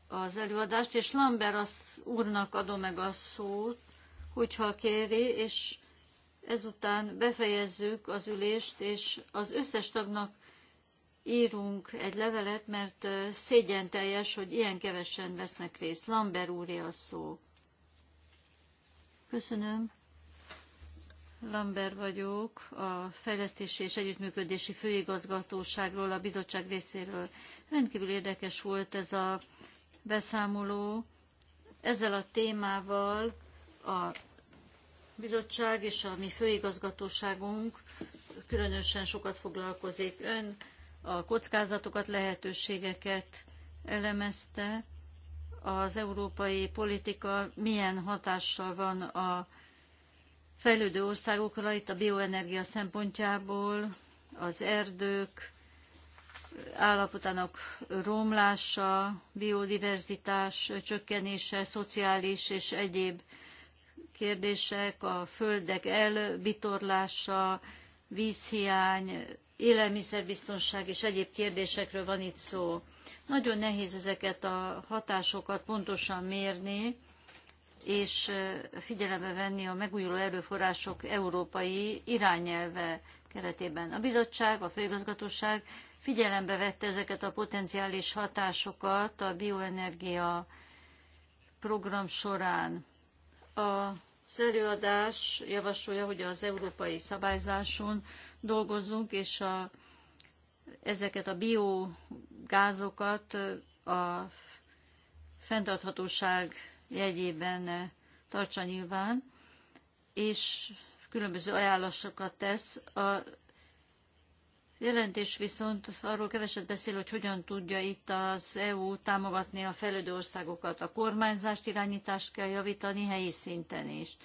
az előadást, és Lambert az úrnak adom meg a szót, hogyha kéri, és ezután befejezzük az ülést, és az összes tagnak írunk egy levelet, mert szégyen teljes, hogy ilyen kevesen vesznek részt. Lambert úré a szó. Köszönöm. Lambert vagyok, a Fejlesztési és Együttműködési Főigazgatóságról, a bizottság részéről. Rendkívül érdekes volt ez a beszámoló. Ezzel a témával a bizottság és a mi főigazgatóságunk különösen sokat foglalkozik. Ön a kockázatokat, lehetőségeket elemezte, az európai politika milyen hatással van a fejlődő országokra, itt a bioenergia szempontjából, az erdők állapotának romlása, biodiverzitás csökkenése, szociális és egyéb kérdések, a földek elbitorlása, vízhiány, élelmiszerbiztonság és egyéb kérdésekről van itt szó. Nagyon nehéz ezeket a hatásokat pontosan mérni, és figyelembe venni a megújuló erőforrások európai irányelve keretében. A bizottság, a főigazgatóság figyelembe vette ezeket a potenciális hatásokat a bioenergia program során. Az előadás javasolja, hogy az európai szabályzáson dolgozzunk, és a, ezeket a biogázokat a fenntarthatóság jegyében tartsa nyilván, és különböző ajánlásokat tesz. A jelentés viszont arról keveset beszél, hogy hogyan tudja itt az EU támogatni a fejlődő országokat. A kormányzást, irányítást kell javítani helyi szinten is.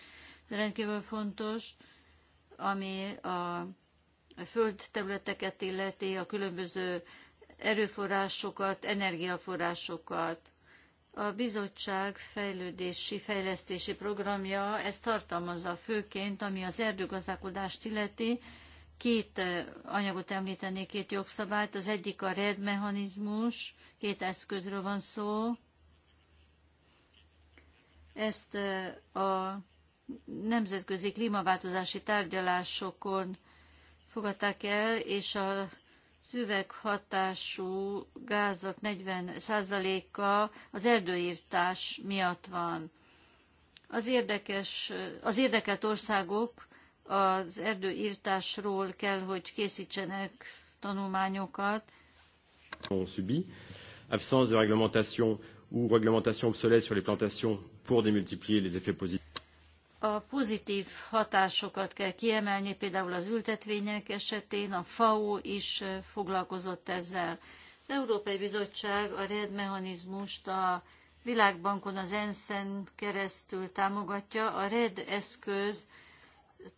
Ez rendkívül fontos, ami a földterületeket illeti, a különböző erőforrásokat, energiaforrásokat. A bizottság fejlődési, fejlesztési programja ezt tartalmazza főként, ami az erdőgazdálkodást illeti. Két eh, anyagot említenék, két jogszabályt. Az egyik a RED mechanizmus, két eszközről van szó. Ezt eh, a nemzetközi klímaváltozási tárgyalásokon fogadták el, és a üveghatású gázok 40%-a az erdőírtás miatt van. Az, érdekes, az érdekelt országok az erdőírtásról kell, hogy készítsenek tanulmányokat. On subit absence de réglementation ou réglementation obsolète sur les plantations pour démultiplier les effets positifs a pozitív hatásokat kell kiemelni, például az ültetvények esetén a FAO is foglalkozott ezzel. Az Európai Bizottság a RED mechanizmust a Világbankon az ENSZ-en keresztül támogatja. A RED eszköz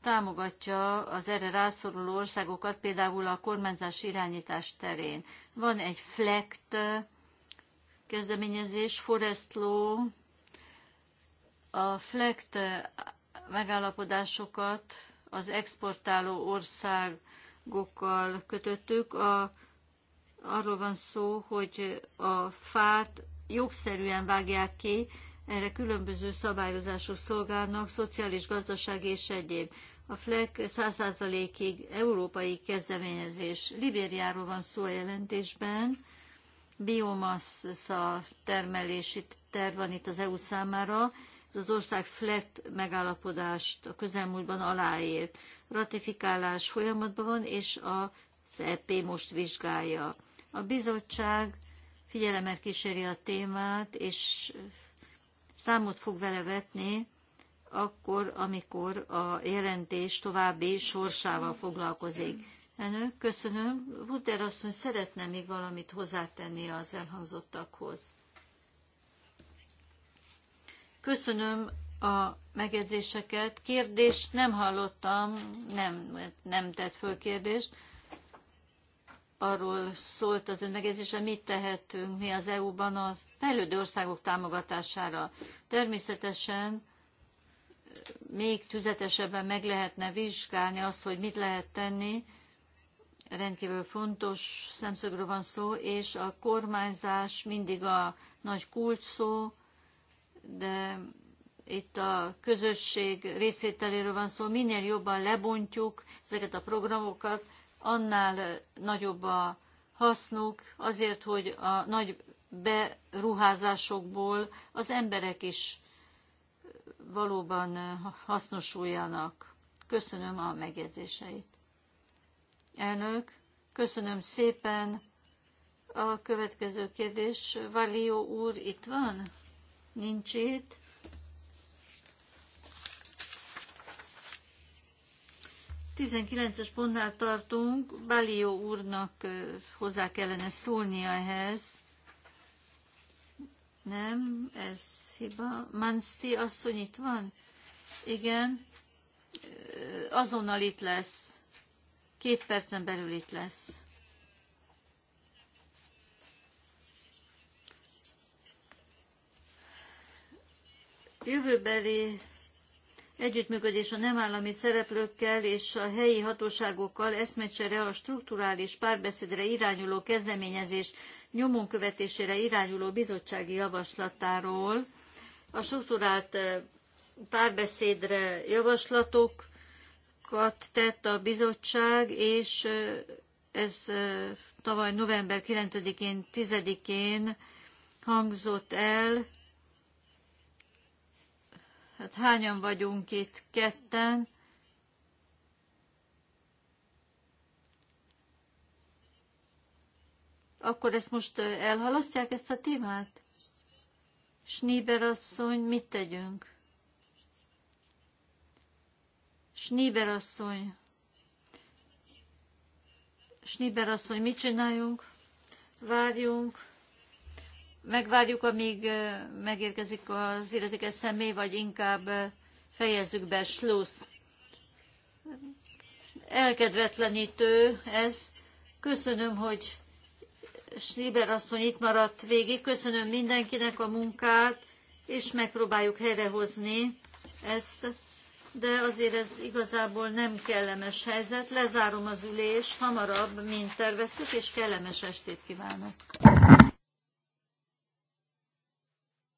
támogatja az erre rászoruló országokat, például a kormányzás irányítás terén. Van egy FLECT kezdeményezés, Forest Law, a FLECT megállapodásokat az exportáló országokkal kötöttük. A, arról van szó, hogy a fát jogszerűen vágják ki, erre különböző szabályozások szolgálnak, szociális, gazdasági és egyéb. A FLEC 100%-ig európai kezdeményezés. Libériáról van szó a jelentésben, biomassa termelési terv van itt az EU számára, az ország flat megállapodást a közelmúltban aláért. Ratifikálás folyamatban van, és a CEP most vizsgálja. A bizottság figyelemmel kíséri a témát, és számot fog vele vetni, akkor, amikor a jelentés további sorsával foglalkozik. Elnök, köszönöm. Wuder asszony szeretne még valamit hozzátenni az elhangzottakhoz. Köszönöm a megjegyzéseket. Kérdést nem hallottam, nem, nem tett föl kérdést. Arról szólt az ön megjegyzése, mit tehetünk mi az EU-ban a fejlődő országok támogatására. Természetesen eh, még tüzetesebben meg lehetne vizsgálni azt, hogy mit lehet tenni. Rendkívül fontos szemszögről van szó, és a kormányzás mindig a nagy kulcs szó, de itt a közösség részvételéről van szó, minél jobban lebontjuk ezeket a programokat, annál nagyobb a hasznuk, azért, hogy a nagy beruházásokból az emberek is valóban hasznosuljanak. Köszönöm a megjegyzéseit. Elnök, köszönöm szépen. A következő kérdés, Valió úr itt van? nincs itt. Tizenkilences pontnál tartunk, Balió úrnak hozzá kellene szólnia ehhez. Nem, ez hiba. Manszti asszony itt van? Igen, azonnal itt lesz. Két percen belül itt lesz. jövőbeli együttműködés a nem állami szereplőkkel és a helyi hatóságokkal eszmecsere a strukturális párbeszédre irányuló kezdeményezés nyomon követésére irányuló bizottsági javaslatáról. A strukturált eh, párbeszédre javaslatokat tett a bizottság, és eh, ez eh, tavaly november 9-én, 10-én hangzott el, Hát hányan vagyunk itt? Ketten. Akkor ezt most elhalasztják, ezt a témát? Schnieber asszony, mit tegyünk? Schnieber asszony. Schnieber asszony, mit csináljunk? Várjunk megvárjuk, amíg megérkezik az illetékes személy, vagy inkább fejezzük be, slusz. Elkedvetlenítő ez. Köszönöm, hogy Schlieber asszony itt maradt végig. Köszönöm mindenkinek a munkát, és megpróbáljuk helyrehozni ezt. De azért ez igazából nem kellemes helyzet. Lezárom az ülést hamarabb, mint terveztük, és kellemes estét kívánok.